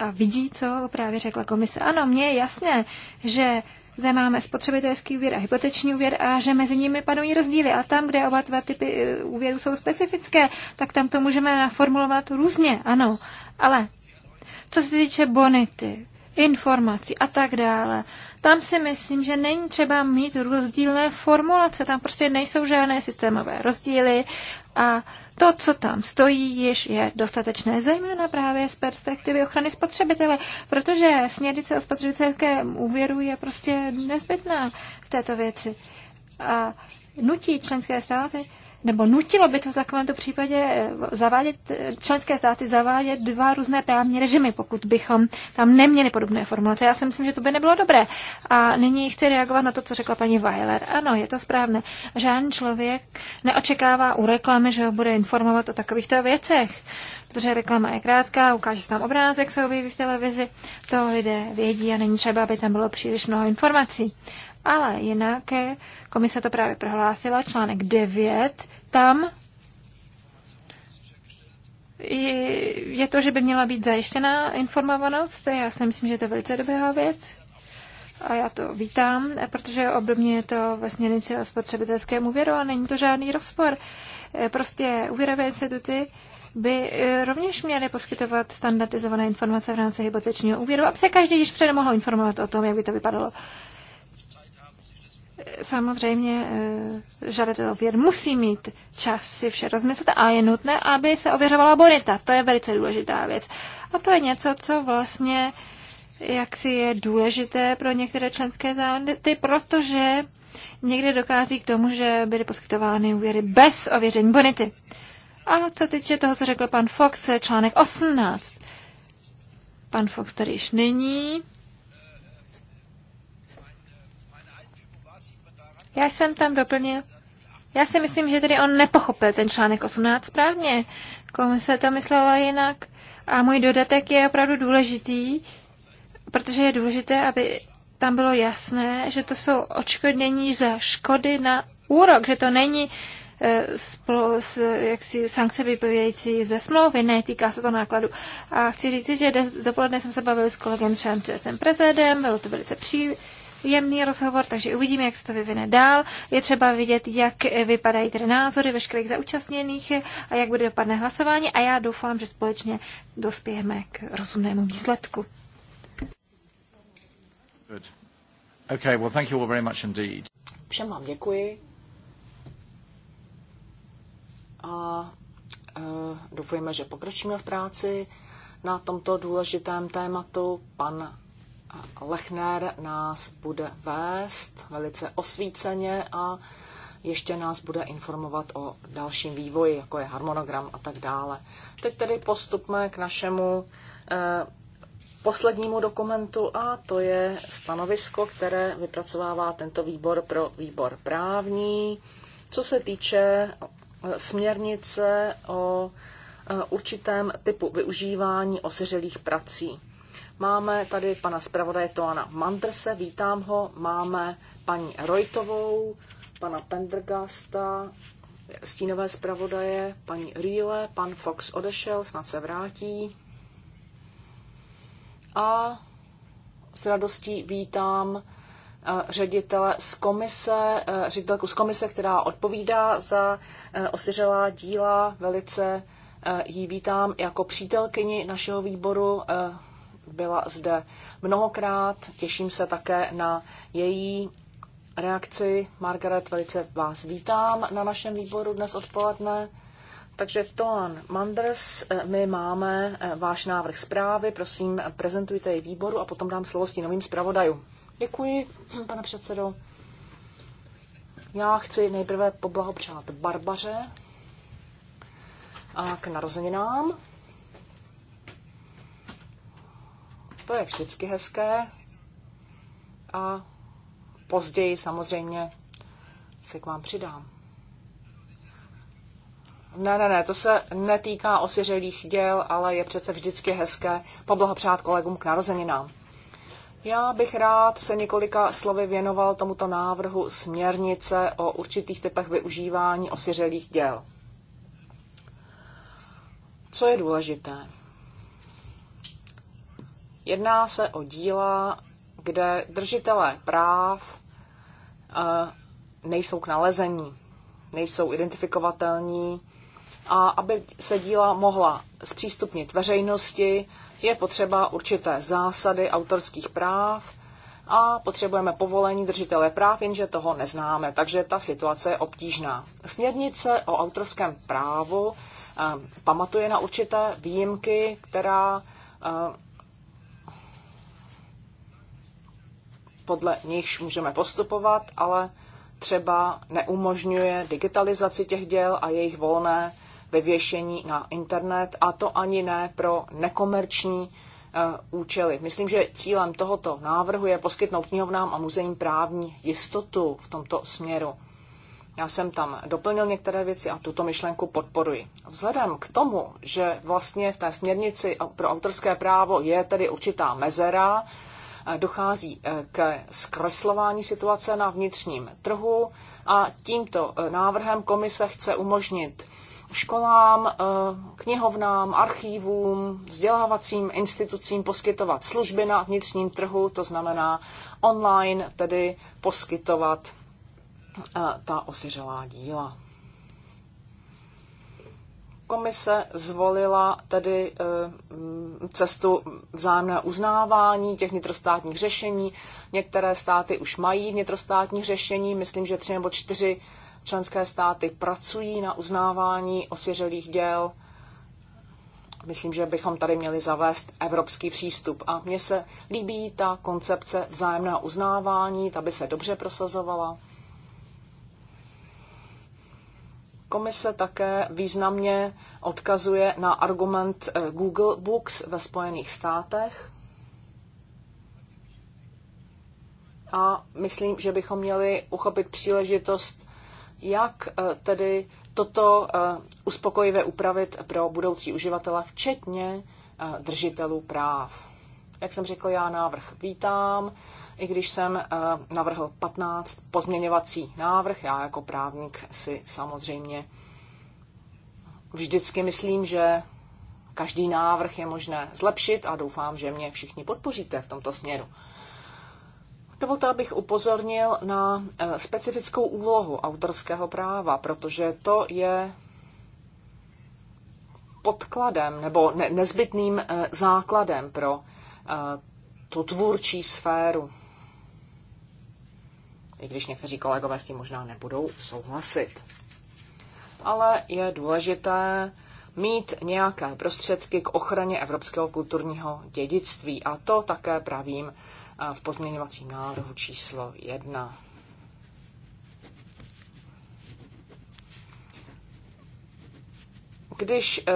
a vidí, co právě řekla komise. Ano, mně je jasné, že zde máme spotřebitelský úvěr a hypoteční úvěr a že mezi nimi panují rozdíly. A tam, kde oba dva typy e, úvěrů jsou specifické, tak tam to můžeme naformulovat různě, ano. Ale co se týče bonity, informací a tak dále, tam si myslím, že není třeba mít rozdílné formulace, tam prostě nejsou žádné systémové rozdíly a to, co tam stojí, již je dostatečné, zejména právě z perspektivy ochrany spotřebitele, protože směrnice o spotřebitelském úvěru je prostě nezbytná v této věci a nutí členské státy nebo nutilo by to v takovémto případě eh, zavádět, eh, členské státy zavádět dva různé právní režimy, pokud bychom tam neměli podobné formulace. Já si myslím, že to by nebylo dobré. A nyní chci reagovat na to, co řekla paní Weiler. Ano, je to správné. Žádný člověk neočekává u reklamy, že ho bude informovat o takovýchto věcech protože reklama je krátká, ukáže se tam obrázek, se objeví v televizi, to lidé vědí a není třeba, aby tam bylo příliš mnoho informací. Ale jinak komise to právě prohlásila, článek 9, tam je to, že by měla být zajištěna informovanost. Já si myslím, že to je velice dobrá věc. A já to vítám, protože obdobně je to ve směrnici o spotřebitelském úvěru a není to žádný rozpor. Eh, prostě úvěrové instituty by eh, rovněž měly poskytovat standardizované informace v rámci hypotečního úvěru, aby se každý již předem mohl informovat o tom, jak by to vypadalo samozřejmě eh, žadatel o věr musí mít čas si vše rozmyslet a je nutné, aby se ověřovala bonita. To je velice důležitá věc. A to je něco, co vlastně jak si je důležité pro některé členské závody, protože někde dokází k tomu, že byly poskytovány úvěry bez ověření bonity. A co týče toho, co řekl pan Fox, článek 18. Pan Fox tady již není. Já jsem tam doplnil. Já si myslím, že tedy on nepochopil ten článek 18 správně. Komise to myslela jinak. A můj dodatek je opravdu důležitý, protože je důležité, aby tam bylo jasné, že to jsou očkodnění za škody na úrok, že to není eh, s, jaksi, sankce vypovědějící ze smlouvy, ne, týká se to nákladu. A chci říct, že dopoledne jsem se bavil s kolegem Šantřesem Prezedem, bylo to velice pří, jemný rozhovor, takže uvidíme, jak se to vyvine dál. Je třeba vidět, jak vypadají tedy názory veškerých zaúčastněných a jak bude dopadné hlasování a já doufám, že společně dospějeme k rozumnému výsledku. Good. Okay, well, thank you all very much indeed. Všem vám děkuji. A e, doufujeme, že pokročíme v práci na tomto důležitém tématu. Pan Lechner nás bude vést velice osvíceně a ještě nás bude informovat o dalším vývoji, jako je harmonogram a tak dále. Teď tedy postupme k našemu eh, poslednímu dokumentu a to je stanovisko, které vypracovává tento výbor pro výbor právní, co se týče eh, směrnice o eh, určitém typu využívání osiřelých prací. Máme tady pana zpravodaje Toana Mandrse, vítám ho. Máme paní Rojtovou, pana Pendergasta, stínové zpravodaje, paní Rýle, pan Fox odešel, snad se vrátí. A s radostí vítám eh, ředitele z komise, eh, ředitelku z komise, která odpovídá za eh, osiřelá díla. Velice jí vítám jako přítelkyni našeho výboru byla zde mnohokrát, těším se také na její reakci. Margaret, velice vás vítám na našem výboru dnes odpoledne. Takže Toan Manders, my máme eh, váš návrh zprávy, prosím, prezentujte jej výboru a potom dám slovo novým zpravodajům. Děkuji, pane předsedo. Já chci nejprve poblahopřát Barbaře a k narozeninám. to je vždycky hezké. A později samozřejmě se k vám přidám. Ne, ne, ne, to se netýká osiřelých děl, ale je přece vždycky hezké poblahopřát kolegům k narozeninám. Já bych rád se několika slovy věnoval tomuto návrhu směrnice o určitých typech využívání osiřelých děl. Co je důležité? Jedná se o díla, kde držitelé práv eh, nejsou k nalezení, nejsou identifikovatelní a aby se díla mohla zpřístupnit veřejnosti, je potřeba určité zásady autorských práv a potřebujeme povolení držitele práv, jenže toho neznáme, takže ta situace je obtížná. Směrnice o autorském právu eh, pamatuje na určité výjimky, která eh, podle nichž můžeme postupovat, ale třeba neumožňuje digitalizaci těch děl a jejich volné vyvěšení na internet, a to ani ne pro nekomerční eh, účely. Myslím, že cílem tohoto návrhu je poskytnout knihovnám a muzeím právní jistotu v tomto směru. Já jsem tam doplnil některé věci a tuto myšlenku podporuji. Vzhledem k tomu, že vlastně v té směrnici pro autorské právo je tedy určitá mezera, Eh, dochází eh, ke zkreslování situace na vnitřním trhu a tímto eh, návrhem komise chce umožnit školám, knihovnám, archívům, vzdělávacím institucím poskytovat služby na vnitřním trhu, to znamená online, tedy poskytovat ta osiřelá díla. Komise zvolila tedy eh, cestu vzájemné uznávání těch vnitrostátních řešení. Některé státy už mají vnitrostátní řešení, myslím, že tři nebo čtyři členské státy pracují na uznávání osiřelých děl. Myslím, že bychom tady měli zavést evropský přístup. A mně se líbí ta koncepce vzájemného uznávání, ta by se dobře prosazovala. Komise také významně odkazuje na argument eh, Google Books ve Spojených státech. A myslím, že bychom měli uchopit příležitost, jak eh, tedy toto eh, uspokojivě upravit pro budoucí uživatele, včetně držitelů práv. Jak jsem řekl, já návrh vítám i když jsem eh, navrhl 15 pozměňovací návrh. Já jako právník si samozřejmě vždycky myslím, že každý návrh je možné zlepšit a doufám, že mě všichni podpoříte v tomto směru. Dovolte, abych upozornil na eh, specifickou úlohu autorského práva, protože to je podkladem nebo nezbytným eh, základem pro tu tvůrčí sféru i když někteří kolegové s tím možná nebudou souhlasit. Ale je důležité mít nějaké prostředky k ochraně evropského kulturního dědictví a to také pravím eh, v pozměňovacím návrhu číslo 1. Když eh,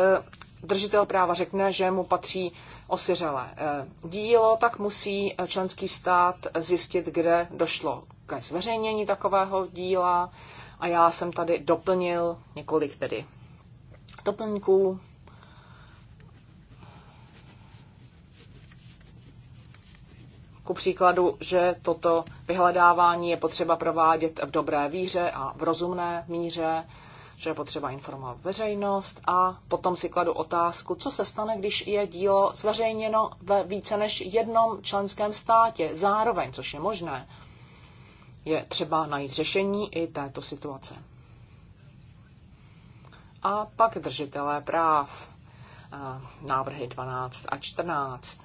držitel práva řekne, že mu patří osiřelé eh, dílo, tak musí členský stát zjistit, kde došlo ke zveřejnění takového díla a já jsem tady doplnil několik tedy doplňků. Ku příkladu, že toto vyhledávání je potřeba provádět v dobré víře a v rozumné míře, že je potřeba informovat veřejnost a potom si kladu otázku, co se stane, když je dílo zveřejněno ve více než jednom členském státě zároveň, což je možné. Je třeba najít řešení i této situace. A pak držitelé práv, návrhy 12 a 14.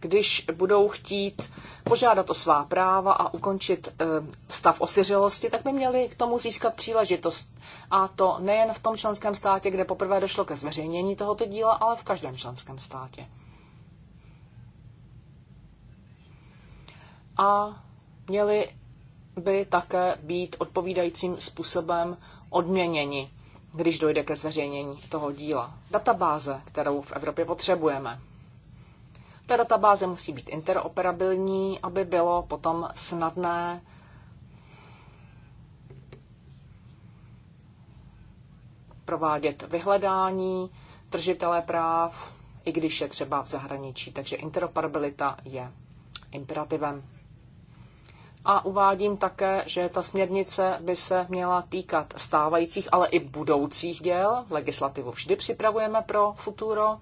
Když budou chtít požádat o svá práva a ukončit e, stav osiřelosti, tak by měli k tomu získat příležitost. A to nejen v tom členském státě, kde poprvé došlo ke zveřejnění tohoto díla, ale v každém členském státě. A měli by také být odpovídajícím způsobem odměněni, když dojde ke zveřejnění toho díla. Databáze, kterou v Evropě potřebujeme. Ta databáze musí být interoperabilní, aby bylo potom snadné provádět vyhledání držitele práv, i když je třeba v zahraničí. Takže interoperabilita je imperativem a uvádím také, že ta směrnice by se měla týkat stávajících, ale i budoucích děl. Legislativu vždy připravujeme pro futuro.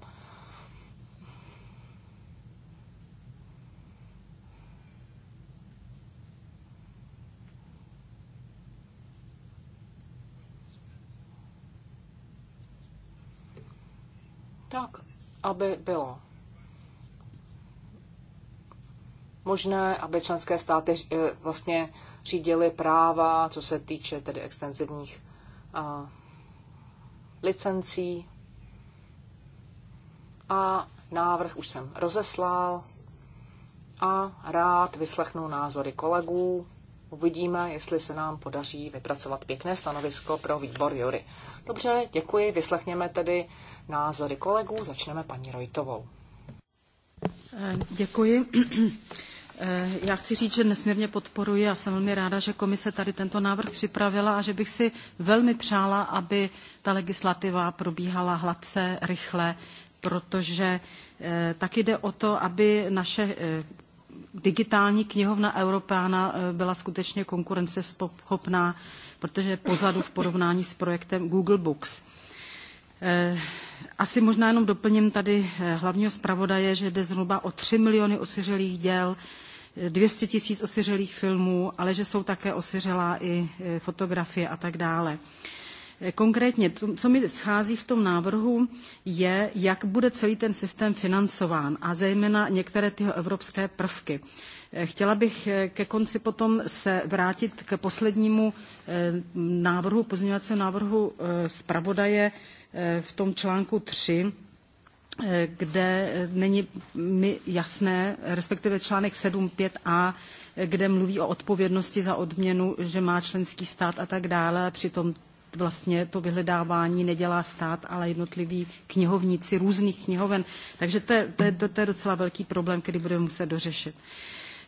Tak, aby bylo možné, aby členské státy eh, vlastně řídily práva, co se týče tedy extenzivních eh, licencí. A návrh už jsem rozeslal a rád vyslechnu názory kolegů. Uvidíme, jestli se nám podaří vypracovat pěkné stanovisko pro výbor Jury. Dobře, děkuji. Vyslechněme tedy názory kolegů. Začneme paní Rojtovou. Eh, děkuji. Eh, já chci říct, že nesmírně podporuji a jsem velmi ráda, že komise tady tento návrh připravila a že bych si velmi přála, aby ta legislativa probíhala hladce, rychle, protože eh, tak jde o to, aby naše eh, digitální knihovna Europeana byla skutečně konkurenceschopná, protože je pozadu v porovnání s projektem Google Books. Asi možná jenom doplním tady hlavního zpravodaje, že jde zhruba o 3 miliony osiřelých děl, 200 tisíc osiřelých filmů, ale že jsou také osiřelá i e, fotografie a tak dále. E, konkrétně, co mi schází v tom návrhu, je, jak bude celý ten systém financován a zejména některé tyho evropské prvky. E, chtěla bych ke konci potom se vrátit k poslednímu návrhu, pozměňovacímu návrhu zpravodaje v tom článku 3 kde není mi jasné, respektive článek 7.5a, kde mluví o odpovědnosti za odměnu, že má členský stát a tak dále, a přitom vlastně to vyhledávání nedělá stát, ale jednotliví knihovníci různých knihoven. Takže to je, to je, to je docela velký problém, který budeme muset dořešit.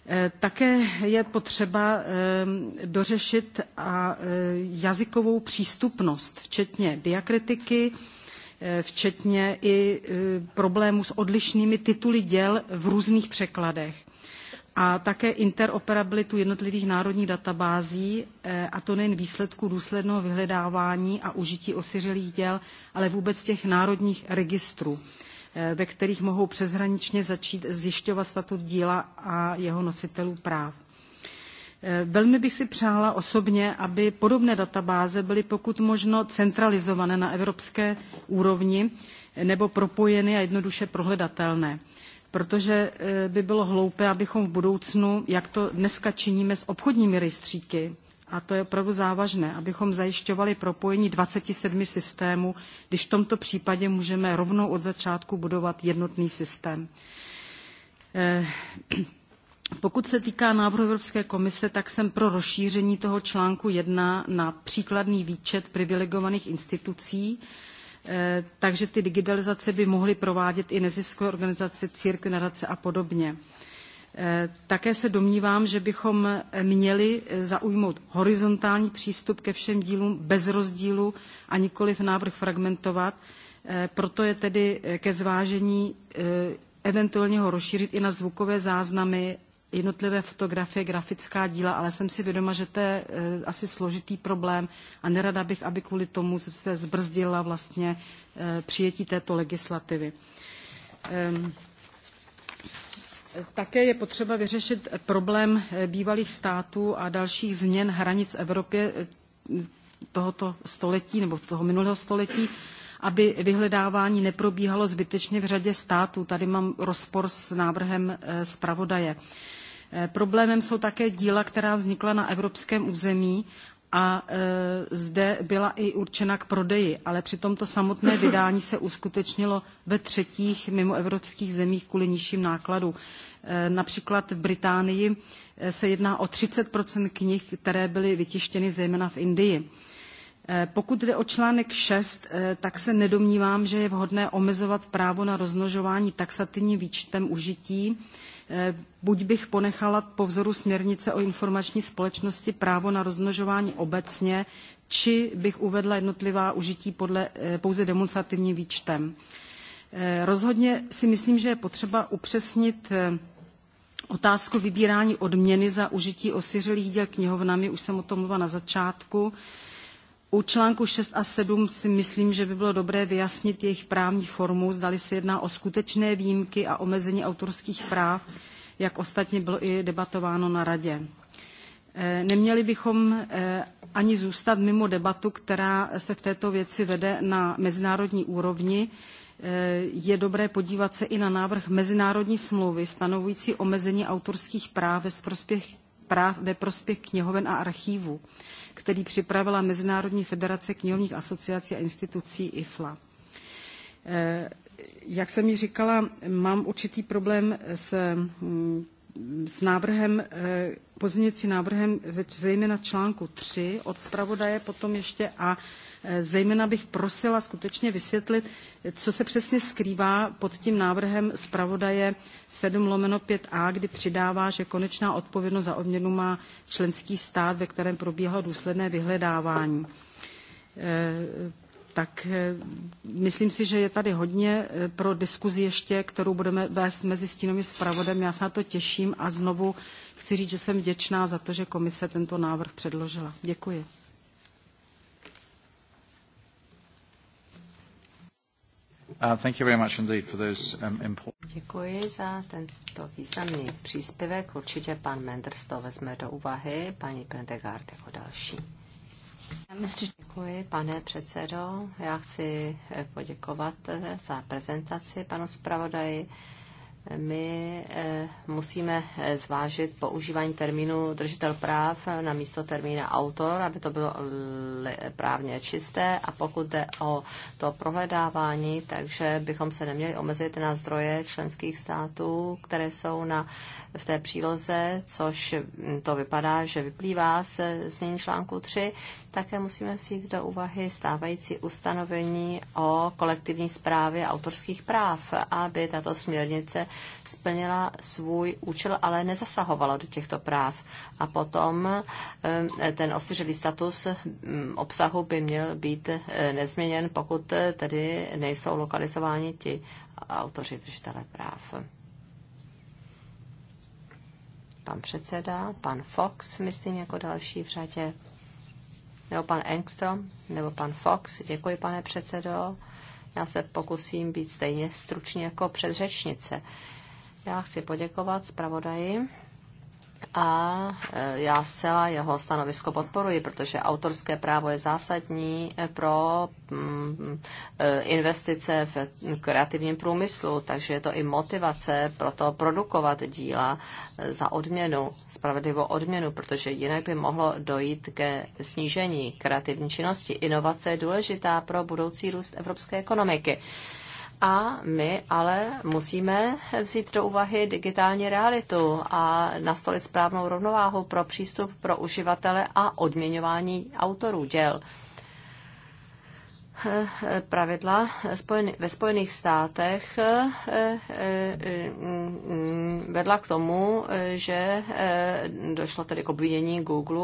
Eh, také je potřeba eh, dořešit a eh, jazykovou přístupnost, včetně diakritiky, Eh, včetně i eh, problémů s odlišnými tituly děl v různých překladech a také interoperabilitu jednotlivých národních databází, eh, a to nejen výsledků důsledného vyhledávání a užití osiřelých děl, ale vůbec těch národních registrů, ve kterých mohou přeshraničně začít zjišťovat statut díla a jeho nositelů práv. Eh, velmi bych si přála osobně, aby podobné databáze byly pokud možno centralizované na evropské úrovni eh, nebo propojeny a jednoduše prohledatelné protože eh, by bylo hloupé, abychom v budoucnu, jak to dneska činíme s obchodními rejstříky, a to je opravdu závažné, abychom zajišťovali propojení 27 systémů, když v tomto případě můžeme rovnou od začátku budovat jednotný systém. Pokud se týká návrhu Evropské komise, tak jsem pro rozšíření toho článku 1 na příkladný výčet privilegovaných institucí, eh, takže ty digitalizace by mohly provádět i neziskové organizace, církve, nadace a podobně. Eh, také se domnívám, že bychom měli zaujmout horizontální přístup ke všem dílům bez rozdílu a nikoliv návrh fragmentovat. Eh, proto je tedy ke zvážení eventuálně ho rozšířit i na zvukové záznamy jednotlivé fotografie, grafická díla, ale jsem si vědoma, že to je eh, asi složitý problém a nerada bych, aby kvůli tomu se zbrzdila vlastně eh, přijetí této legislativy. Ehm, také je potřeba vyřešit problém eh, bývalých států a dalších změn hranic Evropě tohoto století nebo toho minulého století, aby vyhledávání neprobíhalo zbytečně v řadě států. Tady mám rozpor s návrhem zpravodaje. E, Eh, problémem jsou také díla, která vznikla na evropském území a eh, zde byla i určena k prodeji, ale přitom to samotné vydání se uskutečnilo ve třetích mimoevropských zemích kvůli nižším nákladu. Eh, například v Británii se jedná o 30 knih, které byly vytištěny zejména v Indii. pokud jde o článek 6, tak se nedomnívám, že je vhodné omezovat právo na rozmnožování taxativním výčtem užití, Eh, buď bych ponechala po vzoru směrnice o informační společnosti právo na rozmnožování obecně, či bych uvedla jednotlivá užití podle, eh, pouze demonstrativním výčtem. Eh, rozhodně si myslím, že je potřeba upřesnit otázku vybírání odměny za užití osiřelých děl knihovnami, už jsem o tom mluvila na začátku. U článku 6 a 7 si myslím, že by bylo dobré vyjasnit jejich právní formu, zdali se jedná o skutečné výjimky a omezení autorských práv, jak ostatně bylo i debatováno na radě. Eh, neměli bychom eh, ani zůstat mimo debatu, která se v této věci vede na mezinárodní úrovni. Eh, je dobré podívat se i na návrh mezinárodní smlouvy stanovující omezení autorských práv ve prospěch, práv ve prospěch knihoven a archívů který připravila Mezinárodní federace knihovních asociací a institucí IFLA. Eh, jak jsem ji říkala, mám určitý problém s, mm, s návrhem, eh, pozměňující návrhem zejména článku 3 od zpravodaje, potom ještě a Eh, zejména bych prosila skutečně vysvětlit, co se přesně skrývá pod tím návrhem zpravodaje 7 lomeno 5a, kdy přidává, že konečná odpovědnost za odměnu má členský stát, ve kterém probíhalo důsledné vyhledávání eh, tak eh, myslím si, že je tady hodně pro diskuzi ještě, kterou budeme vést mezi stínovým zpravodem. Já se na to těším a znovu chci říct, že jsem vděčná za to, že komise tento návrh předložila. Děkuji. Uh, thank you very much indeed for those, um, important... Děkuji za tento významný příspěvek. Určitě pan Menders to vezme do úvahy, paní Pendegard jako další. Děkuji, pane předsedo. Já chci eh, poděkovat eh, za prezentaci panu zpravodaji my eh, musíme eh, zvážit používání termínu držitel práv na místo termína autor, aby to bylo právně čisté a pokud jde o to prohledávání, takže bychom se neměli omezit na zdroje členských států, které jsou na, v té příloze, což hm, to vypadá, že vyplývá se z ní článku 3, také musíme vzít do úvahy stávající ustanovení o kolektivní správě autorských práv, aby tato směrnice splnila svůj účel, ale nezasahovala do těchto práv. A potom eh, ten osiřelý status mm, obsahu by měl být eh, nezměněn, pokud eh, tedy nejsou lokalizováni ti autoři držitele práv pan předseda, pan Fox, myslím, jako další v řadě nebo pan Engstrom, nebo pan Fox. Děkuji, pane předsedo. Já se pokusím být stejně stručně jako předřečnice. Já chci poděkovat zpravodaji a e, já zcela jeho stanovisko podporuji, protože autorské právo je zásadní e, pro mm, e, investice v kreativním průmyslu, takže je to i motivace pro to produkovat díla za odměnu, spravedlivou odměnu, protože jinak by mohlo dojít ke snížení kreativní činnosti. Inovace je důležitá pro budoucí růst evropské ekonomiky. A my ale musíme vzít do úvahy digitální realitu a nastolit správnou rovnováhu pro přístup pro uživatele a odměňování autorů děl pravidla ve Spojených státech eh, eh, vedla k tomu, že eh, došlo tedy k obvinění Google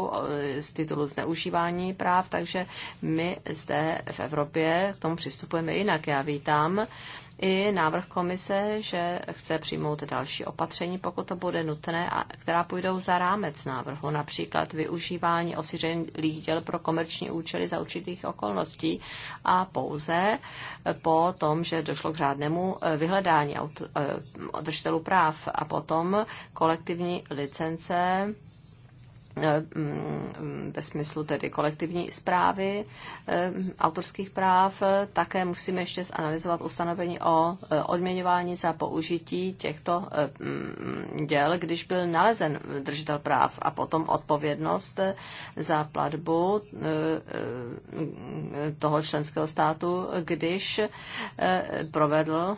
z titulu zneužívání práv, takže my zde v Evropě k tomu přistupujeme jinak. Já vítám i návrh komise, že chce přijmout další opatření, pokud to bude nutné, a která půjdou za rámec návrhu, například využívání osiřených děl pro komerční účely za určitých okolností a pouze po tom, že došlo k řádnému eh, vyhledání eh, držitelů práv a potom kolektivní licence Eh, mm, ve smyslu tedy kolektivní zprávy eh, autorských práv. Eh, také musíme ještě zanalizovat ustanovení o odměňování za použití těchto mm, děl, když byl nalezen držitel práv a potom odpovědnost za platbu toho členského státu, když provedl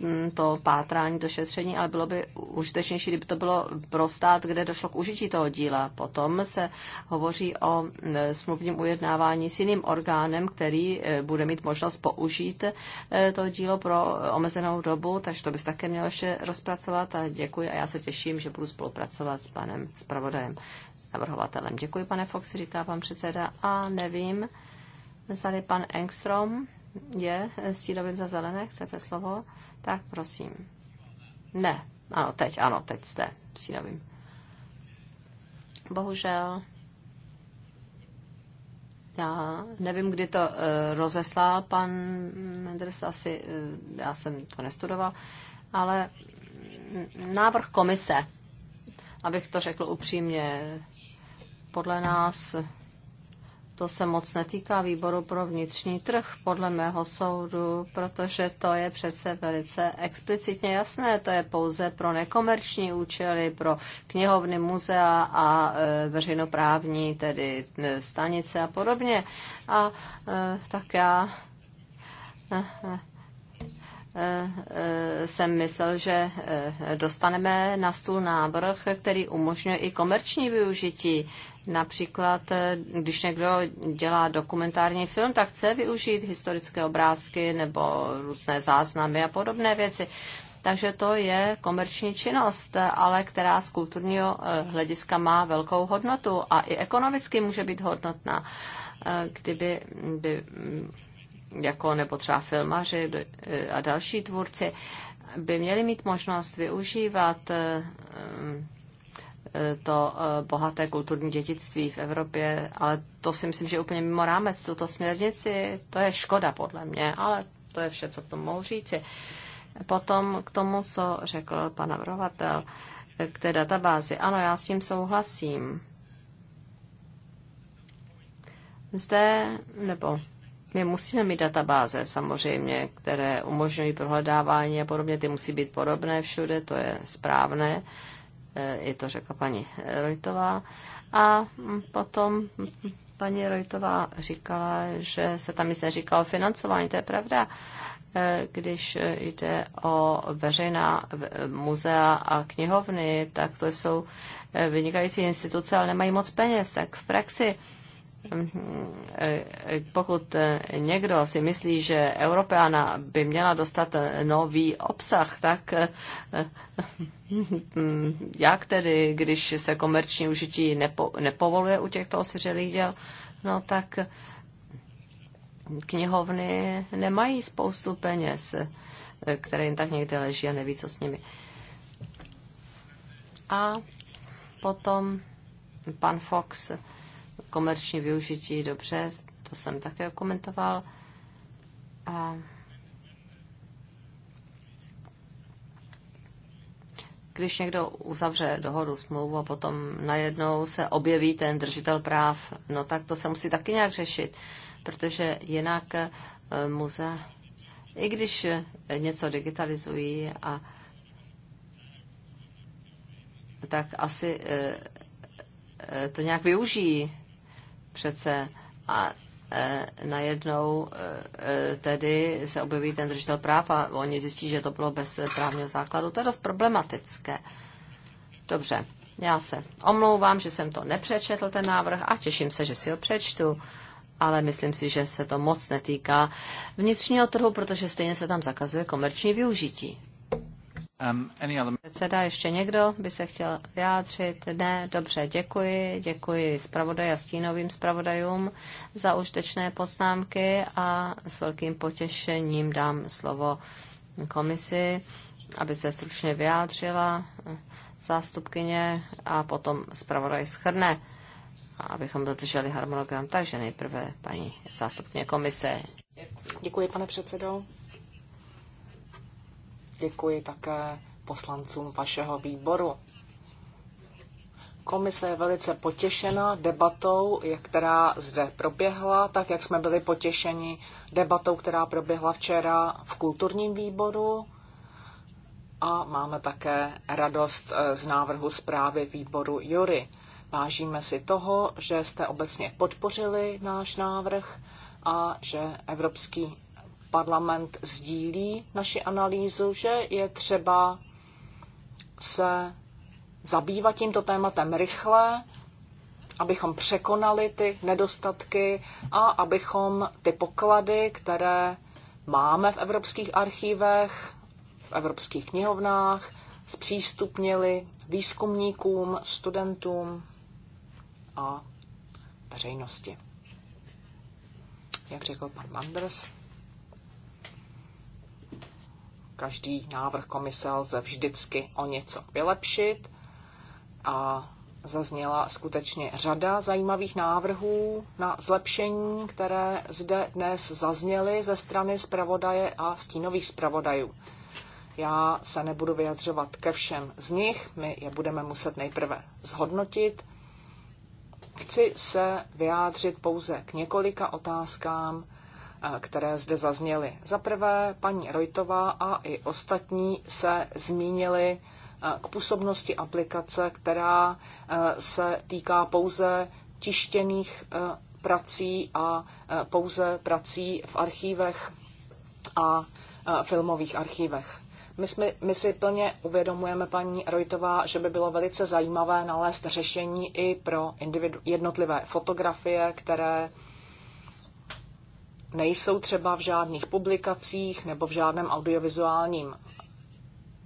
mm, to pátrání, to šetření, ale bylo by užitečnější, kdyby to bylo pro stát, kde došlo k užití toho díla, potom se hovoří o smluvním ujednávání s jiným orgánem, který e, bude mít možnost použít e, to dílo pro omezenou dobu, takže to bys také měl ještě rozpracovat a děkuji a já se těším, že budu spolupracovat s panem zpravodajem navrhovatelem. Děkuji, pane Fox, říká pan předseda a nevím, zdali pan Engstrom je stínovým za zelené, chcete slovo? Tak prosím. Ne, ano, teď, ano, teď jste stínovým. Bohužel. Já nevím, kdy to uh, eh, rozeslal pan Menders, asi uh, já jsem to nestudoval, ale návrh komise, abych to řekl upřímně, podle nás to se moc netýká výboru pro vnitřní trh, podle mého soudu, protože to je přece velice explicitně jasné. To je pouze pro nekomerční účely, pro knihovny, muzea a e, veřejnoprávní, tedy e, stanice a podobně. A e, tak já jsem myslel, že dostaneme na stůl návrh, který umožňuje i komerční využití Například, eh, když někdo dělá dokumentární film, tak chce využít historické obrázky nebo různé záznamy a podobné věci. Takže to je komerční činnost, eh, ale která z kulturního eh, hlediska má velkou hodnotu a i ekonomicky může být hodnotná, kdyby by, mm, jako nebo třeba filmaři a další tvůrci by měli mít možnost využívat to eh, bohaté kulturní dědictví v Evropě, ale to si myslím, že je úplně mimo rámec tuto směrnici. To je škoda podle mě, ale to je vše, co k tomu mohu říci. Potom k tomu, co řekl pan navrhovatel eh, k té databázi. Ano, já s tím souhlasím. Zde, nebo my musíme mít databáze samozřejmě, které umožňují prohledávání a podobně. Ty musí být podobné všude, to je správné i eh, to řekla paní Rojtová. A potom paní Rojtová říkala, že se tam nic neříká o financování, to je pravda eh, když jde o veřejná muzea a knihovny, tak to jsou eh, vynikající instituce, ale nemají moc peněz. Tak v praxi pokud někdo si myslí, že Europeana by měla dostat nový obsah, tak eh, jak tedy, když se komerční užití nepo, nepovoluje u těchto osvěřelých děl, no tak knihovny nemají spoustu peněz, které jim tak někde leží a neví, co s nimi. A potom pan Fox komerční využití, dobře, to jsem také komentoval. A když někdo uzavře dohodu, smlouvu a potom najednou se objeví ten držitel práv, no tak to se musí taky nějak řešit, protože jinak eh, muzea, i když eh, něco digitalizují a tak asi eh, to nějak využijí přece a e, najednou e, e, tedy se objeví ten držitel práv a oni zjistí, že to bylo bez právního základu. To je dost problematické. Dobře, já se omlouvám, že jsem to nepřečetl, ten návrh, a těším se, že si ho přečtu, ale myslím si, že se to moc netýká vnitřního trhu, protože stejně se tam zakazuje komerční využití. Um, Předseda, ještě někdo by se chtěl vyjádřit? Ne, dobře, děkuji. Děkuji zpravodaj a stínovým zpravodajům za užitečné poznámky a s velkým potěšením dám slovo komisi, aby se stručně vyjádřila zástupkyně a potom zpravodaj schrne, abychom dodrželi harmonogram. Takže nejprve paní zástupkyně komise. Děkuji, pane předsedo. Děkuji také poslancům vašeho výboru. Komise je velice potěšena debatou, která zde proběhla, tak jak jsme byli potěšeni debatou, která proběhla včera v kulturním výboru. A máme také radost eh, z návrhu zprávy výboru Jury. Vážíme si toho, že jste obecně podpořili náš návrh a že Evropský parlament sdílí naši analýzu, že je třeba se zabývat tímto tématem rychle, abychom překonali ty nedostatky a abychom ty poklady, které máme v evropských archívech, v evropských knihovnách, zpřístupnili výzkumníkům, studentům a veřejnosti. Jak řekl pan Manders, Každý návrh komise lze vždycky o něco vylepšit a zazněla skutečně řada zajímavých návrhů na zlepšení, které zde dnes zazněly ze strany zpravodaje a stínových zpravodajů. Já se nebudu vyjadřovat ke všem z nich, my je budeme muset nejprve zhodnotit. Chci se vyjádřit pouze k několika otázkám, které zde zazněly. Za prvé, paní Rojtová a i ostatní se zmínili e, k působnosti aplikace, která e, se týká pouze tištěných e, prací a pouze prací v archívech a filmových archívech. My, jsme, my si plně uvědomujeme, paní Rojtová, že by bylo velice zajímavé nalézt řešení i pro jednotlivé fotografie, které nejsou třeba v žádných publikacích nebo v žádném audiovizuálním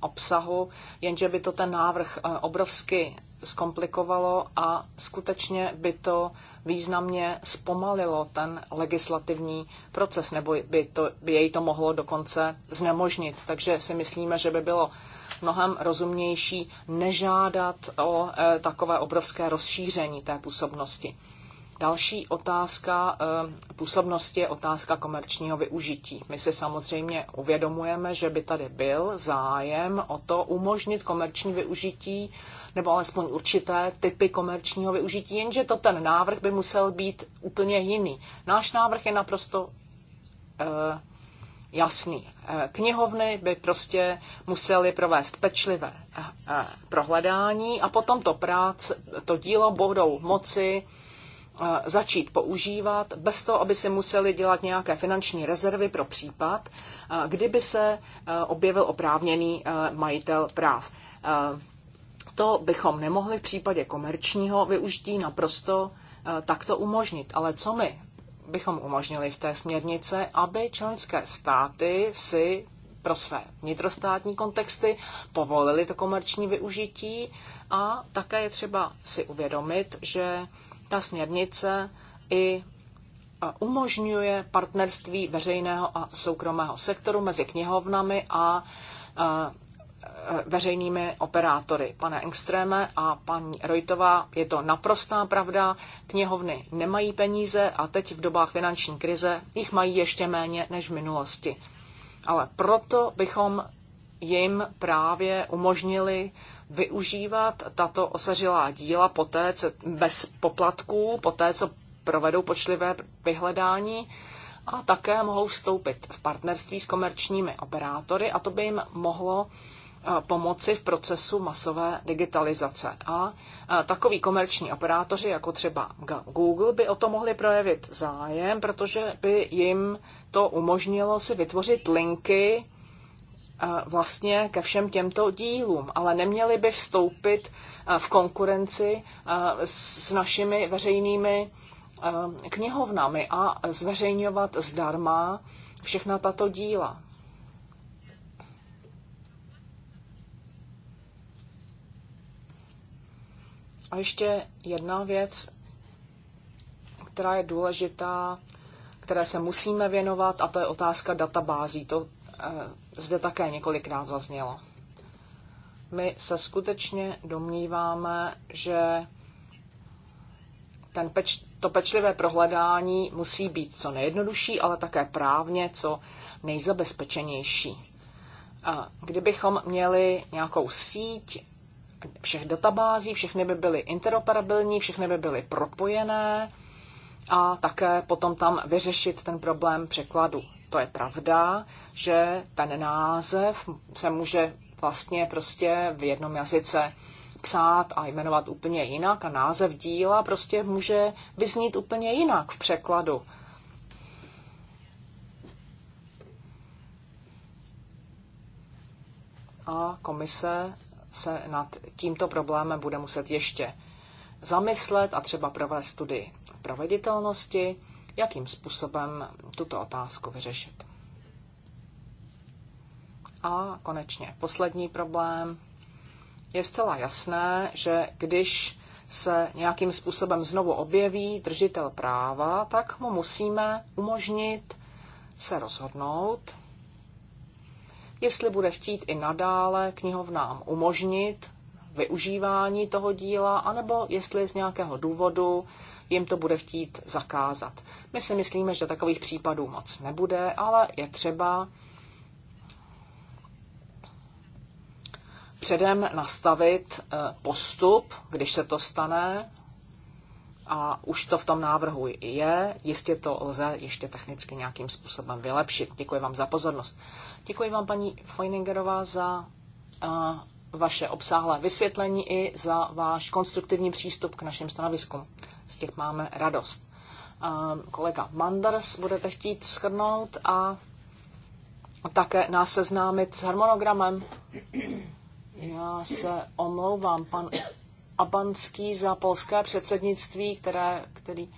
obsahu, jenže by to ten návrh eh, obrovsky zkomplikovalo a skutečně by to významně zpomalilo ten legislativní proces, nebo by, to, by jej to mohlo dokonce znemožnit. Takže si myslíme, že by bylo mnohem rozumnější nežádat o eh, takové obrovské rozšíření té působnosti. Další otázka eh, působnosti je otázka komerčního využití. My si samozřejmě uvědomujeme, že by tady byl zájem o to umožnit komerční využití nebo alespoň určité typy komerčního využití, jenže to ten návrh by musel být úplně jiný. Náš návrh je naprosto eh, jasný. Eh, knihovny by prostě musely provést pečlivé prohledání a potom to prác, to dílo budou moci začít používat bez toho, aby si museli dělat nějaké finanční rezervy pro případ, kdyby se objevil oprávněný majitel práv. To bychom nemohli v případě komerčního využití naprosto takto umožnit. Ale co my bychom umožnili v té směrnice, aby členské státy si pro své vnitrostátní kontexty povolili to komerční využití a také je třeba si uvědomit, že ta směrnice i e, umožňuje partnerství veřejného a soukromého sektoru mezi knihovnami a e, e, veřejnými operátory. Pane Engstréme a paní Rojtová, je to naprostá pravda. Knihovny nemají peníze a teď v dobách finanční krize jich mají ještě méně než v minulosti. Ale proto bychom jim právě umožnili využívat tato osařilá díla poté, co, bez poplatků, poté, co provedou počlivé vyhledání a také mohou vstoupit v partnerství s komerčními operátory a to by jim mohlo eh, pomoci v procesu masové digitalizace. A eh, takový komerční operátoři, jako třeba Google, by o to mohli projevit zájem, protože by jim to umožnilo si vytvořit linky vlastně ke všem těmto dílům, ale neměli by vstoupit v konkurenci s našimi veřejnými knihovnami a zveřejňovat zdarma všechna tato díla. A ještě jedna věc, která je důležitá, které se musíme věnovat, a to je otázka databází. To Eh, zde také několikrát zaznělo. My se skutečně domníváme, že ten peč, to pečlivé prohledání musí být co nejjednodušší, ale také právně co nejzabezpečenější. Eh, kdybychom měli nějakou síť všech databází, všechny by byly interoperabilní, všechny by byly propojené a také potom tam vyřešit ten problém překladu to je pravda, že ten název se může vlastně prostě v jednom jazyce psát a jmenovat úplně jinak a název díla prostě může vyznít úplně jinak v překladu. A komise se nad tímto problémem bude muset ještě zamyslet a třeba provést studii proveditelnosti jakým způsobem tuto otázku vyřešit. A konečně poslední problém. Je zcela jasné, že když se nějakým způsobem znovu objeví držitel práva, tak mu musíme umožnit se rozhodnout, jestli bude chtít i nadále knihovnám umožnit využívání toho díla, anebo jestli z nějakého důvodu jim to bude chtít zakázat. My si myslíme, že takových případů moc nebude, ale je třeba předem nastavit eh, postup, když se to stane, a už to v tom návrhu je. Jistě to lze ještě technicky nějakým způsobem vylepšit. Děkuji vám za pozornost. Děkuji vám, paní Feiningerová, za eh, vaše obsáhlé vysvětlení i za váš konstruktivní přístup k našim stanoviskům z těch máme radost. Kolega Manders budete chtít schrnout a také nás seznámit s harmonogramem. Já se omlouvám, pan Abanský za polské předsednictví, které, který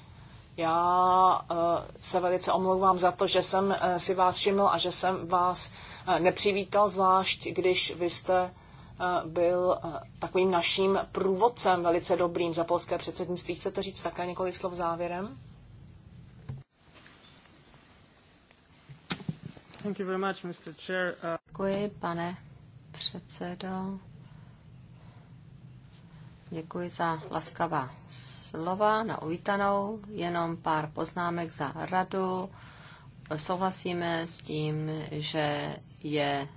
já eh, se velice omlouvám za to, že jsem eh, si vás všiml a že jsem vás eh, nepřivítal, zvlášť když vy jste byl takovým naším průvodcem velice dobrým za polské předsednictví. Chcete říct také několik slov závěrem? Thank you very much, Mr. Chair. Uh, Děkuji, pane předsedo. Děkuji za laskavá slova na uvítanou. Jenom pár poznámek za radu. Souhlasíme s tím, že je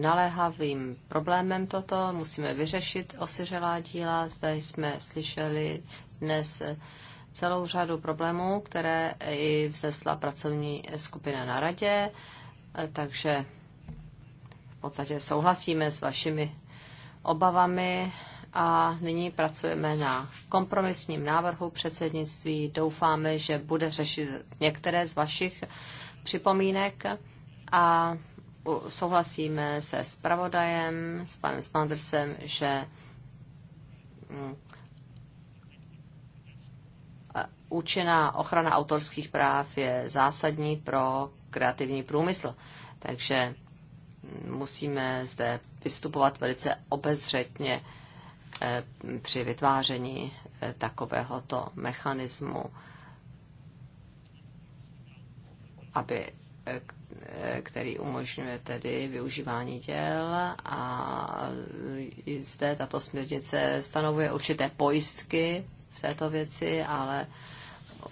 naléhavým problémem toto, musíme vyřešit osiřelá díla. Zde jsme slyšeli dnes celou řadu problémů, které i vzesla pracovní skupina na radě, takže v podstatě souhlasíme s vašimi obavami a nyní pracujeme na kompromisním návrhu předsednictví. Doufáme, že bude řešit některé z vašich připomínek a souhlasíme se zpravodajem, s panem Spandersem, že mm, účinná ochrana autorských práv je zásadní pro kreativní průmysl. Takže mm, musíme zde vystupovat velice obezřetně e, při vytváření e, takovéhoto mechanismu, aby e, Eh, který umožňuje tedy využívání děl a zde tato směrnice stanovuje určité pojistky v této věci, ale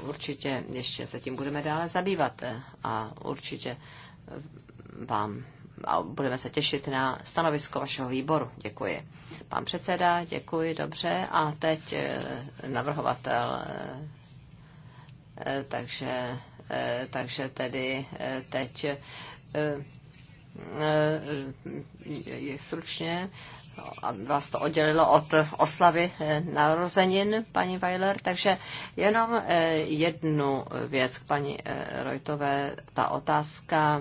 určitě ještě se tím budeme dále zabývat a určitě vám a budeme se těšit na stanovisko vašeho výboru. Děkuji. Pan předseda, děkuji, dobře. A teď eh, navrhovatel. Eh, takže Eh, takže tedy eh, teď eh, je stručně vás to oddělilo od oslavy narozenin, paní Weiler, takže jenom jednu věc k paní Rojtové, ta otázka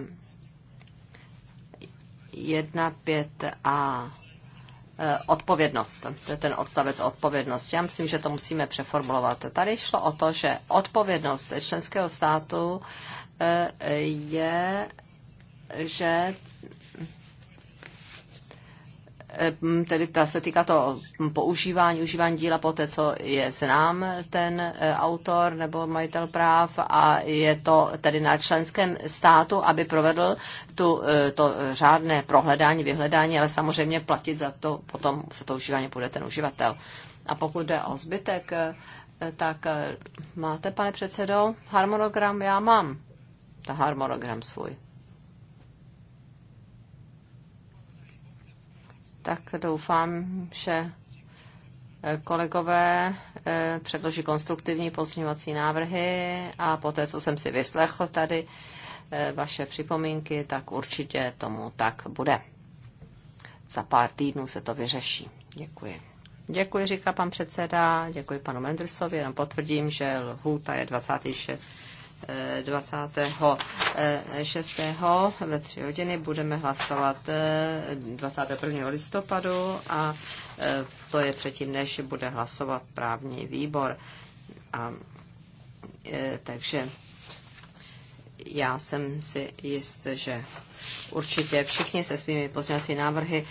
1.5a. Eh, odpovědnost, ten odstavec odpovědnost. Já myslím, že to musíme přeformulovat. Tady šlo o to, že odpovědnost členského státu eh, je, že tedy ta, se týká to používání, užívání díla po té, co je znám ten e, autor nebo majitel práv a je to tedy na členském státu, aby provedl tu, e, to řádné prohledání, vyhledání, ale samozřejmě platit za to potom za to užívání bude ten uživatel. A pokud jde o zbytek, e, tak máte, pane předsedo, harmonogram? Já mám ta harmonogram svůj. tak doufám, že eh, kolegové eh, předloží konstruktivní pozměňovací návrhy a poté, co jsem si vyslechl tady eh, vaše připomínky, tak určitě tomu tak bude. Za pár týdnů se to vyřeší. Děkuji. Děkuji, říká pan předseda, děkuji panu Mendelsovi, jenom potvrdím, že lhůta je 26. 26. ve 3 hodiny budeme hlasovat 21. Eh, listopadu a eh, to je předtím, než bude hlasovat právní výbor. A, eh, takže já jsem si jist, že určitě všichni se svými pozměňovací návrhy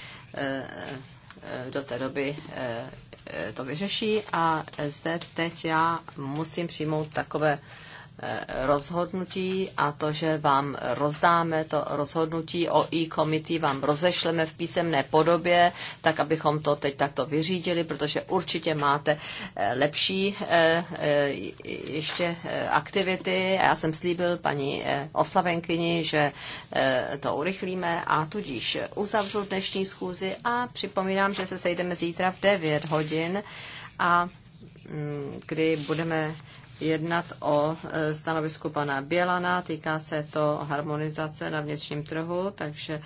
do té doby to vyřeší a zde teď já musím přijmout takové Eh, rozhodnutí a to, že vám rozdáme to rozhodnutí o e-komití, vám rozešleme v písemné podobě, tak abychom to teď takto vyřídili, protože určitě máte eh, lepší eh, ještě aktivity. Já jsem slíbil paní oslavenkyni, že to urychlíme a tudíž uzavřu dnešní schůzi a připomínám, že se sejdeme zítra v 9 hodin a mm, kdy budeme jednat o e, stanovisku pana Bělana. Týká se to harmonizace na vnitřním trhu, takže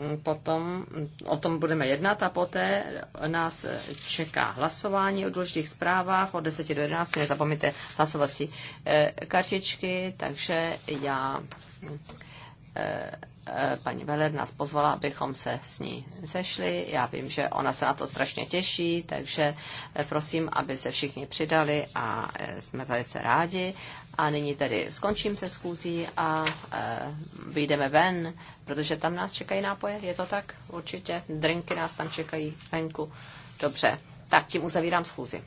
mm, potom mm, o tom budeme jednat a poté nás čeká hlasování o důležitých zprávách od 10 do 11. Nezapomeňte hlasovací e, kartičky, takže já mm, e, Eh, paní Veler nás pozvala, abychom se s ní sešli. Já vím, že ona se na to strašně těší, takže eh, prosím, aby se všichni přidali a eh, jsme velice rádi. A nyní tedy skončím se schůzí a vyjdeme ven, protože tam nás čekají nápoje, je to tak? Určitě. Drinky nás tam čekají venku. Dobře, tak tím uzavírám schůzi.